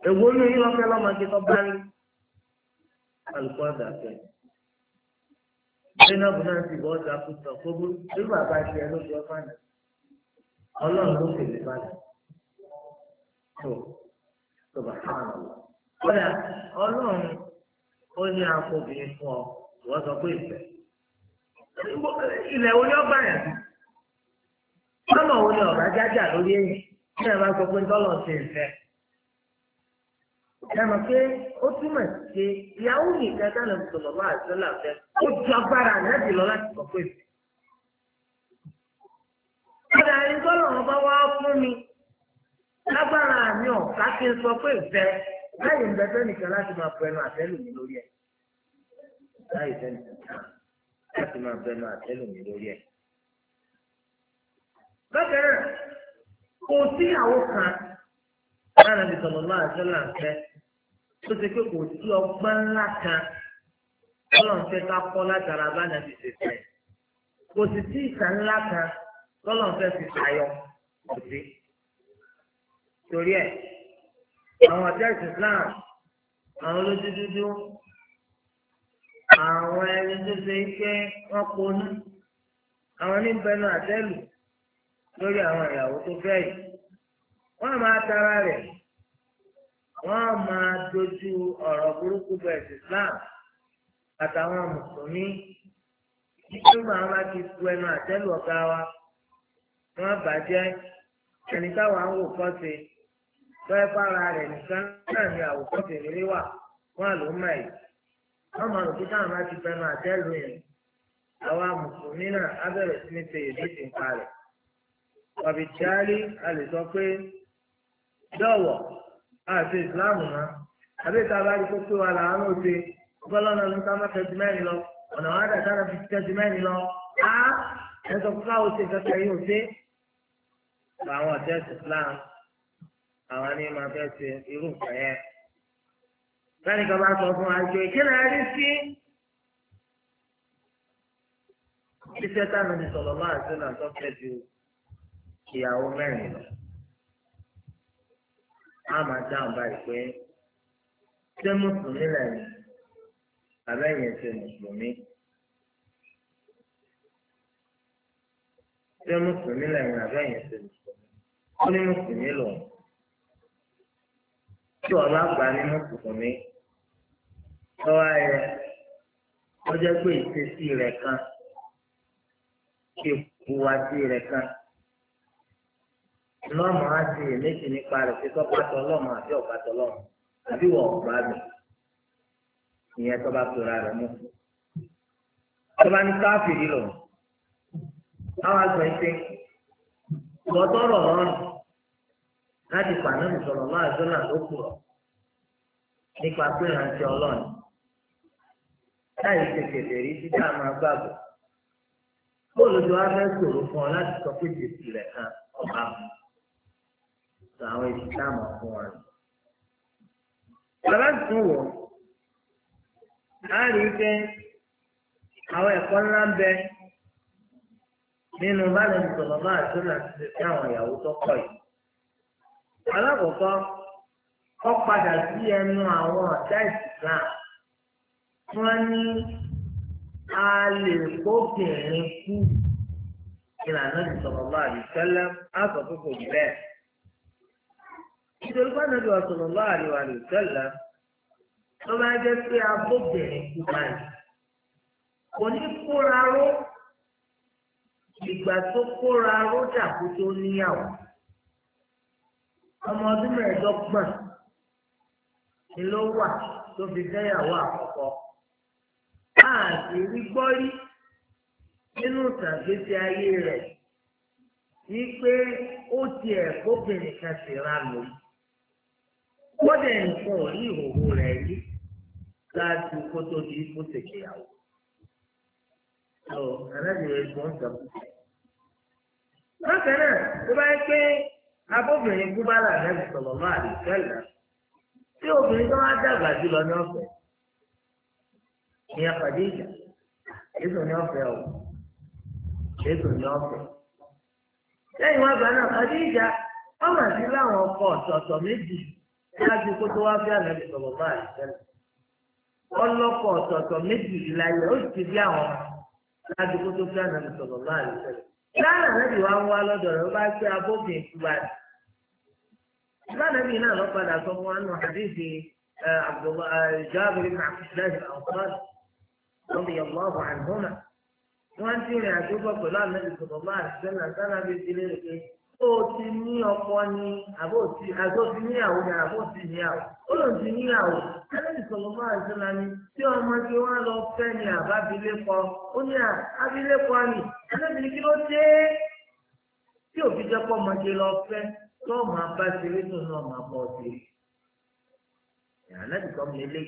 èwo ní yín lọ́fẹ́ lọ́mọdé tó bá rí Zainab náà sì bọ́ ọ̀dà kùtà kóbó bí bàbá ti ẹ ló fi ọkọ Ọlọ́run ló balẹ̀. Tó tó bá fà lọ. ọlọ́run ó ní akóbìnrin fún ọ, sọ ọba yẹn? wo ni jájà lórí ẹ sọ pé ẹmọ pé ó túmọ̀ sí ìyàwó nìkan dáná sọ̀rọ̀ bá àṣọlá fẹ́ ó ju agbára ànábì lọ láti kọ́ pé. ọ̀dà ìgbọ́lọ̀ wọn bá wá fún mi lágbára àmì ọ̀ká kí n sọ pé ìfẹ́ láyé ń bẹ́tẹ́ nìkan láti máa bọ ẹnu àtẹ́lù mi lórí ẹ̀. láyé fẹ́ nìkan láti máa bọ ẹnu àtẹ́lù mi lórí ẹ̀. bákan náà kò síyàwó kan lára ìsọ̀rọ̀ bá àṣọlá fẹ́ tó ṣe pé kò sí ọgbọ́n ńlá kan tọ́lọ̀ ń fẹ́ ká kọ́ látara bá nàbì ṣẹ̀ṣẹ̀ kò sì sí ìtàn ńlá kan tọ́lọ̀ ń fẹ́ fi ṣàyọ kò sí. torí ẹ̀ àwọn ọ̀tẹ́ Islam àwọn olójú dúdú àwọn ẹni tó ṣe pé wọ́n ponú àwọn oníbẹ̀nu àtẹ́lù lórí àwọn ìyàwó tó fẹ́ yìí wọ́n máa tara rẹ̀. wọ́n á máa dojú ọ̀rọ̀ burúkú bẹ̀rẹ̀ Islam àtàwọn mùsùlùmí wọn bá ti ku ẹnu àtẹ́lù ọ̀gá wa wọ́n bàjẹ́ ẹni táwọn àwọn òkọ́sẹ fara rẹ̀ nìkan náà ni àwòkọ́sẹ wà wọ́n àlọ́ mọ̀ yìí. wọ́n máa rò pé táwọn bá ti àtẹ́lù yẹn àwa náà á bẹ̀rẹ̀ sí ní ṣe èdè àti ìsìláàmù mọ́ àbí ìta bá rí kókó wa làwọn náà ṣe ọgọ́lọ́nà ló ń ká má fẹ́ ju mẹ́rin lọ ọ̀nà wa dàda náà fi tẹ́ ju mẹ́rin lọ á ẹ sọ fún káwọn ṣe kẹkẹ yìí ò ṣe. àwọn ọ̀tẹ́ ìsìláàmù àwọn ni máa fẹ́ ṣe irú nǹkan yẹn. lẹ́nu kan sọ fún wa ṣe kí náà rí sí. iṣẹ́ táwọn ti sọ̀rọ̀ máa ṣe náà tó fẹ́ ju ìyàwó mẹ́rin lọ á máa dáhùn báyìí pé ṣé mùsùlùmí lẹ́yìn àbẹ́yẹn ṣe mùsùlùmí. ṣé mùsùlùmí lẹ́yìn àbẹ́yẹn ṣe mùsùlùmí. ó ní mùsùlùmí lọ. tí wọ́n gbà ní mùsùlùmí lọ́wọ́ ayẹ wọ́n pé ìṣesí rẹ̀ kan kí ìhùwàsí rẹ̀ kan. ìmọ̀ọ́mù á ti èméjì nípa rẹ̀ pé tọ́ba tọlọ́mù àbí ọ̀bá tọlọ́mù àbí wọ̀ ọ̀bá mi ìyẹn tọ́ba tora mú. ní lọ àwọn àgbẹ̀ ṣe láti pàánù máa kù nípa pé ọlọ́run láì tètè máa gbàgbọ́ bóòlù fún ọ láti sọ pé rẹ̀ kan sọ àwọn èsì tá a mọ̀ fún wọn. bàbá tún wọ̀ á rí i pé àwọn ẹ̀kọ́ ńlá ń bẹ nínú báyìí ní sọ̀rọ̀ máa tó náà ti ṣe sí àwọn ìyàwó tó kọ̀ yìí. alákọ̀ọ́kọ́ ó padà sí ẹnu àwọn ọ̀tá ìsìláà wọ́n ní a lè kóbìnrin kú ìlànà ìsọ̀rọ̀ máa rí sẹ́lẹ̀ bẹ́ẹ̀ nítorí pé ànábì ọ̀sọ̀rọ̀ lọ́wọ́ àríwá rẹ̀ tẹ́lẹ̀ tó bá jẹ́ pé abóbìnrin kú báyìí kò ní kóra ró ìgbà tó kóra ró dàbò tó níyàwó ọmọ ọdún mẹ́ẹ̀ẹ́dọ́gbọ̀n ni ló wà tó fi fẹ́yàwó àkọ́kọ́ káàdì rí gbọ́rí nínú ìtàgbésí ayé rẹ̀ wípé ó tiẹ̀ kóbìnrin kan sì ra lòyìí wọ́n dẹ̀ nǹkan ò ní ìhòòhò rẹ̀ rí láti kó tó di kó tètè yàwó. Ọ̀ ànábìyẹ ìbọn sọ̀rọ̀. Bákan náà, tó bá yẹ pé abóbìnrin gúbálà náà sọ̀rọ̀ máa lè fẹ́lẹ̀. Tí obìnrin tó máa dàgbà jùlọ ní ọ̀fẹ́, ní àpàdé ìjà, èso ní ọ̀fẹ́ o, èso ní ọ̀fẹ́. Lẹ́yìn wọn bá náà, àdé ìjà, wọ́n mà sí láwọn ọkọ̀ ọ̀tọ̀ọ̀tọ̀ méjì. láti kó tó wá fi ànábì sọ̀rọ̀ bá àìsẹ́lẹ̀. ọlọ́kọ̀ ọ̀tọ̀ọ̀tọ̀ méjì ìlàyẹ̀ ó ti bí àwọn láti kó tó fi ànábì sọ̀rọ̀ bá àìsẹ́lẹ̀. láàrín ànábì wa ń wá lọ́dọ̀ rẹ̀ ó bá pé abófin ìtura rẹ̀. ìbánàbì náà sọ fún wa nù eh, eh, àdéhìí ó ti ní ọkọ ni àbó ti àbó ti níyàwó ni àbó ti níyàwó ó lòun ti níyàwó ẹlẹ́yìn sọ̀rọ̀ máa ń sọ́la ni tí ọmọ tí wọ́n lọ fẹ́ ni àbábílẹ́kọ ó ní àbílẹ́kọ ni ẹlẹ́yìn kí ló dé tí òbí jẹ́ pọ́ ọmọdé lọ fẹ́ tó máa bá ṣeré tó náà máa bọ̀ ṣe. ẹlẹ́yìn kan mi lé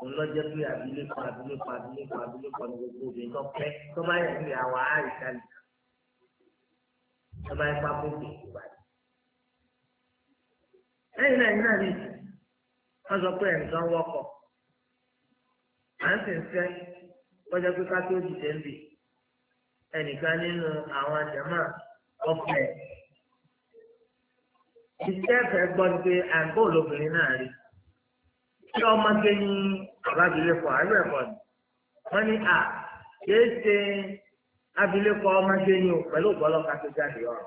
òun lọ́jọ́ pé àbílẹ́kọ àbílẹ́kọ àbílẹ́kọ àbílẹ́kọ ni gbogbo obìnrin tó fẹ́ tó bá yẹ ọba ẹ̀fọ́ akókè di lẹ́yìn náà iná rí wọ́n sọ pé ẹ̀ǹkan wọ́kọ̀ à ń sìn fẹ́ kọjá pé ká tó dìde ń bì ẹnìkan nínú àwọn àjàmà ọ̀fẹ́ ìṣẹ́fẹ́ gbọ́ ni pé àgbo olóbìnrin náà rí tí ọmọge ní àbábílẹ̀ pọ̀ àlọ́ ẹ̀kọ́ ni wọ́n ní à kìí abilékọ ọmọdé ni o pẹ̀lú ọ̀pọ̀lọpọ̀ tó jáde ọ̀rọ̀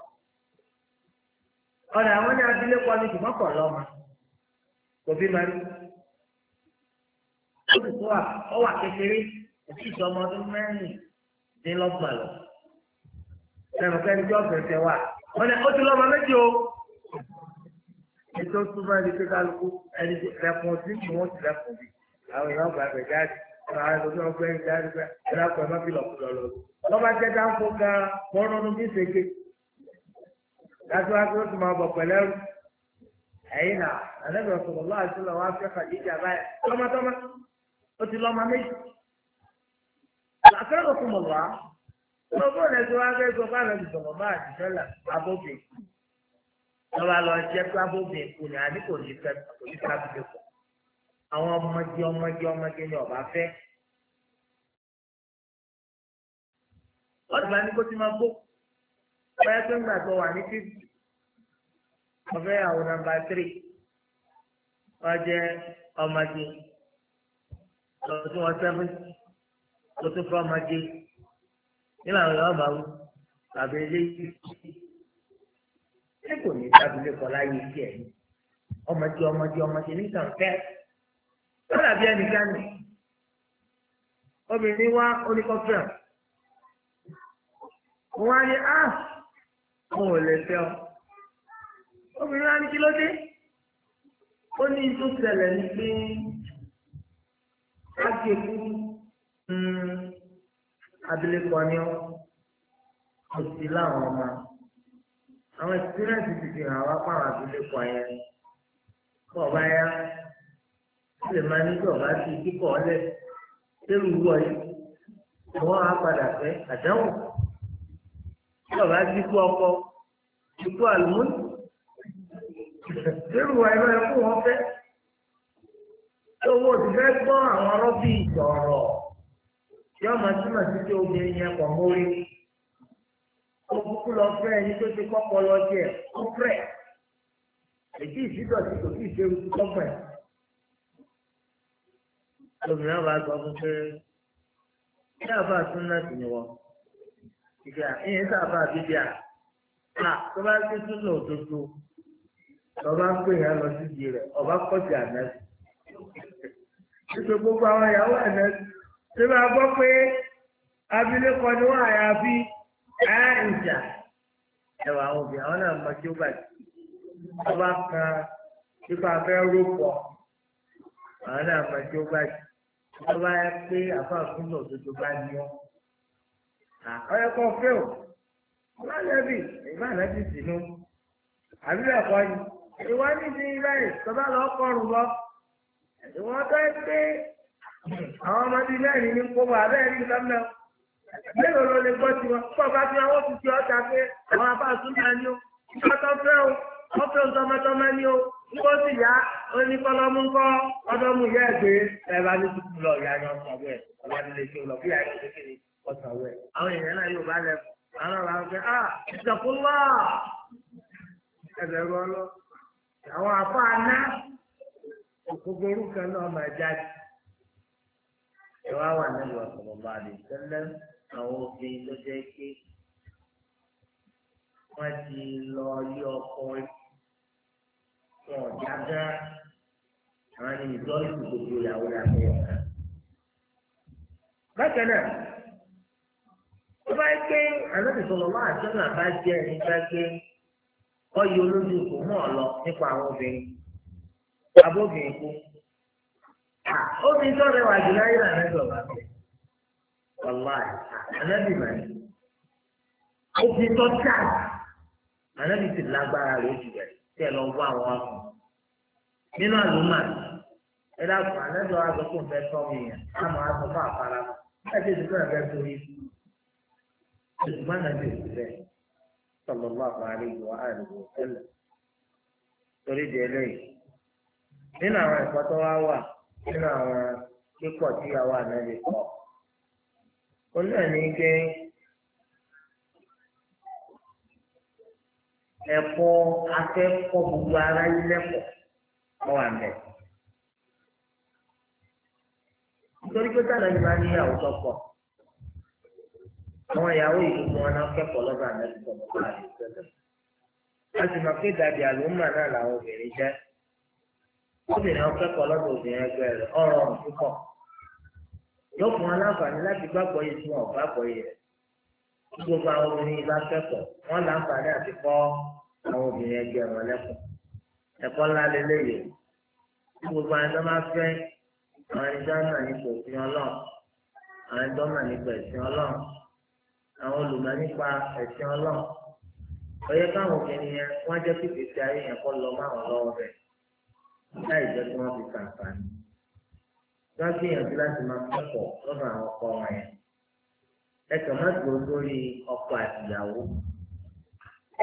ọ̀rọ̀ àwọn ní abilékọ ni ṣùgbọ́n kọ̀ lọ́mọ kò bí ma rí olùkọ́ wa ọwà kékeré òbí ìsọmọ ọdún mẹ́rìndínlọ́gbọ̀n lọ sẹ́nu kẹ́ni tí ọ̀sẹ̀ tẹ wà wọ́n ní ó ti lọ́mọ méjì o ètò túmọ̀ ẹni pé kálukú ẹni lẹ́kùn tí kì wọ́n ti lẹ́kùn bí àwọn èèyàn gbàgbẹ́ jáde àwọn ẹni tó ń gbẹ́yìn jáde pé ẹ̀rọ ọlọ́ba jẹ́ dáńkó gan mọ́rọ́nù bí ṣèké dájúwájú ó sì máa bọ̀ pẹ̀lẹ́rù ẹ̀yìn náà àlẹ́bí ọ̀sọ̀rọ̀ lọ́wọ́ àti lọ́wọ́ afẹ́fà báyìí ó ti lọ́ọ́ máa méjì. fún sọ lọ́wọ́ pé kù ní àwọn ọdún bá ní kó ti máa gbó báyà pé ńgbà tó wà ní fífi ọfẹ àwọn nàmbà tírì ọjẹ ọmọdé lọtún wọn sẹfún lọtún fún ọmọdé nínú àwọn ọmọ àwọn tàbí eléyìí ṣé kò ní tábìlì kọlá yìí tiẹ̀ ọmọdé ọmọdé ọmọdé nìkan fẹ́ ó dàbí ẹnìkan nì obìnrin wa oníkọ́fẹ́ ọ̀ wọ́n á ní á ah, òun ò lè fẹ́ ọ. obìnrin á ní kí ló dé ó ní tó ṣẹlẹ̀ ní pé ágẹ̀kú e hmm, abilékọ ni ọ kò sí láwọn ọmọ àwọn experience ti fi hàn wá fáwọn abilékọ yẹn kọ ọba yá ó lè máa ní kí ọba ti kíkọ ọlẹ lérò wúwo yìí àwọn á padà fẹ́ àdánwò tí ọba jí kú ọkọ ikú àlùmọ́nì lérò wa ẹ̀rọ ẹ̀kú wọn fẹ́ owó ti fẹ́ gbọ́ àwọn rọ́bì ìjọ̀rọ̀ tí ọmọ túmọ̀ sí pé obìnrin yẹn pọ̀ mórí òkúkú lọ fẹ́ ẹni tó ti kọ́kọ́ lọ jẹ ó fẹ́ èyí ìsídọ̀tí kò tí ì ṣe irú kọ́gbọ̀n ẹ̀ lómìnira bá sọ fún pé kí àbá tún náà sì ni wọ́n ìgbà ìyẹn sábà bíbíà à tó bá gbé súnà òdodo ọba ń pè yẹn lọ síbi rẹ ọba kọjú ànẹ́sì nítorí gbogbo àwọn ìyàwó ànẹ́sì ṣé máa gbọ́ pé abilékọ ni wọ́n àyàfi ẹ̀ ìjà ẹ̀wà àwọn obìnrin àwọn náà mọ kí ó bàjẹ́ ọba kan ipa fẹ́ rúpọ̀ àwọn náà mọ kí ó bàjẹ́ ọba yẹ pé àfáàfin náà òdodo bá ní ọ́ ọ̀yẹ́kọ̀ fẹ́ o ọlọ́lẹ́bì ìgbà náà ti sìn ún àbílẹ̀ ẹ̀kọ́ ni ìwọ ní ti báyìí tọ́ba lọ kọrùn lọ ìwọ tó ń pé àwọn ọmọdé mẹ́rin ní kó bọ̀ abẹ́rẹ́ ní gómìnà mélòó ló lè gbọ́ tiwọn pọ̀ bá fi àwọn tuntun ọjà pé àwọn afáàtún náà ni ó nígbà tó fẹ́ o wọ́n fẹ́ o tọmọtọmọ ni o nígbà tó yá ó ní kọ́lọ́mú ńkọ́ ọdọ́mú yẹ́ ẹ̀gbẹ́ ẹ̀ bá ní tuntun lọ ìyá ni ọmọ ọgbẹ́ ọ̀gá nílé tó lọ bí àyè ọ̀sàwọ̀ ẹ̀. àwọn èèyàn náà yóò bá lẹ àwọn ọ̀rọ̀ ah, àwọn ọ̀gá ìtàkùnlá ẹ̀bẹ̀rù ọlọ́ àwọn afọ aná òkúgbórú kan náà máa jáde. ìwà wà nínú ọ̀sọ̀rọ̀ bá lè tẹ́lẹ̀ àwọn obìnrin tó jẹ́ pé wọ́n ti lọ ilé ọkọ wọn ò jágá àwọn ènìyàn tó ń lù gbogbo ìyàwó làwọn ọ̀gá. bákan náà. tó bá yẹ pé ànábì sọ̀rọ̀ máa sọ́nà bá jẹ́ ẹni bá gbé ọyọ olójú kò mọ̀ lọ nípa àwọn obìnrin abóbìnrin kú. obìnrin tó rẹwà jù láyé náà lẹ́sọ̀ bá bẹ̀. wàlá ànábì máa ní. obìnrin tó tà ànábì sì lágbára rẹ̀ jù rẹ̀ tí ẹ lọ wá àwọn akùn. nínú àlùmọ́ ẹ dákun ànábì wa sọ fún bẹ́ẹ̀ tọ́ mi yẹn àmọ́ àtọ́ fún àpárá. ẹ ti sùn torí. ṣùgbọ́n àbí òsì bẹ́ẹ̀ sallallahu alaihi wa alihi wa sallam torí di eléyìí nínú àwọn ẹ̀kọ́ tó wá wà nínú àwọn gbogbo ara yín nítorí pé máa àwọn ìyàwó yìí wọn náà kẹ́kọ̀ọ́ lọ́gbà nẹ́bí sọ̀rọ̀ fún àyè a sì mọ̀ pé dàbí àlùmọ̀ náà làwọn obìnrin jẹ́. obìnrin náà kẹ́kọ̀ọ́ lọ́gbà obìnrin ẹgbẹ́ rẹ̀ ọ̀rọ̀ ọ̀hún púpọ̀. yóò fún láti gbàgbọ́ yìí tí wọn ò gbàgbọ́ yìí rẹ̀. gbogbo àwọn obìnrin yìí bá kẹ́kọ̀ọ́ wọn láǹfààní àti kọ́ àwọn obìnrin ẹgbẹ́ wọn lẹ́kọ̀ọ́. ẹ̀kọ́ àwọn olùmọ̀ nípa ẹ̀sìn ọlọ́run ọyẹ káwọn obìnrin yẹn wọ́n jẹ́ kí ìgbésí ayé yẹn kọ́ lọ máwọn lọ́wọ́ rẹ̀ láì jẹ́ kí wọ́n fi kàǹfààní wọ́n gbìyànjú láti máa kẹ́kọ̀ọ́ lọ́dọ̀ àwọn ọkọ wọn yẹn ẹ kàn má gbòó lórí ọkọ àtìyàwó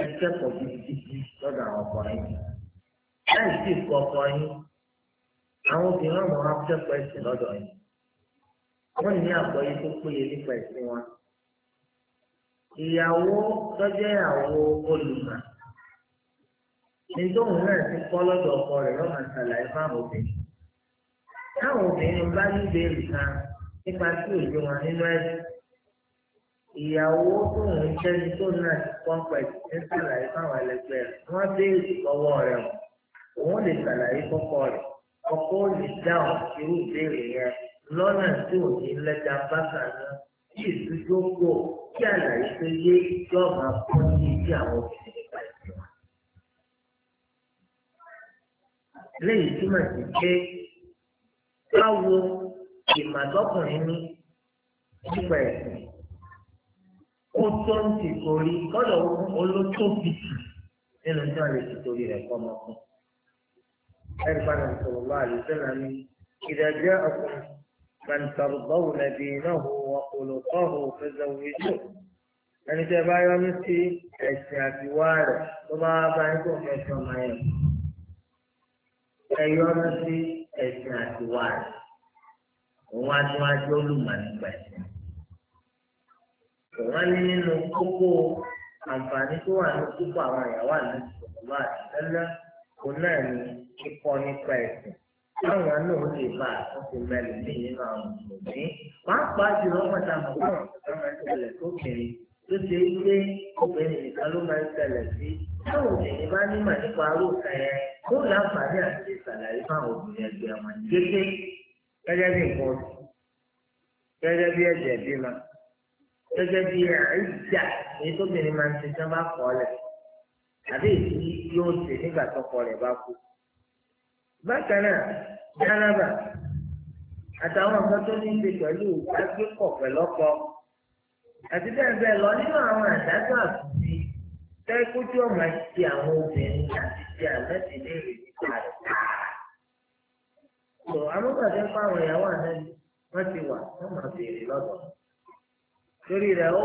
ẹ kẹ́kọ̀ọ́ gidigidi lọ́dọ̀ àwọn ọkọ yẹn láì sí ìkọ̀ ọkọ yín àwọn obìnrin ọmọ wa kẹ́kọ̀ọ́ ẹ̀sìn lọ́dọ̀ yẹn wọ́n ní àgbọ́yé tó péye nípa ẹ̀sìn wọn. ìyàwó tọ́jú ìyàwó olùmọ̀ nítorí náà ti kọ́ lọ́dọ̀ ọkọ rẹ̀ lọ́mọ àtàlàyé fáwọn obìnrin táwọn obìnrin bá ní ìbéèrè nípa tí òjò wọn nínú ẹ̀sìn ìyàwó tóun jẹ́ni náà ti kọ́ pẹ̀lú fáwọn ẹlẹgbẹ́ rẹ̀ wọ́n béèrè lọ́wọ́ rẹ̀ òun lè sàlàyé kọ́kọ́ rẹ̀ lè dáhùn irú ìbéèrè yẹn lọ́nà tí kí èsì tó kí àlàyé tó yé kí ọ̀gá pọ̀ sí ti àwọn obìnrin nípa ìsìn wọn. lẹ́yìn túmọ̀ sí pé báwo ìmàdọ́kùnrin ní nípa ìsìn ó tó ń ti torí kọ́dọ̀ olótóbi jù nínú tí wọ́n lè ti torí rẹ̀ kọ́ ọmọkùnrin. ẹ̀rí bá nàìjíríà lọ́wọ́ àlùfẹ́ náà ní ìdájọ́ ọkùnrin. من ترضون دينه وخلقه فزوجوه ẹni tẹ bá yọ mí sí ẹsìn àtiwá rẹ tó bá bá yín kò fẹsẹ ọmọ yẹn ẹ yọ mí sí ẹsìn àtiwá rẹ òun adúmájú olùmọ̀nìgbà ẹ̀sìn wọ́n ní nínú kókó àǹfààní tó wà ní kókó àwọn ìyàwó àná ìṣòro àti tẹ́lẹ̀ òun náà ní kíkọ́ nípa ẹ̀sìn káwọn náà lè bá àtúnṣe mẹ́lì ní nínú àwọn mùsùlùmí pàápàá jùlọ wọn ta mọ̀ wọn ọ̀sán máa ń ṣẹlẹ̀ sókèrè tó ṣe é pé obìnrin nìkan ló máa ń ṣẹlẹ̀ sí táwọn obìnrin bá nímọ̀ nípa arúgbó yẹn kó láǹfààní àti ìṣàlàyé fáwọn obìnrin ẹgbẹ́ wọn gẹ́gẹ́ gẹ́gẹ́ bí nǹkan oṣù gẹ́gẹ́ bí ẹ̀jẹ̀ bímọ gẹ́gẹ́ bí àìjà èyí tóbìnrin máa ń ṣe tán bá kọ́ lẹ̀ àbí èyí yóò ṣe nígbà tọkọ rẹ̀ bá kú bákan náà jẹ́rẹ́bà àtàwọn nǹkan tó ní í ṣe pẹ̀lú agbẹ́kọ̀ pẹ̀lọ́kọ àti bẹ́ẹ̀ bẹ́ẹ̀ lọ nínú àwọn àdájọ́ àtúntì tẹ́kójú ọ̀mà ti àwọn obìnrin àti ti àmẹ́sì léèrè nípa rẹ̀ sọ amúgbàdé pa àwọn ìyàwó ànábi wọ́n ti wà wọ́n máa béèrè lọ́dọ̀. torí rẹ̀ ó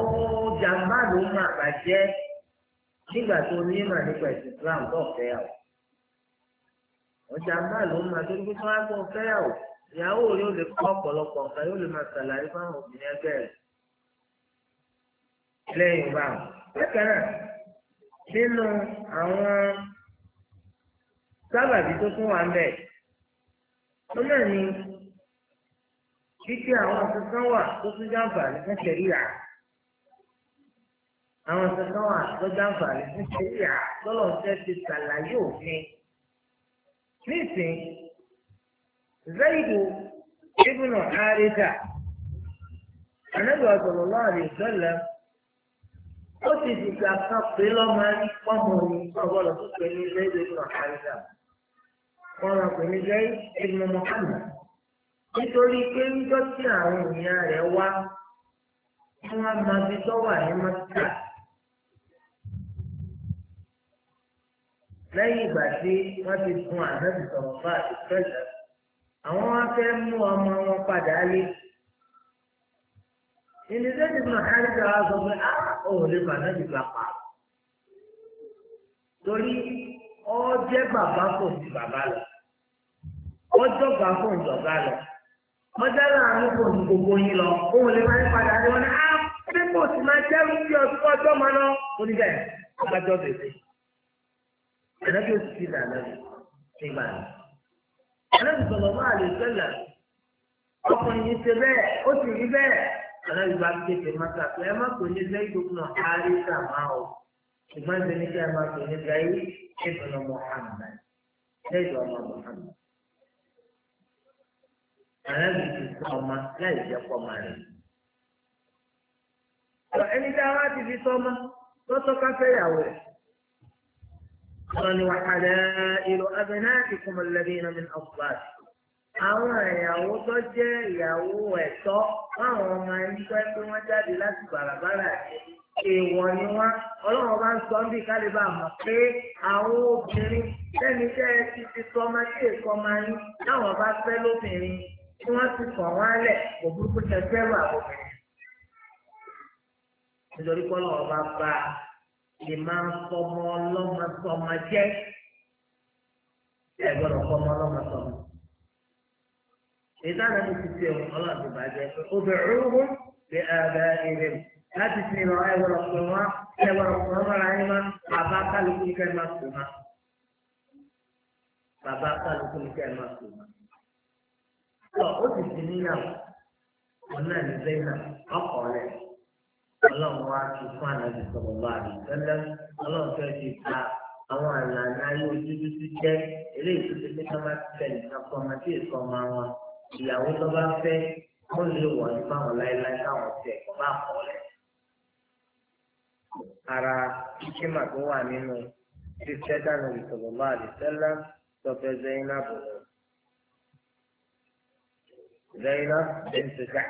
jàmbá ló máa bàjẹ́ nígbà ọjà máa ló máa tó gbé fún agbọn fẹ́yàwó ìyàwó rẹ ó lè kọ́ ọ̀pọ̀lọpọ̀ nǹkan yóò lè máa ṣàlàyé fáwọn obìnrin ẹgbẹ́ rẹ̀ lẹ́yìn bá bákan náà nínú àwọn sábàbí tó tún wà ń bẹ̀ ó náà ní títí àwọn kankan wà tó tún jàǹfààní fún ṣẹ̀ríyà àwọn kankan wà tó jàǹfààní fún ṣẹ̀ríyà tọ́lọ̀ ń fẹ́ ti ṣàlàyé òfin. nísìn zayidu ibùnà àríkà ànábì sallallahu alaihi wasallam ó ti dìgbà pé lọ́mọ pọ́nmọ́ ní pé ní ibùnà àríkà ní ibùnà nítorí pé àwọn rẹ̀ lẹ́yìn ìgbà tí wọ́n ti gun ànábì sọ̀rọ̀ bá àtìsẹ́lẹ̀ àwọn wá fẹ́ mú ọmọ wọn padà lé. ìníṣẹ́jì náà káríkà wá sọ pé á ah, ò lè bà ànábì gbà pa. torí ọ jẹ́ bàbá kò sí bàbá lọ ọjọ́ gbà fún ìjọba lọ mọ́tà láàánú kò ní gbogbo yín lọ òun lè máa ń padà ah, ní wọn ní á pé kò sí máa jẹ́rú sí ọjọ́ máa lọ oníbẹ̀ ọgbàjọ́ bèbè ẹ̀dájọ́ ti fi dà náà nígbà yẹn. ẹ̀dájọ́ sọ̀rọ̀ máa lè sẹ́lẹ̀ ọkùnrin yìí ṣe bẹ́ẹ̀ ó sì rí bẹ́ẹ̀ ẹ̀dájọ́ bá kéde mọ́tà pé ẹ má pè ní lẹ́yìn tó kùnà árí sàmá o ṣùgbọ́n ẹ̀ṣẹ̀ ní kí ẹ má pè ní lẹ́yìn ìbùnà Muhammad lẹ́yìn ọmọ Muhammad. ẹ̀dájọ́ ti sọ ọmọ láì jẹ́ pọ̀ máa rẹ̀. ẹni tí a wá ti fi sọ ọmọ lọ́tọ́ قال وحلائل أبنائكم الذين من أصلابكم àwọn ìyàwó tó jẹ́ ìyàwó ẹ̀tọ́ fáwọn ọmọ ẹni pẹ́ pé wọ́n jáde láti bàràbàrà èèwọ̀ ni wọ́n ọlọ́run bá ń sọ bí kálíbà mọ̀ pé àwọn obìnrin lẹ́ni jẹ́ ti ti sọ ọmọ sí èkó ọmọ yín táwọn bá fẹ́ lóbìnrin tí wọ́n ti kàn wọ́n lẹ̀ kò burúkú tẹ fẹ́rù àwọn nítorí pé ọlọ́run bá bá a. ìmọ̀ sọmọ ọlọ́mọ sọmọ jẹ́ ẹ gbọ́dọ̀ sọmọ ọlọ́mọ sọmọ. ìdáná mi ti ṣe ọlọ́run ti bàjẹ́ pé obìnrin rúgbó ṣe ẹ̀ẹ́dẹ́ ilé láti fi ràn ẹ gbọ́dọ̀ pè wọ́n ẹ gbọ́dọ̀ pè wọ́n mọ́ra yín má bàbá kálukú ní kẹ́ẹ̀ má pè má. bàbá kálukú ní kẹ́ẹ̀ má pè má. ọ̀ ó sì ti níyàwó ọ̀nà ìgbẹ́ náà ọkọ̀ rẹ̀. ọlọ́run wá ti fún ànábì sọ̀rọ̀ bá àbí tẹ́lẹ̀ ọlọ́run fẹ́ ti ta àwọn àlànà ayé ojúdú ti jẹ́ eléyìí tó ti pé ká má ti tẹ̀lé kakọ ọmọ tí èso ọmọ wọn ìyàwó tó bá fẹ́ ó lè wọ̀ ní báwọn láéláé káwọn tẹ̀ kọ́ bá kọ́ lẹ̀. ara ṣíṣe mà tó wà nínú ti tẹ́ dànù ìsọ̀rọ̀ bá àbí tẹ́lẹ̀ tọ́fẹ́ zẹ́yìnà bò zẹ́yìnà bẹ́ẹ̀ ti dà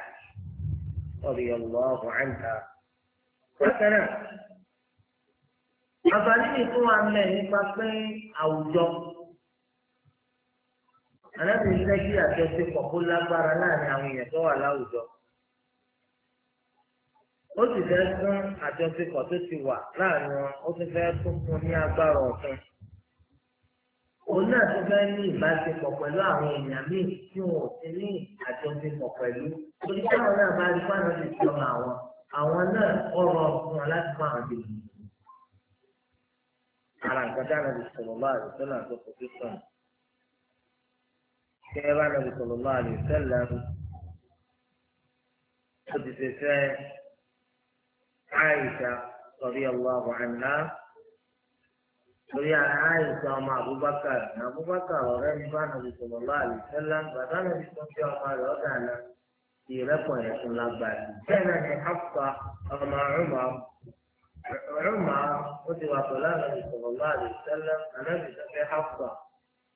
ọ̀rẹ́ bákan náà àǹfààní mi fún wa mẹ́ nípa pé àwùjọ alábìrin fẹ́ kí àjọṣepọ̀ kó lágbára láàrin àwọn èèyàn tó wà láwùjọ ó sì fẹ́ fún àjọṣepọ̀ tó ti wà láàrin wọn ó tún fẹ́ tún fún ní agbára ọ̀tún òun náà tún fẹ́ ní ìbáṣepọ̀ pẹ̀lú àwọn èèyàn míì tí wọn ò ti ní àjọṣepọ̀ pẹ̀lú torí táwọn náà bá rí fáwọn ti fi ọmọ àwọn. àwọn náà ọ̀rọ̀ fún wọn máa hàn bíi ara nǹkan tí Ànábì sallallahu alaihi wasallam tó kọ kí ẹ bá Ànábì sallallahu alaihi wasallam ó ti ṣe fẹ́ Àìṣà radiyallahu anha ọmọ Abubakar Abubakar ọ̀rẹ́ mi bá Ànábì sallallahu alaihi fi ọmọ náà. ìrẹ́pọ̀ yẹn fún lágbàdì. bẹ́ẹ̀ náà ni Hafsa ọmọ Umar Umar ó ti wà pẹ̀lú àwọn ìṣòro náà lè tẹ́lẹ̀ ànábì tó fẹ́ Hafsa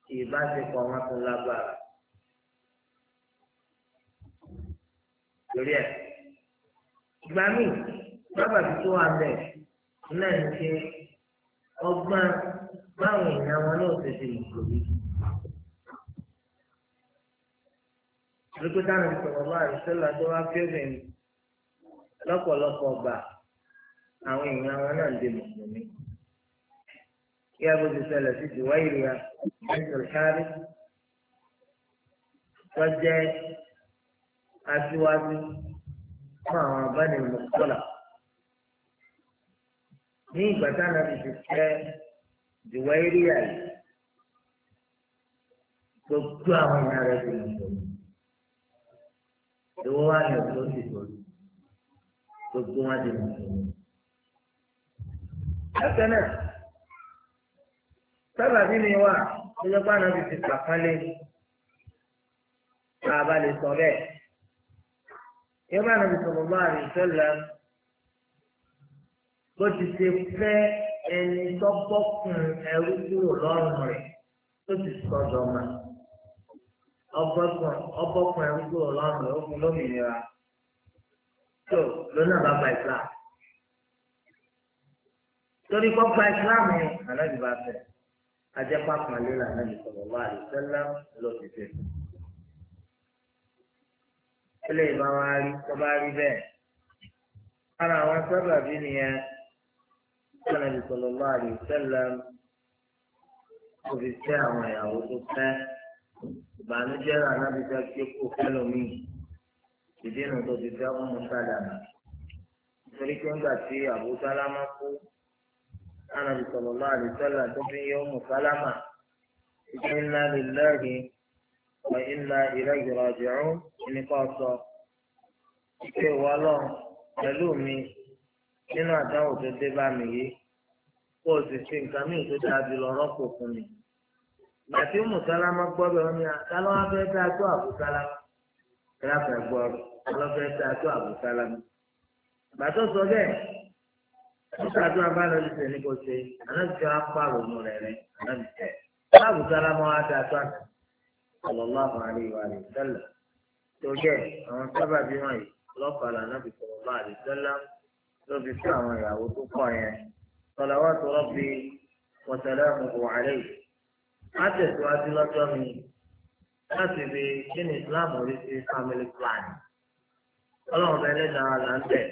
kì í bá ti pọ̀ wọn fún lágbàdì. lórí ẹ̀ ìgbà míì bábà tí tó wà bẹ̀ náà ní ṣe ọgbọ́n báwọn èèyàn wọn náà ṣe ṣe mùsùlùmí wípé táwọn ẹni sọ̀rọ̀ bá àdìsẹ́là tó wá fi obìnrin lọ́pọ̀lọpọ̀ gbà àwọn èèyàn wọn náà ń di mùsùlùmí. kí a bó ti ṣẹlẹ̀ sí ìwá kárí wọ́n aṣíwájú fún àwọn abánimọ̀sọ́là. ní ìgbà táwọn ẹni ti ṣẹ́ ìwá ìrìà yìí gbogbo àwọn èèyàn rẹ̀ ti mùsùlùmí èwo wá ní òkú ló sì sọ̀rọ̀ gbogbo wọn di mùsùlùmí. lẹ́sẹ̀ náà sábà bí mi wà lọ́jọ́ bá náà fi pàkánlé tá a bá lè sọ bẹ́ẹ̀. yóò bá náà fi sọ̀rọ̀ bá àrùn ìṣẹ̀lẹ̀ bó ti ṣe fẹ́ ẹni tó bọ́kùn ẹrú kúrò lọ́rùn rẹ̀ tó ti sọ̀dọ̀ máa ọbọ̀kùn ẹ̀rú kúrò lọ́rùn ogun lómìnira tó lọ́nà bá gba islam torí kọ́ gba islam ni, ànábì bá fẹ́ ajẹ́pá kan lílà ànábì sọ̀rọ̀ wá àdìsẹ́lá ló ti fẹ́. ilé ìbá wa rí tó bá rí bẹ́ẹ̀ ara àwọn sábà bí nìyẹn ànábì sọ̀rọ̀ wá àdìsẹ́lá kò fi fẹ́ àwọn ìyàwó tó fẹ́ ìbànújẹ́ rà náà ti fẹ́ kí ó kó fẹ́lómìn ìdínà tó ti fẹ́ ọmọ sálàmù nítorí pé ńgbà tí Abu Salama kú Ànábì sallallahu alaihi wasallam tó fi yẹ ọmọ sálàmù inna lillahi wa inna ilayhi raji'un ẹni kọ́ sọ pé ìwọ lọ pẹ̀lú mi nínú àdáwò tó dé bá mi yìí kó o sì ṣe nǹkan míì tó lọ rọ́pò fún mi àti mùsálámà gbọ́dọ̀ wọn ni àtàlọ́ ah, wọn fẹ́ dáa tó àbùsálámà kíláàfẹ́ gbọ́dọ̀ wọn fẹ́ dáa tó àbùsálámà. bàtọ́ sọ bẹ́ẹ̀ mùsàdó abáná ti sẹ́ni kò ṣe anábìtẹ́ wa pààrọ̀ ọmọ rẹ̀ rẹ̀ anábìtẹ́ àbùsálámà wa dáa tó àná ọlọ́lá àwọn àríwá rẹ̀ tẹ́lẹ̀ tó jẹ́ àwọn sábàbí wọn yìí lọ́kọ̀ọ́ làná fi sọ̀rọ̀ bá àdìsẹ́lẹ̀ ló fi fún àwọn ìyàwó tó kọ̀ yẹn sọ̀làwọ́ sọ̀rọ̀ bíi wọ́n tẹ̀lé ọmọ A tẹ̀síwájú lọ́jọ́ mi láti fi kí ni Islam rí sí family plan ọlọ́run bẹ lẹ́dàá là ń bẹ̀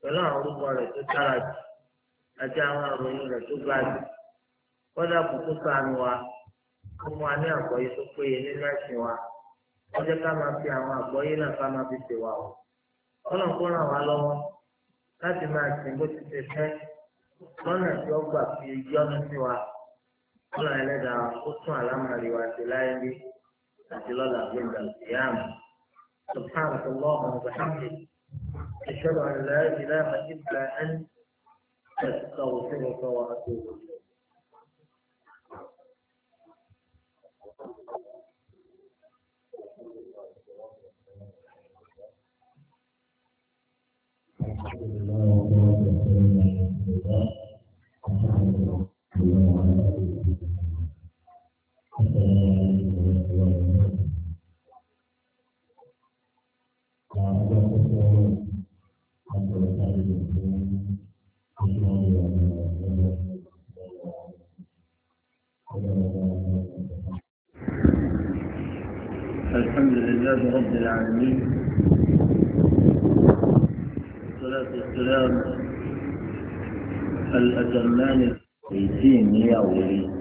pẹ̀lú àwọn orúkọ rẹ̀ tó dára jù àti àwọn àròyìn rẹ̀ tó ga jù kọ́dà kúkú sànù wa kó mú wa ní àgbọ́yé tó péye nínú ẹ̀sìn wa wọ́n jẹ́ ká máa fi àwọn àgbọ́yé náà ká máa fi o ọlọ́run kó ràn wá lọ́wọ́ láti máa sìn bó ti kọ́lá ẹlẹ́dà ó tún àlámàrí wa ṣe láyé bí àti lọ́la gbẹ̀ngà ìyáàmù سبحانك اللهم وبحمدك أشهد أن لا إله إلا أنت أستغفرك وأتوب إليك الحمد لله والصلاة والسلام على الحمد لله رب العالمين والصلاة والسلام الأتمان الكويتين يا ولي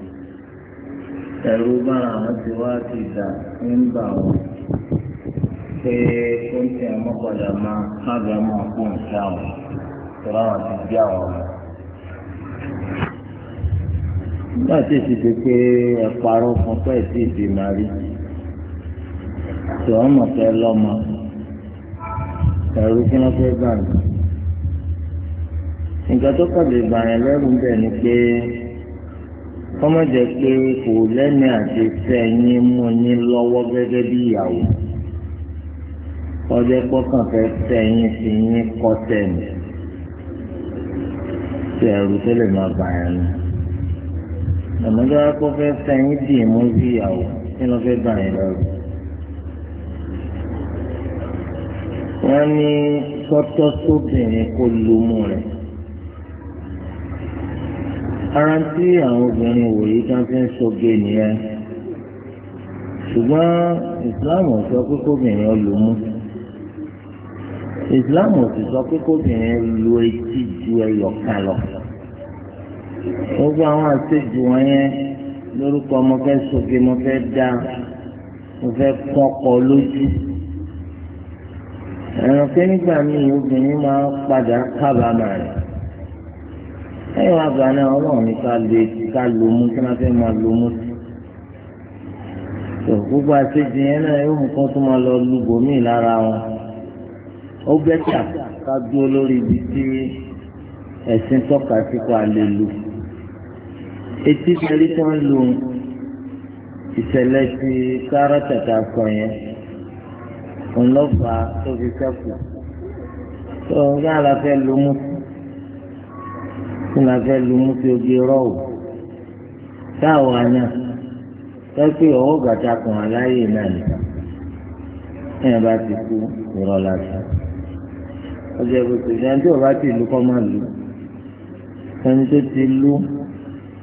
ẹ̀rù bára àwọn ti wá ti dà ń bà wọ́n pé ó ń tẹ ọmọ padà máa lábẹ́ ọmọ ọkọ ìṣá wọn tọ́lá wọn ti gbé àwọn ọmọ. nígbà tí èsì ti pé ẹ̀parọ́ fún pẹ́ tí èsì máa rí tí wọ́n mọ̀ fẹ́ lọ́mọ ẹ̀rù kí wọ́n fẹ́ gbà ní. nǹkan tó kọ̀ lè yẹn lẹ́rù ń bẹ̀ ni pé kọ́mọ jẹ́ pé kò lẹ́ni àti sẹ́yìn mú yín lọ́wọ́ gẹ́gẹ́ bí ìyàwó ọjọ́ pọ́kàn fẹ́ sẹ́yìn sí yín kọ́ sẹ́yìn tẹ ẹrù tó lè máa bà yẹn nù àmọ́jọ́ akọ́ fẹ́ sẹ́yìn dì mú sí ìyàwó kí ló fẹ́ bà yẹn lọ́rù. wọ́n ní sọ́tọ́ sóbìnrin kó lu rẹ̀ ara ń tí àwọn obìnrin wòye kan fi ń sọge nìyẹn ṣùgbọ́n ìsìláàmù sọ pé kóbìnrin lù mú ìsìláàmù sì sọ pé kóbìnrin lu etí ju ẹyọ kan lọ gbogbo àwọn àṣejù wọn yẹn lórúkọ mo fẹ́ sọge mo fẹ́ dá mo fẹ́ kọ́kọ́ lójú ẹ̀rọ pé nígbà míì obìnrin máa padà kábàámà rẹ̀ lẹ́yìn wá gbà náà ọlọ́run ní ká lè ká lo mú kí wọ́n fẹ́ máa lo mú sí. gbogbo àṣejì yẹn náà yóò mú kán tó máa lọ lu bòmíì lára wọn. ó bẹ́tà ká dúró lórí ibi tí ẹ̀sìn tọ́ka sí kó a lè lò. etí tẹ́lí tó ń lo ìṣẹ̀lẹ̀ ti sáárà tàtà sọ yẹn ńlọ́fà tó fi sẹ́kù. tó ń gbà la fẹ́ sí tí màá fẹ́ lu mú fi ojú irọ́ o táwọn àná tẹ́pẹ́ ọwọ́ gàtà kan aláyè náà nìkan ẹ̀yìn bá ti kú irọ́ lásán ọjọ́ ìbùsùn ìyẹn tí o bá ti lu kọ́ máa lu ẹni tó ti lu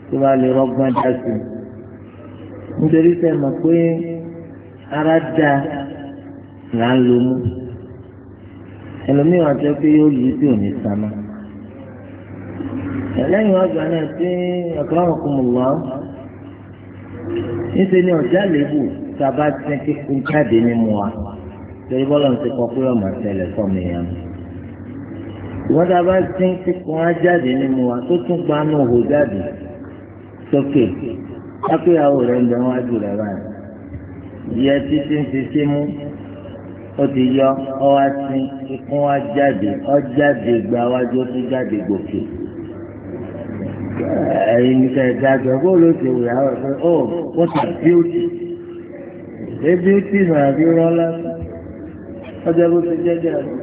tó bá lè rọ́gbọ́n dá sí i nítorí sẹ́ mọ̀ pé ara da là ń lo mú ẹlòmíràn tẹ́ pé yóò yí sí òní sámá lẹ́yìn ọgbà náà tí akramakumullah níṣẹ́ ni ọ̀já lébù tá a bá tẹ́ kíkú jáde nínú wa torí bọ́lá ń ti kọ́ pé ọmọ tẹ́lẹ̀ fọ́ mi yẹn. wọ́n tá a bá tẹ́ kíkú wá jáde nínú wa tó tún gba inú òhò jáde sókè lápẹ́yàwó rẹ̀ ń bẹ wájú rẹ̀ báyìí. yẹ títí ń ti sí mú ó ti yọ ọ wá sí kíkú wá jáde ọ jáde gba wájú ó tún jáde gòkè ẹ̀yin ní a àgbẹ̀ bó ló ti wù yà wọ̀ pé ó wọ́n ti bíútì ṣé bíútì nà àbí rọ́lá ọjọ́ bó ti jẹ́jẹ́ rẹ̀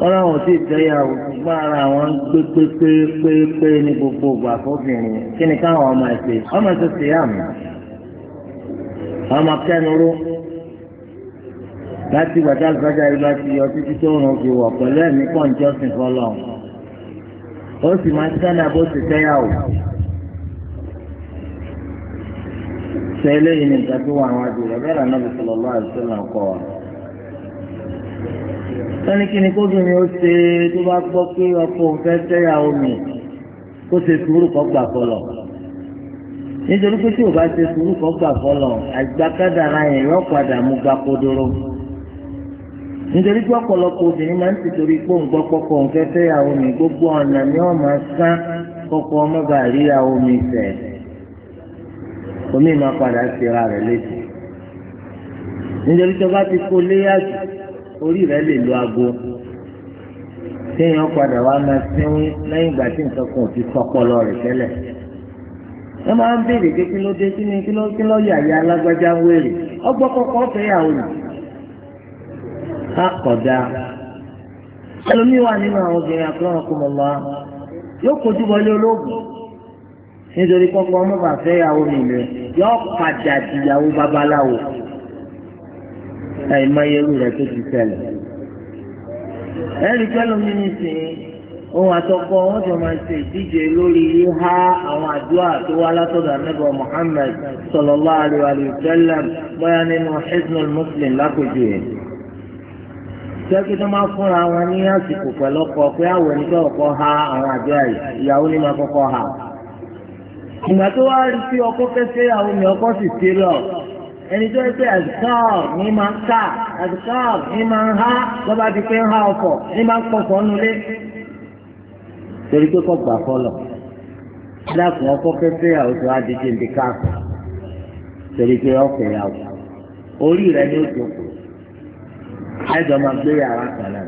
wọ́n láwọn ò tí ì tẹ́yàwó gbọ́ ara àwọn ń gbé pépépépé ní gbogbo ògbà fọ́bìnrin kí ni káwọn ọmọ ẹ̀sẹ̀ ọmọ ẹ̀sẹ̀ sì yà mí ọmọ kẹ́nuró láti gbàdá àgbàdá ìgbà tí ọtí títí òun fi wọ̀ pẹ̀lú ẹ̀mí pọ̀ ń jọ́sìn fọlọ́run ó sì máa ń tẹ́lẹ̀ bó ti tẹ́yàwó. sọ eléyìí ní nǹkan tó wà àwọn àdúrà bẹ́ẹ̀ náà bí sallallahu alaihi wasallam kọ́ wa. sọ́ni kí ni kóbìnrin ó ṣe tó bá gbọ́ pé ọkọ òun fẹ́ tẹ́yàwó mi kó ṣe sùúrù kọ́ gbà fọlọ̀ nítorí pé tí o bá ṣe sùúrù kọ́ gbà fọlọ̀ àgbàkádàrà yẹn yọ padà mú gbà kodoro. nítorí pé ọ̀pọ̀lọpọ̀ obìnrin máa ń ti torí pé òun gbọ́ pọ́pọ́ òun fẹ́ fẹ́ ìyàwó mi gbogbo ọ̀nà ni wọ́n máa sán kọ́kọ́ ọmọ rí ìyàwó mi fẹ́ omi máa padà sí ara rẹ̀ létí nítorí tó bá ti kó léyàjù orí rẹ̀ lè lo aago téèyàn padà wá máa sínwín lẹ́yìn ìgbà tí nǹkan kan ò ti sọpọlọ rẹ̀ tẹ́lẹ̀ wọ́n máa ń béèrè pé kí ló dé kí ló alágbájá wẹ̀rẹ̀ á kọjá ẹlòmíì wà nínú àwọn obìnrin àkùrọ̀ ọkùnrin lọ yóò kojú wọlé nítorí kọ́kọ́ ọmọ ìyàwó mi lè yọ padà babaláwo rẹ̀ tó ti ẹ̀rí ní sìn ohun àtọkọ wọn jọ máa ṣe ìdíje lórí ha àwọn àdúrà tó wá látọ̀dọ̀ Muhammad nínú Muslim lápèjì jẹ́kí tó máa fúnra wọn ní àsìkò pẹ̀lú ọkọ pé àwọn oníṣẹ́ ọkọ ha àwọn àjọ àyè ìyàwó ní máa kọ́kọ́ ha. ìgbà tó wá rí sí ọkọ fẹsẹ̀ àwọn mi ọkọ sì ti lọ ẹni tó ń pè àdìkọ́ọ̀ ní máa ń kà àdìkọ́ọ̀ ní máa ń há lọ́ba ti pé ń há ọkọ̀ ní máa ń pọ̀pọ̀ nulẹ̀. torí pé kò gbà fọlọ̀ dákun ọkọ fẹsẹ̀ àwọn tó adìjẹ́ ìdíkà torí pé ọkọ̀ yà àìjọ máa gbé yàrá kan náà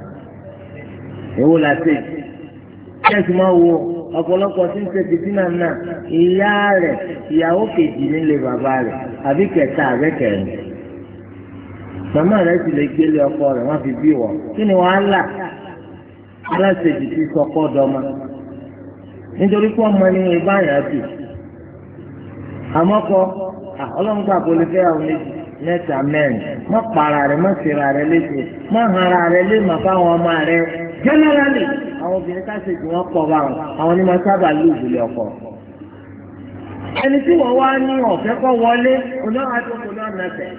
èwo la ṣe kẹ́sì máa wo ọ̀pọ̀lọpọ̀ tí ń ṣe fìtínà náà ìyá rẹ̀ ìyàwó kejì nílé bàbá rẹ̀ àbí kẹta kẹrin màmá lè gbélé ọkọ rẹ wọn fi bí wọ̀ kí ni wàhálà aláṣejì ti nítorí pé ọmọ ni ìbáyà bì lè fẹ́ àwọn méjì. mẹ́ta mẹ́rin má para rẹ̀ má sera rẹ̀ léṣe má hara rẹ̀ lé má bá wọn ọmọ rẹ̀ jẹ́nẹ́rẹ́lì àwọn obìnrin ká ṣe jù wọ́n pọ̀ báwọn àwọn ni máa sábà lù ìbílẹ̀ ọkọ. ẹni tí wọ́n wá ní ọ̀fẹ́ kọ́ wọlé onáwó àtúntò náà mẹ́fẹ̀.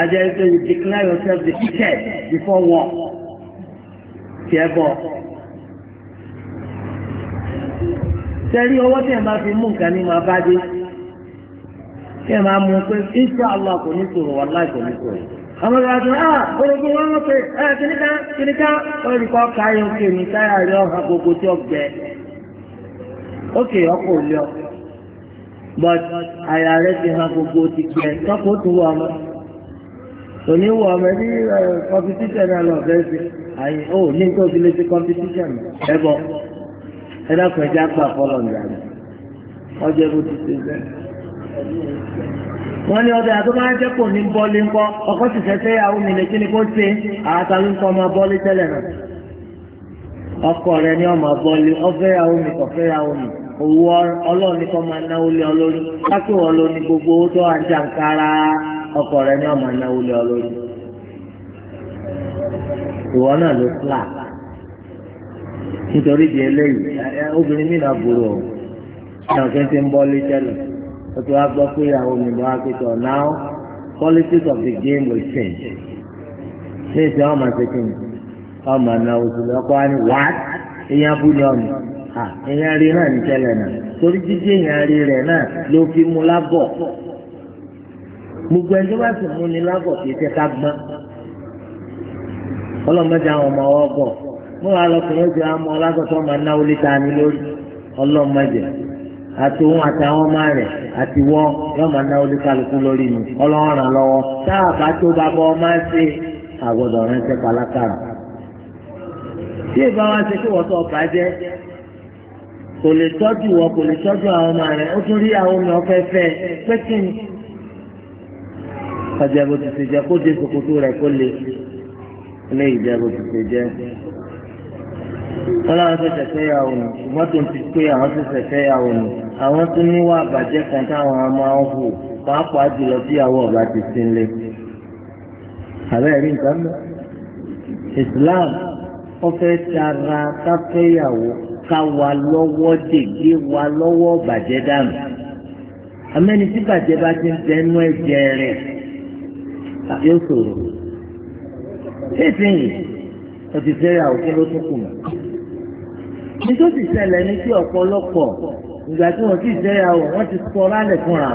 àjẹ́ ìṣe you declare yourself the ticket before war tí ẹ bọ̀. sẹ́rí owó tí ẹ̀ bá fi mú nǹkan ní máa bá dé kí ẹ máa mú pé insha Allah kò ní sòrò wà láì kò ní sòrò. àwọn ọ̀gá àti ah orogún wọn eh, wọ́n pe ẹ kìnìkà kìnìkà ó rí kọ́ káyọ̀ òkè mi táyà rí ọ̀hà gbogbo tí ó gbẹ. ókè ọkọ̀ òlé ọ but àyà rẹ ti hàn gbogbo ti gbẹ tọkọ tó wọ ọmọ òní wọ ọmọ ní competition náà lọ bẹ́ẹ̀ sí àyè ó ní nǹkan òfin lè ti competition ẹ bọ ẹ dákun ẹ jẹ àgbà fọlọ nìyàrá ọjọ́ ìbò ti ṣe bẹ́ẹ̀. wọ́n ní ọdẹ àti máa ń jẹ́ kò ní bọ́ọ̀lì ńkọ́ ọkọ sì fẹ́fẹ́ mi lè kí ni kó ṣe àtàlù ńkọ́ ọmọ tẹ́lẹ̀ náà ọkọ rẹ ní ọmọ bọ́ọ̀lì ọfẹ́ ìyàwó mi kò fẹ́ ìyàwó mi owó ọ kákì wọ́n ní gbogbo owó tó àjà ń kára ọkọ rẹ ní ọmọ náwó lé ọ ìwọ náà ló fúlà nítorí di eléyìí obìnrin ó ti wá gbọ́ pé àwọn òmìnira wá pé tọ̀ now politics of the game will change ṣé ìṣe ọmọ ṣèkìn ọmọ náà òṣèlú ọkọ wa ni what èèyàn bú ni ọmọ èèyàn rí náà ní tẹ́lẹ̀ náà torí jíjẹ́ èèyàn rí rẹ̀ náà ló fi mú lábọ̀ gbogbo ẹni tó bá sì mú ni lábọ̀ kì í tẹ́ ká gbọ́n ọlọ́mọdé àwọn ọmọ ọwọ́ bọ̀ mo wà lọkùnrin ó ti wá mọ ọlágọ́tọ́ ọmọ náà ó lé ta ni lórí ọlọ́mọdé àti òun àtàwọn ọmọ rẹ̀ àti wọ́n yóò máa ná olúkálukú lórí mi ọlọ́run ràn lọ́wọ́ tá a bá tó bá bọ́ ọmọ ṣe àgbọ̀dọ̀ ránṣẹ́ palákàrà. tí ìbá wa ṣe kí wọ́n tó ọba jẹ́ kò lè tọ́jú wọ kò lè tọ́jú àwọn ọmọ rẹ̀ ó tún rí àwọn ọmọ ọ̀fẹ́ fẹ́ pé kí ni. ọjà bó ti ṣe jẹ kó dé kòkòtò rẹ̀ kó le ilé ìjẹ bó ti ṣe jẹ wọ́n láwọn ṣẹ̀ṣẹ̀ fẹ́ yàwó nù mọ́tò ti pé àwọn ṣẹ̀ṣẹ̀ fẹ́ yàwó nù àwọn tó níwà àbàjẹ́ kan táwọn máa ń hù pàápàá jùlọ tí àwọn ọ̀gá ti sílé. àbẹ́ rí nǹkan mọ́ Islam ọfẹ́ tara káfẹ́yàwó ká wa lọ́wọ́ dègbé wa lọ́wọ́ bàjẹ́ dànù. àmẹ́ni tí bàjẹ́ bá ti ń tẹnu ẹ̀jẹ̀ rẹ̀ yóò ṣòro. sísìnyí òtítẹ́yàwó kí ló tún kù mọ́. nítorí ìṣẹ̀lẹ̀ ní tí ọ̀pọ̀lọpọ̀ ìgbà tí wọ́n ti jẹ́yàwó wọ́n ti sọ rálẹ̀ fúnra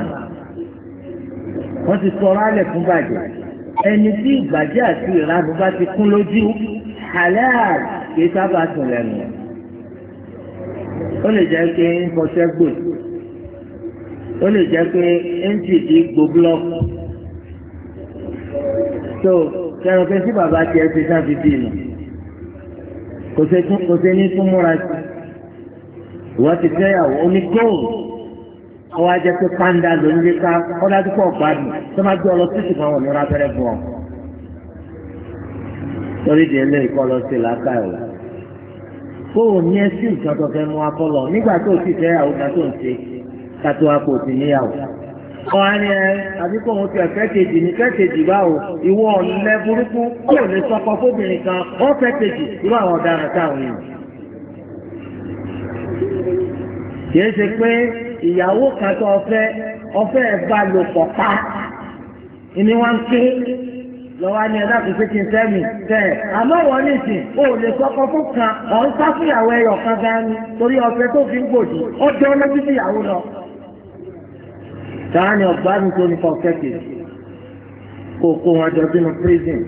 wọ́n ti sọ rálẹ̀ fún bàjẹ́ ẹni tí ìgbàjẹ́ àti ìranù bá ti kún lójú halal kìí sábà tún lẹ́nu ó lè jẹ́ pé ń kọsẹ́ gbò ó lè jẹ́ pé ń tì í gbó búlọ́ọ̀kù tó kẹrin pé tí bàbá tiẹ̀ ti sáfi dì nù kò ṣe ní tún múra sí i. wọ́n ti fẹ́yàwó ó ní ọwọ́ ajẹ́ pé pàǹdà ló ń lépa ọ̀dájú pọ̀ gbádùn tó máa gbé ọlọ títì kan wọ̀ ní rábẹ́rẹ́ bọ̀ torí di eléyìí kọ́ lọ sí làákà ìwà kó o ní nǹkan tó fẹ́ o ti tó ń ṣe ti níyàwó ẹ àbí kó ti ẹ̀fẹ́ kejì ní kẹ́kejì báwo ìwọ burúkú kó o lè kìí ṣe pé ìyàwó kan tó ọfẹ́ ọfẹ́ lò pa ìní wá ń ké lọ́wọ́ ni ẹ̀dá kò sí kí o ò lè ka fún kan ọ̀ ń sá fún ìyàwó ẹyọ kan gan torí ọfẹ́ tó fi ń gbòdì ó dán lójú sí ìyàwó lọ. sáà ni prison.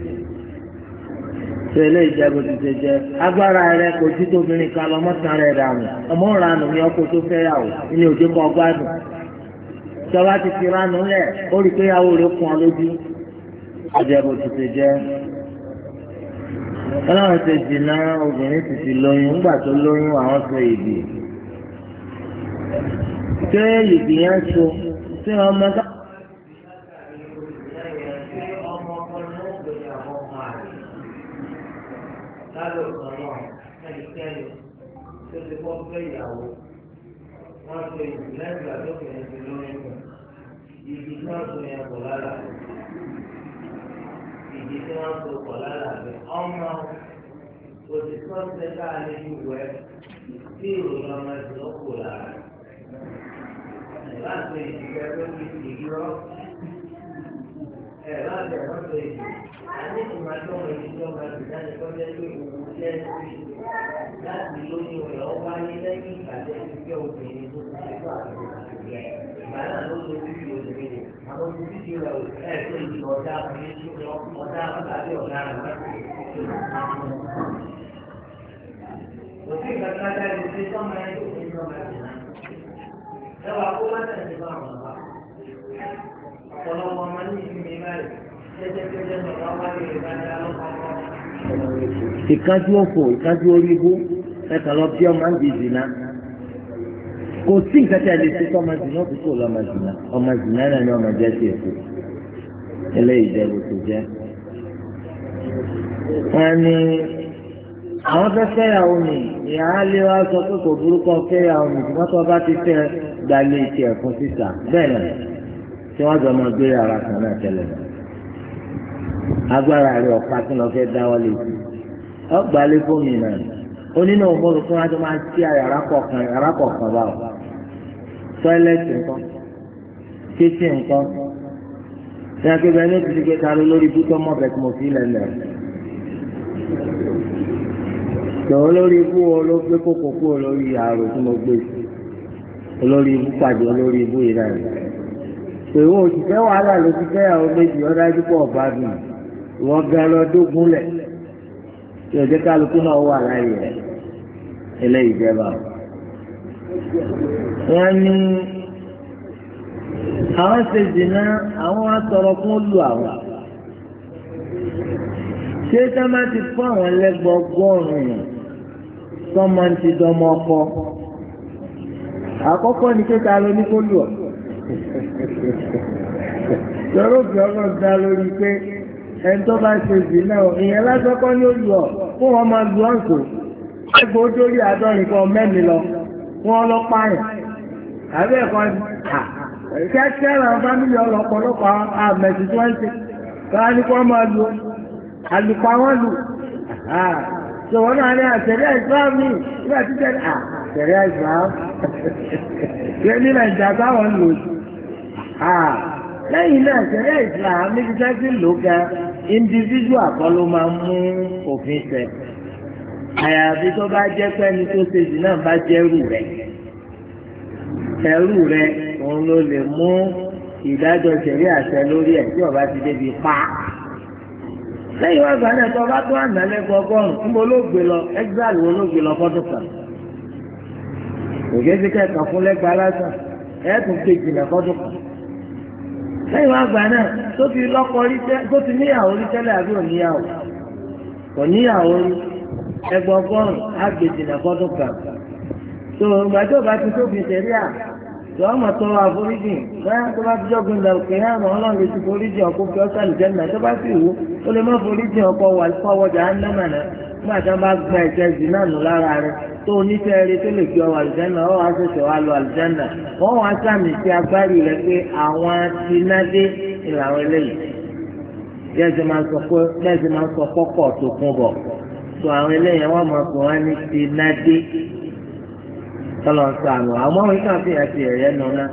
tẹ̀lé ìjẹ́bù ti ṣe jẹ́ agbára rẹ kò tí tóbi ní ká lọ mọ́tàn rẹ̀ dànù ọmọ ìranù ni ọkọ tó fẹ́ yàwó ní òjò kọ́ gbádùn ti fi ranù lẹ̀ ó rí pé yàwó rẹ̀ kún ọ lójú ti ṣe ti obìnrin ti ti lóyún nígbà tó lóyún àwọn sọ ṣé yẹn so ṣé ọmọ fẹ́ ìyàwó wọ́n ṣe ìdílẹ́gbà lókèrè ti lóyún kù ìdí tí wọ́n so yẹn kò lára ìdí tí wọ́n so kò lára rẹ̀ ọmọ òṣìṣẹ́ ọ̀sẹ̀ tá a lè fi wẹ̀ tí ìròyìn ọmọ ẹ̀sìn ó kò lára láti ìdílẹ́gbà lókèrè ti lóyún kù ẹ̀ máa ọ̀pọ̀lọpọ̀ ọmọ ní ìsinmi báyìí jẹ́jẹ́jẹ́jẹ́ bàbá wáyé ìbájá lọ́kọ̀ọ́kọ́. ìkájú òfò ìkájú orí ibú ẹ̀ka lọ bí ọmọ àgbè ìdìnnà kò sí nǹkan tí a lè ṣe tó ọmọ ìdìnnà òfin kò lọ ọmọ ìdìnnà ọmọ ìdìnnà náà ni ọmọ jẹ́ tiẹ̀ kù eléyìí jẹ́ bó ti jẹ́. wọ́n ní àwọn fẹ́ fẹ́yàwó mi ìyá lé wa sọ pé kò burúkọ fẹ́yàwó mi ṣùgbọ́n tó bá ti fẹ́ gbalẹ̀ tiẹ̀ fún bẹ́ẹ̀ náà tí wọ́n jọ máa gbé yàrá kan náà tẹ́lẹ̀ náà agbára rẹ̀ ọ̀pá tí wọ́n fẹ́ dáwọ́ lé sí ọgbà lé fóònù náà onínà òmòrò tí wọ́n jọ máa ti yàrá kọ̀ọ̀kan yàrá kọ̀ọ̀kan báwò tọ́ẹ̀lẹ̀tì nǹkan kéṣì nǹkan ní akéwà ẹni òtún ti gbé karí lórí ibú tó mọ̀ bẹ́ẹ̀ tí mo fi lẹ́lẹ̀ tòun lórí ibú wo ló gbé kókó kúrò lórí àrò tí mo gbé olórí ibú pàdé olórí ibú yìí náà òun òṣìṣẹ́ wàhálà ló ti fẹ́ àwọn méjì ọ̀dà ìdúpọ̀ ọ̀bá mi ìwọ́n gan lọ dógún lẹ̀ kí ọjọ́ kálukú náà wà láyé rẹ̀ eléyìí jẹba. wọ́n ní àwọn ṣe jìnnà àwọn asọ̀rọ̀ fún olú àwọn. ṣé sábà ti fún àwọn lẹ́gbọ̀ ọgọ́rùn-ún sọ́mọ́ ti dánmọ́ ọkọ. àkọ́kọ́ ni kékeré ló ní kó lù ọ́. Sọ̀rọ̀ bí ọmọ ìdá lórí pé ẹni tó bá ṣe náà ìyẹn lásọ́kọ́ ní ọ̀ fún Ẹgbẹ́ àádọ́rin kan lọ fún ọlọ́pàá yẹn. ẹ̀kọ́ kẹ́kẹ́ ra fámìlì ọlọ́pọ̀lọpọ̀ lọ́wọ́ náà ní àtẹ̀rẹ́ ah, islam ní nígbà tí tẹ̀lé àtẹ̀rẹ́ ah, islam ní nàìjíríà táwọn lò sí. Ah, lẹ́yìn náà àtẹ̀rẹ́ islam níbi tí wọ́n ti lò gan individual kọ́ ló máa mú òfin ṣẹ. àyàfi tó bá jẹ́ pẹ́ni tó ṣe jù náà bá jẹ́ ẹrú rẹ̀ ẹrú rẹ̀ òun ló lè mú ìdájọ́ ṣẹ̀rí àṣẹ lórí ẹ̀ tí ọba ti débi pa lẹ́yìn wá gbà bá tó ún ló gbé lọ wo ló gbé lọ fọ́dún kan ti kẹ́kọ̀ọ́ fún lẹ́gbàá lásán ẹ̀ẹ́dùn kejì fọ́dún kan lẹ́yìn wá gbà náà tó ti lọ́kọ rí tẹ́ tó ti níyàwó rí tẹ́lẹ̀ àbí yọ ọmọ tọrọ àforíjì báyà tó bá fi jọgbìn lọ òkè náà mọ Ọlọ́run lè ti foríjì ọkọ fi ọsẹ àlùjẹ náà tó bá sì wò ó lè má foríjì ọkọ wà fọwọjà ánámà náà nígbà tí wọn bá gba ẹ̀jẹ̀ jù náà nù lára rẹ tó oníṣẹ́ẹ̀rẹ́ tó lè gbé ọ àlùjẹ náà ọ wá ṣẹ̀ṣẹ̀ wá lọ àlùjẹ náà wọn wá sàmì sí agbárí rẹ pé àwọn tinádé ìlànà eléyìí yẹ́sẹ̀ máa sọ pé yẹ́sẹ̀ máa sọ pọ́pọ̀ tó kún bọ̀ tó àwọn eléyìí wọ́n máa sọ wá ní tinádé tọ́lọ̀ ń sànù àmọ́ àwọn ìkà fi hàn ti ẹ̀yẹ nù náà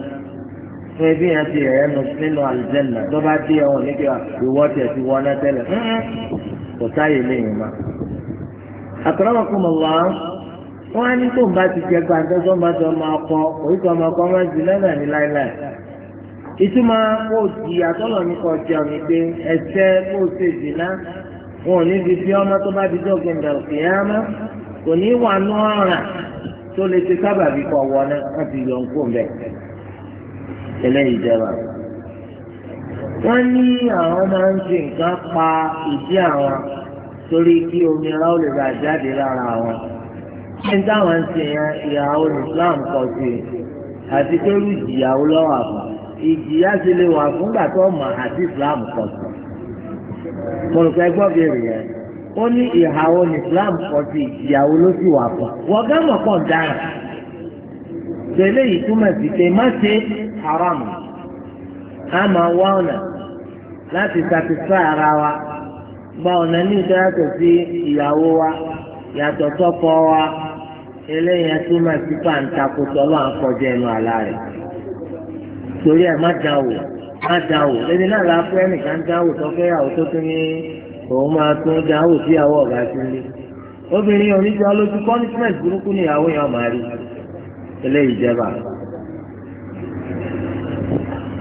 fún ẹbí hàn ti ẹ̀yẹ nù nínú àlùjẹ́nà tó bá dé ọ̀hún níbi ìwọ tiẹ̀ ti wọ́n náà tẹ́lẹ̀ kò táyé léyìn ma. àkàràmọ̀kùnmọ̀lá wọn á ní tó ń bá ti jẹ gbàǹdé tó ń bá tó máa kọ oríkọ ọmọ ọkọ máa di lẹ́nà ní láíláí. ìtumọ̀ kó di àtọ́lọ̀ ní kọ jẹun ní pé ẹsẹ̀ kó o ṣe dìná wọn ò ní fi fi ọmọ tó bá di dọ́gbìn dàrú kìí tó lè ṣe sábàbí kọ wọná wọn ti yọ nǹkó mbẹ eléyìí jẹba wọn ní àwọn máa ń ṣe nǹkan pa ìdí àwọn torí kí omi ara ó lè bá jáde lára àwọn ṣé táwọn ń ṣe yẹn ìyàwó Islam kọ sí i àti pé irú ìjìyàwó lọ́wọ́ àbọ̀ ìjìyà ti lè wà fúngbà tó mọ̀ àti Islam kọ sí i mo rò pé gbọ́ bèrè yẹn. wọ́n ní ìhàwọ́ Islam kọtí ìyàwó ló sì wà fún wọ́n gán mọ̀ pọ̀ dára tẹ̀lé yìí túmọ̀ sí pé má ṣe haram a máa wá ọ̀nà láti satisfy ara wa gba ọ̀nà ní ìdáyàtọ̀ sí ìyàwó wa yàtọ̀ sọ́kọ wa eléyìí túmọ̀ sí pàǹtakùtọ̀ ọlọ́run kọjá ẹnu àlá rẹ̀ torí ẹ̀ má dáwò má dáwò lẹ́ni náà la ẹnìkan dáwò tó fẹ́ yàwó tó tún ní. òun máa tún dáhùn sí àwọn ọ̀gá sí ilé obìnrin oníjọ lójú punishment burúkú ni ìyàwó yẹn máa rí eléyìí jẹba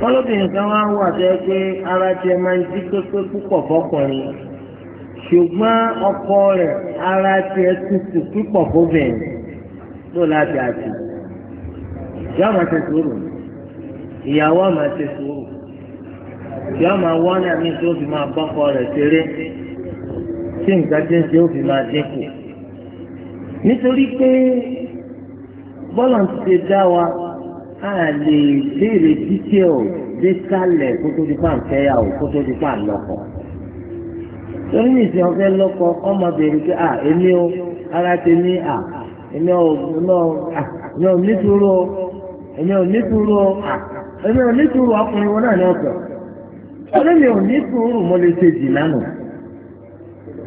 kọlọ́bìnrin kan wá wà jẹ́ pé ara jẹ máa ń jí pépé púpọ̀ fọkùnrin ṣùgbọ́n ọkọ rẹ̀ ara jẹ tutù púpọ̀ fóbìnrin ló láti àti ìyá máa ṣe sùúrù ìyàwó máa ṣe sùúrù tí a máa wá náà ní tí ó fi máa bọ́kọ rẹ̀ ṣeré tí nǹkan tí ń ṣe ó fi máa dínkù. nítorí pé bọ́lá ń ṣe dá wa a lè béèrè detail dé sálẹ̀ kó tó di pàǹfẹ́ yà ó kó tó di pàǹlọ́kọ̀. torí ní ìsìn ọ̀fẹ́ lọ́kọ ọmọ pé à èmi o ara ti ní à èmi ò ní dúró èmi ò ní dúró olómi ò ní sùúrù mo lè ṣe jì náà nù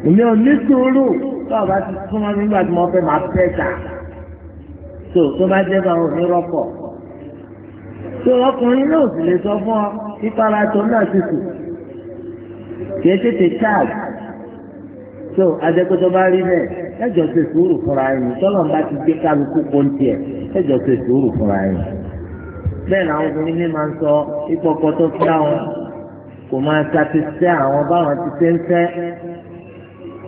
èmi ò ní sùúrù tó o bá ti súnmọ́ nígbà tí mo fẹ́ máa fẹ́ ta tó tó bá jẹ́ bá òní rọ́pọ̀ tó ọkùnrin náà sì lè sọ fún ọ pípara tó náà ti sùn kì í tètè charge tó adẹ́kọ́tọ́ bá rí bẹ́ẹ̀ ẹjọ́ ṣe sùúrù fúnra yín tọ́lọ́n bá ti gbé kálukú pọ́ńtì ẹ̀ ẹjọ́ ṣe sùúrù fúnra yín bẹ́ẹ̀ làwọn obìnrin mi máa ń sọ ipò ọkọ̀ tó fún àwọn kò máa ṣàtìsẹ́ àwọn báwọn ti ṣe ń fẹ́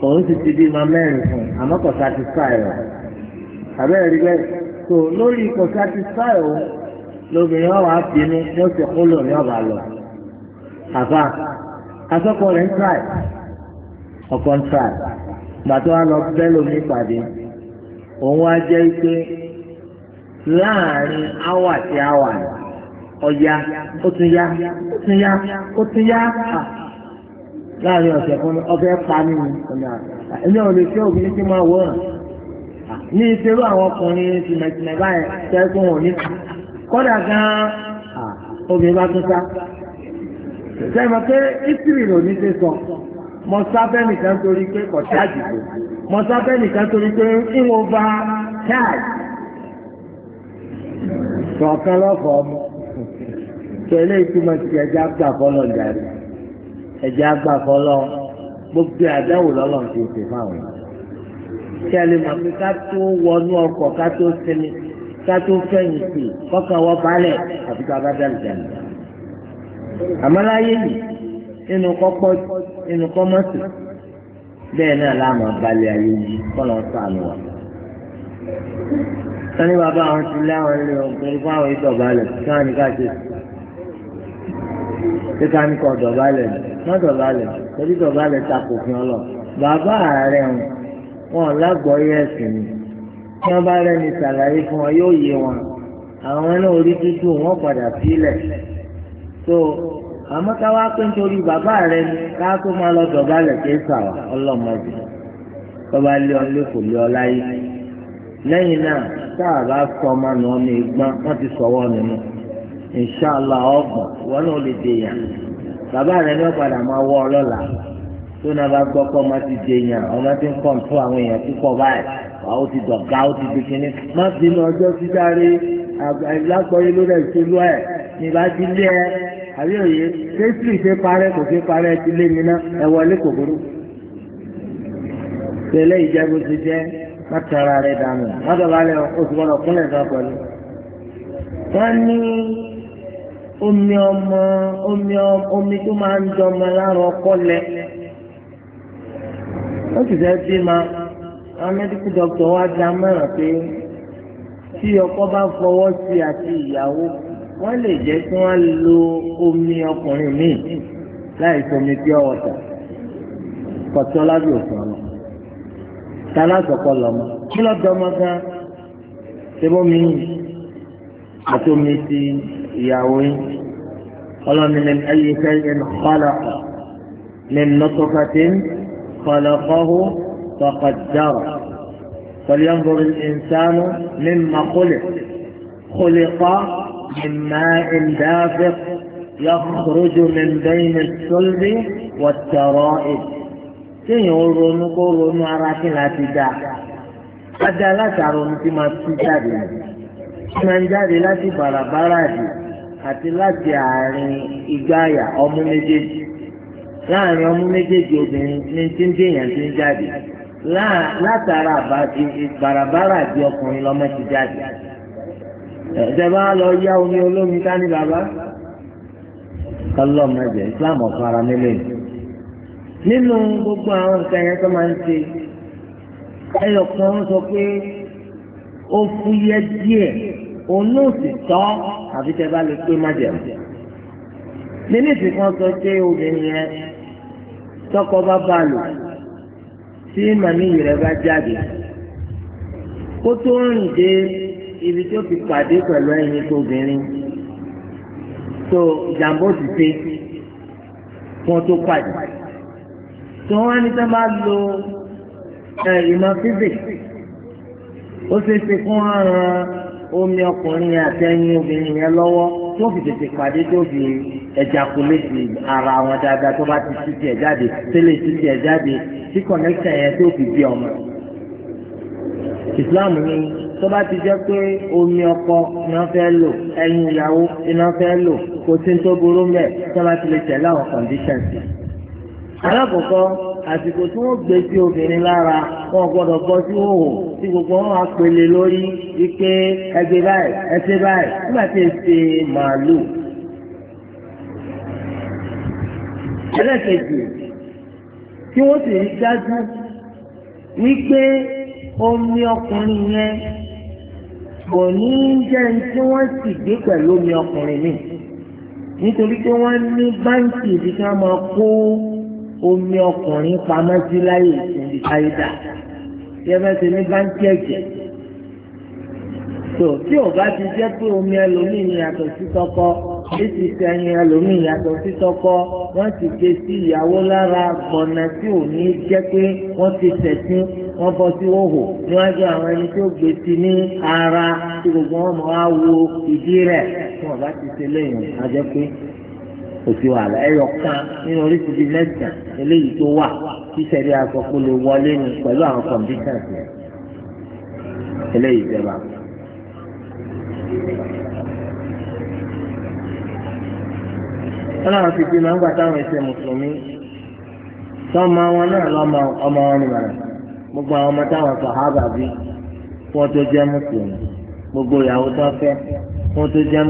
òun ti ti bí ma mẹ́rin fún àmọ́ kò ṣàtìsẹ́ rẹ̀ àbẹ́rẹ́ rí bẹ́ẹ̀ tó lórí kò ṣàtìsẹ́ òun lóbìnrin ọ̀wà bínú ní oṣù kúlò ní ọ̀bà lọ àbá asọ́kọ rẹ̀ ń tíráì ọkọ ń tíráì gbàtọ́ wa lọ bẹ́ẹ̀ lómi pàdé òun wá jẹ́ pé láàrin áwà sí áwà rẹ̀ ọ̀yá ó tún yá ó tún yá ó tún yá láàrin ọ̀sẹ̀ kan ọbẹ̀ pa mí ni ọ̀nà ẹ̀mí ò lè ṣe obìnrin tí máa wọ̀ràn ní ìṣerú àwọn ọkùnrin tìmẹ̀tìmẹ̀ báyìí tẹ́kùn òní kọ́dà gan-an obìnrin bá tún sá sẹ́yìn pé ìsírì ló ní ṣe sọ mọ sábẹ́ nìkan torí pé kò ṣáàjì tó mọ sábẹ́ nìkan torí pé ìwọ̀n bá ṣáàjì tọ̀ọ̀kan lọ́fọ̀ọ́ tẹ̀lé ìtumọ̀ ti ẹja gbà fọlọ́ jàre ẹja gbà fọlọ́ gbogbo àdáwò lọ́lọ́ ti ṣe fáwọn tẹ̀lé mọ̀ pé ká tó wọnú ọkọ̀ ká tó sinmi ká tó fẹ̀yìntì kọ́kàn wọ balẹ̀ àti ká bá dàlù dàlù àmọ́láyé yìí inú kọ́pọ́ inú kọ́mọ́sì bẹ́ẹ̀ náà láàmú abalẹ̀ ayé yìí kọ́nà sànù wà. sani bàbá àwọn ti lé àwọn ilé ọ̀gbìn fún àwọn ìdọ̀bálẹ̀ kí wọ́n ní ká ṣe sí kíkà ní kọ́ dọ̀bálẹ̀ má dọ̀bálẹ̀ torí dọ̀bálẹ̀ ta kò fi ọlọ bàbá rẹ̀ wọn lágbọ́yé ẹ̀sìn ni tí wọ́n bá rẹ́ni ṣàlàyé fún wọn yóò yé wọn àwọn náà orí dúdú wọn padà sílẹ̀ tó àmọ́ ká wá pé nítorí bàbá rẹ̀ ni ká tó máa lọ dọ̀bálẹ̀ kí ń sàwà ọlọ́mọdé tọ́ba lé ọ lẹ́kọ̀ọ́ lé ọ láyé lẹ́yìn náà tá a bá sọ ọmọ nù ọmọ ìgbọ́n wọ́n ti sọ ọwọ́ nínú. inṣàlá ọgbọ̀n wọn náà lè bàbá rẹ ní ọ̀padà máa wọ ọlọ́la tó náà bá gbọ́ pé ọmọ ti ọ ti ń kọ̀ǹtó àwọn èèyàn púpọ̀ báyìí ó ti dọ̀gá ó ti di kínní má ọjọ́ lágbọ́yé ẹ̀ ẹ àbí òye ṣe parẹ́ kò ṣe parẹ́ ti lé mi ná ẹ wọlé kò burú. ti jẹ́ má dànù oṣù kúnlẹ̀ omi ọmọ omi omi tó máa ń jọ ọmọ lára ọkọ lẹ ó sì fẹ́ bí ma àwọn mẹ́díkù dọ́kítọ̀ wá di amẹ́ràn pé tí ọkọ bá fọwọ́ sí àti ìyàwó wọ́n lè jẹ́ kí wọ́n lo omi ọkùnrin míì láì sọmi bí ọ̀tọ̀ kọ̀tọ́ lábẹ́ òfin ọ̀nà tálá sọ̀kọ lọ́mọ kí lọ́dọ̀ ọmọ gan ṣe bọ́ mi àti omi ti. يعوي قال من أي شيء خلق من نطفة خلقه فقدر فلينظر الإنسان مما خلق خلق من ماء دافق يخرج من بين الصلب والترائب يقولون نقول معركة لا تدع أدى لا ترون كما تدعي من جاري لا تبارا àti láti àárín ìgbáyà ọmú méjèèjì láàrin ọmú méjèèjì obìnrin ní ti ń dèèyàn ti ń jáde látara àbájú bàràbàrà àti ọkùnrin lọ́mọ ti jáde. ìjọba lọ yá omi olómi ká ní bàbá ọlọ́mọdé Islam ọ̀fara mélòó ni. nínú gbogbo àwọn nǹkan yẹn tó máa ń ṣe ẹyọ̀kan sọ pé ó fúyẹ́ díẹ̀ òun náà sì tọ́ àfi tẹ́ bá lè pé májẹ̀mú. nínú ìfikún sọ pé obìnrin yẹn tọkọ bá bá lò tí màmí rẹ̀ bá jáde kó tó rìn dé ibi tó fi pàdé pẹ̀lú ẹyin tó obìnrin tó ìjàmbá ó ti ṣe kí wọ́n tó pàdé tí wọ́n wá ní sẹ́ máa lo ìmọ̀ physics ó ṣe é ṣe fún ọ̀ràn omi ọkùnrin àti ẹyin obìnrin yẹn lọ́wọ́ tí wọ́n fi tètè pàdé tó fi ẹja kò lè fi ara wọn dáadáa tó bá ti títí ẹ̀ jáde tó lè títí ẹ̀ jáde tí connection yẹn tó fi bí ọmọ. Islam ní tó bá ti jẹ́ pé omi ọkọ iná fẹ́ lò ẹyin ìyàwó iná fẹ́ lò kò sí ní tó burú mẹ́ tó bá ti lè tẹ̀lé àwọn conditions. alákòókò àsìkò tí wọ́n gbé sí obìnrin lára wọn gbọ́dọ̀ bọ́ sí òhò tí gbogbo wọn á pèlè lórí ike ẹgbẹ́ báyìí ẹsẹ̀ báyìí nígbà tí èsì màálù. ẹlẹ́kẹ̀jì tí wọ́n sì rí dájú wípé omi ọkùnrin yẹn kò ní jẹ́ tí wọ́n sì gbé pẹ̀lú omi ọkùnrin mi nítorí pé wọ́n ní báńkì ibi máa kó omi ọkùnrin pamọ́ sí láyé ìsinmi táyé dà yẹ mẹ́sẹ̀ ní báńkì ẹ̀jẹ̀ tó tí ò bá ti jẹ́ pé omi ẹlòmíì ni yàtọ̀ sí tọkọ èsì sẹ́yìn ẹlòmíì yàtọ̀ sí tọkọ wọ́n ti ké sí ìyàwó lára gbọ̀nà tí ò ní jẹ́ pé wọ́n ti tẹ̀sín wọ́n bọ́ sí òhò níwájú àwọn ẹni tó gbé sí ní ara tí gbogbo wọn mọ̀ á wo ìdí rẹ̀ tí wọ́n bá ti ṣe lẹ́yìn àjẹpé òsì wàhálà ẹyọ kan nínú oríṣiríṣi eléyìí tó wà tíṣẹ̀rí asọ́kó lè wọlé ní pẹ̀lú àwọn conditions yẹn eléyìí jẹba. wọ́n náà fi bímọ nígbà táwọn ẹsẹ̀ mùsùlùmí wọn náà ọmọ wọn gbogbo àwọn ọmọ táwọn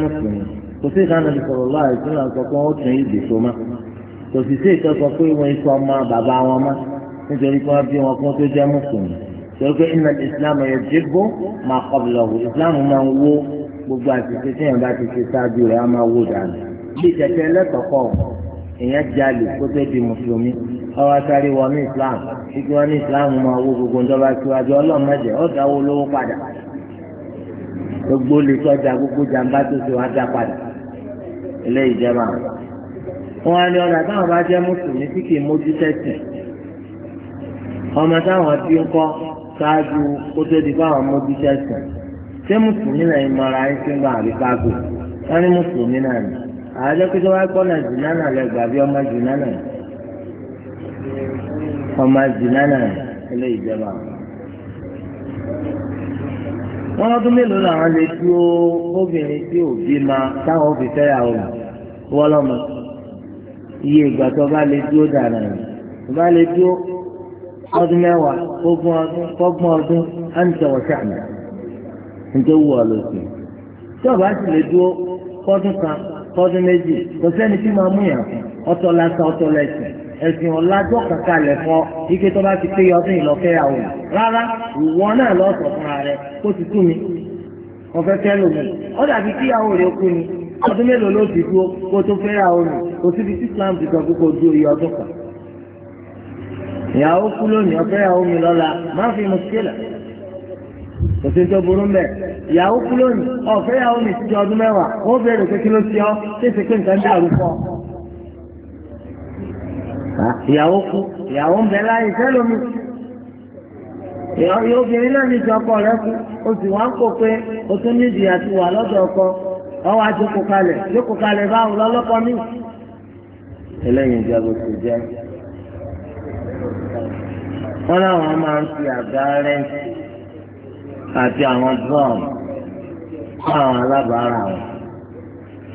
bí kò sí ìkànnì ti sọ̀rọ̀ lọ́wọ́ àìsàn náà sọ pé wọ́n tún yìí dè so ma kò sì sí ìkànnì sọ pé wọ́n sọ ọmọ bàbá wọn ma nítorí pé wọ́n bí wọn kún tó jẹ́ mùsùlùmí sọ pé iná ìsìlámù yẹn dìbò máa kọ́ bí lọ́wọ́ ìsìlámù máa ń wó gbogbo àtìsí tí èèyàn bá ti ṣe ṣáájú rẹ̀ á máa wó dànù bí tẹ̀tẹ̀ ẹlẹ́kọ̀ọ́kọ́ èèyàn jalè kó tó di mùsùlùmí ọwọ́ sáré wọnú gbogbo ńdọ́ba gbogbo lè tó ṣe wá dá padà ilé ìjẹba wọn á ní ọ̀nà táwọn bá jẹ́ mùsùlùmí tí kì í mójú tẹ̀sìn ọmọ táwọn ti ń kọ́ ṣáájú kó tó di fáwọn mójú tẹ̀sìn ṣé mùsùlùmí náà ń mọra ẹ ti ń gba àbí kágò wọn ní mùsùlùmí náà ni àjọ pé tó wá gbọ́ náà jìnnà náà lẹ gbàbí ọmọ jìnnà náà ọmọ jìnnà náà ilé ìjẹba wọn ọdún mélòó làwọn lè dúró obìnrin tí ò bí ma táwọn fi fẹ́ yàwó rẹ̀ wọ́lọ́mọ iye ìgbà tó bá lè dúró dára yìí tó bá lè dúró ọdún mẹ́wàá ogún ọdún fọ́gbọ́n ọdún á ń tẹ̀wọ̀ sàmì nítorí wù ọ lóṣù tí ọba sì lè dúró fọ́dún kan fọ́dún méjì kò sẹ́ni tí máa mú yàn ọ̀tọ̀ lásán ọ̀tọ̀ lẹ́sìn ẹ̀sìn ọ̀làjọ́ kàkà lẹ̀ fọ́ ike tó bá ti pé ọdún ìlọ́fẹ́ yà rárá ìwọ náà lọ́sọ̀ fúnra rẹ kó ti tú mi ọ̀fẹ́ fẹ́ lòmù ọ̀dà kíyàwó rẹ kú ni ọdún mélòó ló ti dúró kó tó fẹ́ yàwó rẹ̀ kò síbi tí Islam ti sọ pé kò dúró iye ọdún kan. ìyàwó kú lónìí ọ̀fẹ́ yàwó mi lọ́la má fi mùsùlùmí kò sí tó burú mbẹ ìyàwó kú lónìí ọ̀fẹ́ yàwó mi ti di ọdún mẹ́wàá ó bẹ̀rẹ̀ pé kí ló ti ọ́ tẹ̀sí pé nǹkan dàrú fọ́. ìyàwó kú ìyàwó ń bẹ láyé sẹ́lómi obìnrin náà ní ti rẹ kú o sì ń kó pé o tún ní ìdí àti wà lọ́dọ̀ ọkọ ọwọ́ àti kò kalẹ̀ yóò kò kalẹ̀ báwo lọ́lọ́pọ̀ mi. ẹlẹ́yin ìjà ló ti jẹ́ wọ́n láwọn máa ń fi àga rẹ́ǹtì àti àwọn drum fún àwọn alábàárà wọn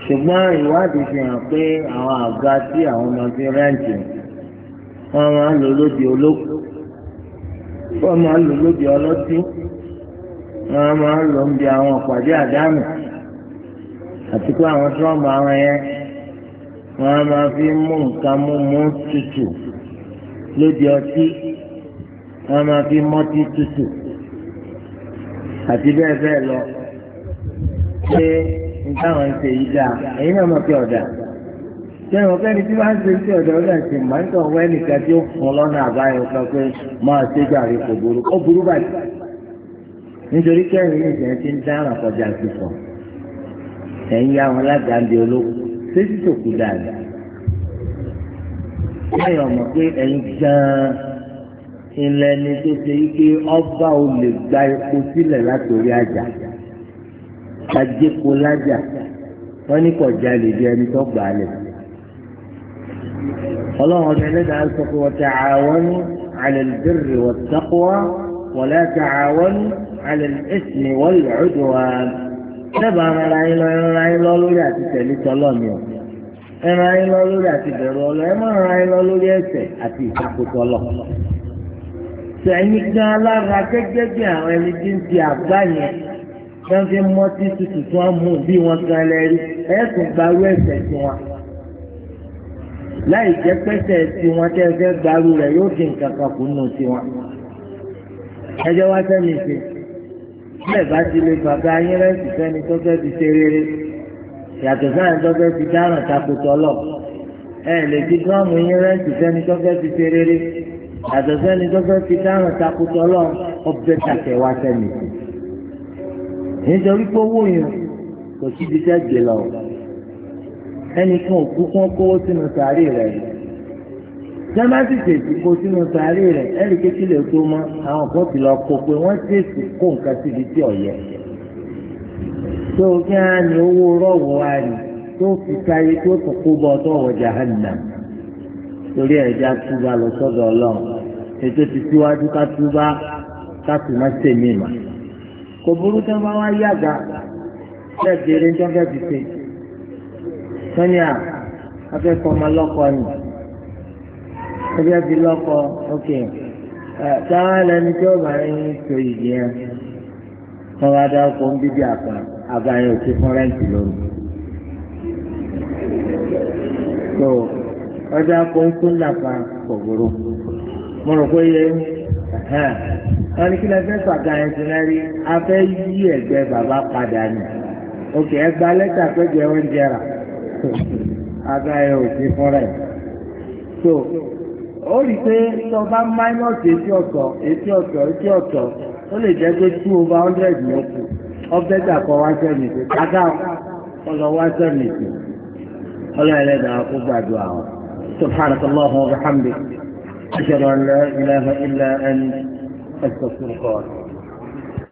ṣùgbọ́n ìwádìí fi hàn pé àwọn àga tí àwọn máa fi rẹ́ǹtì wọ́n máa ń lò lóde olóko wọ́n máa ń lò lóde ọlọ́tí wọ́n máa ń lò ń bi àwọn ọ̀pàdé àdánù àti pé àwọn tí wọ́n bá wọn yẹn wọ́n á máa fi mú nǹkan mú mú tutù lóde ọtí wọ́n á máa fi mọ́tí tutù àti bẹ́ẹ̀ bẹ́ẹ̀ lọ pé nǹkan àwọn ṣe yìí dáa èyí náà mọ̀ pé ọ̀dà ṣé ìwọ̀n fẹ́ni tí wọ́n á ṣe sí ọ̀dà ọ̀dà ṣe máa ń tọ̀wọ́ ẹnìkan tí ó fún lọ́nà àbáyọ sọ pé máa ṣe jàre kò burú ó burú bàjẹ́ nítorí kẹrin ìṣẹ́ ti ń dáràn kọjá sísọ ẹ̀yin yá wọn lágàndé olókùn séjì tó kú dáadáa ẹ̀yin ọmọ pé ẹ̀yin gan-an ilẹ̀ ni tó ṣe ike ọba ò lè gba epo sílẹ̀ látòrí àjà ajépo lájà wọ́n ní kọjá lè di ẹni tó gbà á lẹ̀ ọlọ́run ọdún ẹlẹ́dàá sọ pé wọ́n ti àwọn àlẹ́lẹ́dẹ́rẹ́ wọ́n tẹ́kọ̀ọ́ wọ́n lẹ́tà àwọn àlẹ́lẹ́sìn wọ́n lọ́ọ́ dùn lẹ́bàá ara yín lọ ẹran ara yín lọ lórí àti tẹ̀lé tọ́lọ́ mi ò ẹran ara yín lọ lórí àti bẹ̀rù ọlọ ẹ má ara yín lọ lórí ẹ̀ṣẹ̀ àti ìtakùtọ̀ lọ. sẹ́yìn gan alára gẹ́gẹ́ bí àwọn ẹni tí ń ti àgbá yẹn tí wọ́n fi mọ́tí tutù tí wọ́n mú bí wọ́n gan lẹ́rí ẹ̀sùn gbarú ẹ̀ṣẹ̀ tí wọ́n. láì jẹ́ pẹ́sẹ̀ tí wọ́n tẹ́ fẹ́ gbarú rẹ̀ yóò dín nǹkan kan kù nù tiwọn. ẹjọ́ wá sẹ́mi sí i bẹ́ẹ̀ bá ti lè bàbá ayé rẹ́sì fẹ́ni tó fẹ́ ti ṣe rere yàtọ̀ sáyẹn tó fẹ́ ti dáràn takùtọ̀ lọ ẹ lè ti gọ́ọ̀mù yín rẹ́sì fẹ́ni tó fẹ́ ti ṣe rere yàtọ̀ sẹ́ni tó fẹ́ ti dáràn takùtọ̀ lọ ọbẹ̀ tàtẹ̀wá sẹ́ni sí nítorí pé owó yẹn kò síbi tẹ́ gbé lọ ẹnì kan òkú kan kówó sínú sàárè rẹ̀ yìí jẹ́nà sì tètè kó sínú sàárè rẹ̀ ẹ̀rí kékeré tó mọ́ àwọn kan ti lọ kó pé wọ́n tètè kó nǹkan síbi tí ọ̀yẹ́. tó o kí á ní owó rọ̀wọ́ àrì tó fi káyé tó tó kó bọ́ tó wọ̀ jahanna torí ẹ̀já túbà lọ sọ́dọ̀ ọlọ́run ètò ti síwájú ká túbà ká tù má sèmi mà. kò burú tó máa wá yàgà bẹ́ẹ̀ bèrè ń jọ́gẹ́ fi ṣe. sọ́ni à yìí ẹjọ́ ti lọ́kọ ókè táwọn ẹlẹ́ni tí ó máa ń so ìdí ẹ wọ́n wá dá ọkọ̀ ń bíbí àpá àbáyé òkè fún rẹ́ǹtì lónìí. so ọjọ́ akọ ń kún nàpá kòkòrò mo rò pé yẹ wọ́n ní kí lè fẹ́ fàgà ẹ̀ sí náà rí afẹ́ yí ẹ̀gbẹ́ bàbá padà nì òkè ẹgbàá lẹ́tà pẹ́jọ ẹ̀ wọ́n jẹ́ra àbáyé òkè fún rẹ̀ so ó rí pé tó bá máínọ́ọ̀sì etí ọ̀tọ̀ etí ọ̀tọ̀ etí ọ̀tọ̀ ó lè jẹ́ pé two over hundred ní òkú ọ́fẹ́tà kan wá sẹ́mi pé káká ọlọ wá sẹ́mi pé ọlọ́ ẹlẹ́dàá kó gbàdúrà wọn. سبحانك اللهم وبحمدك أشهد أن لا إله إلا أنت أستغفرك وأتوب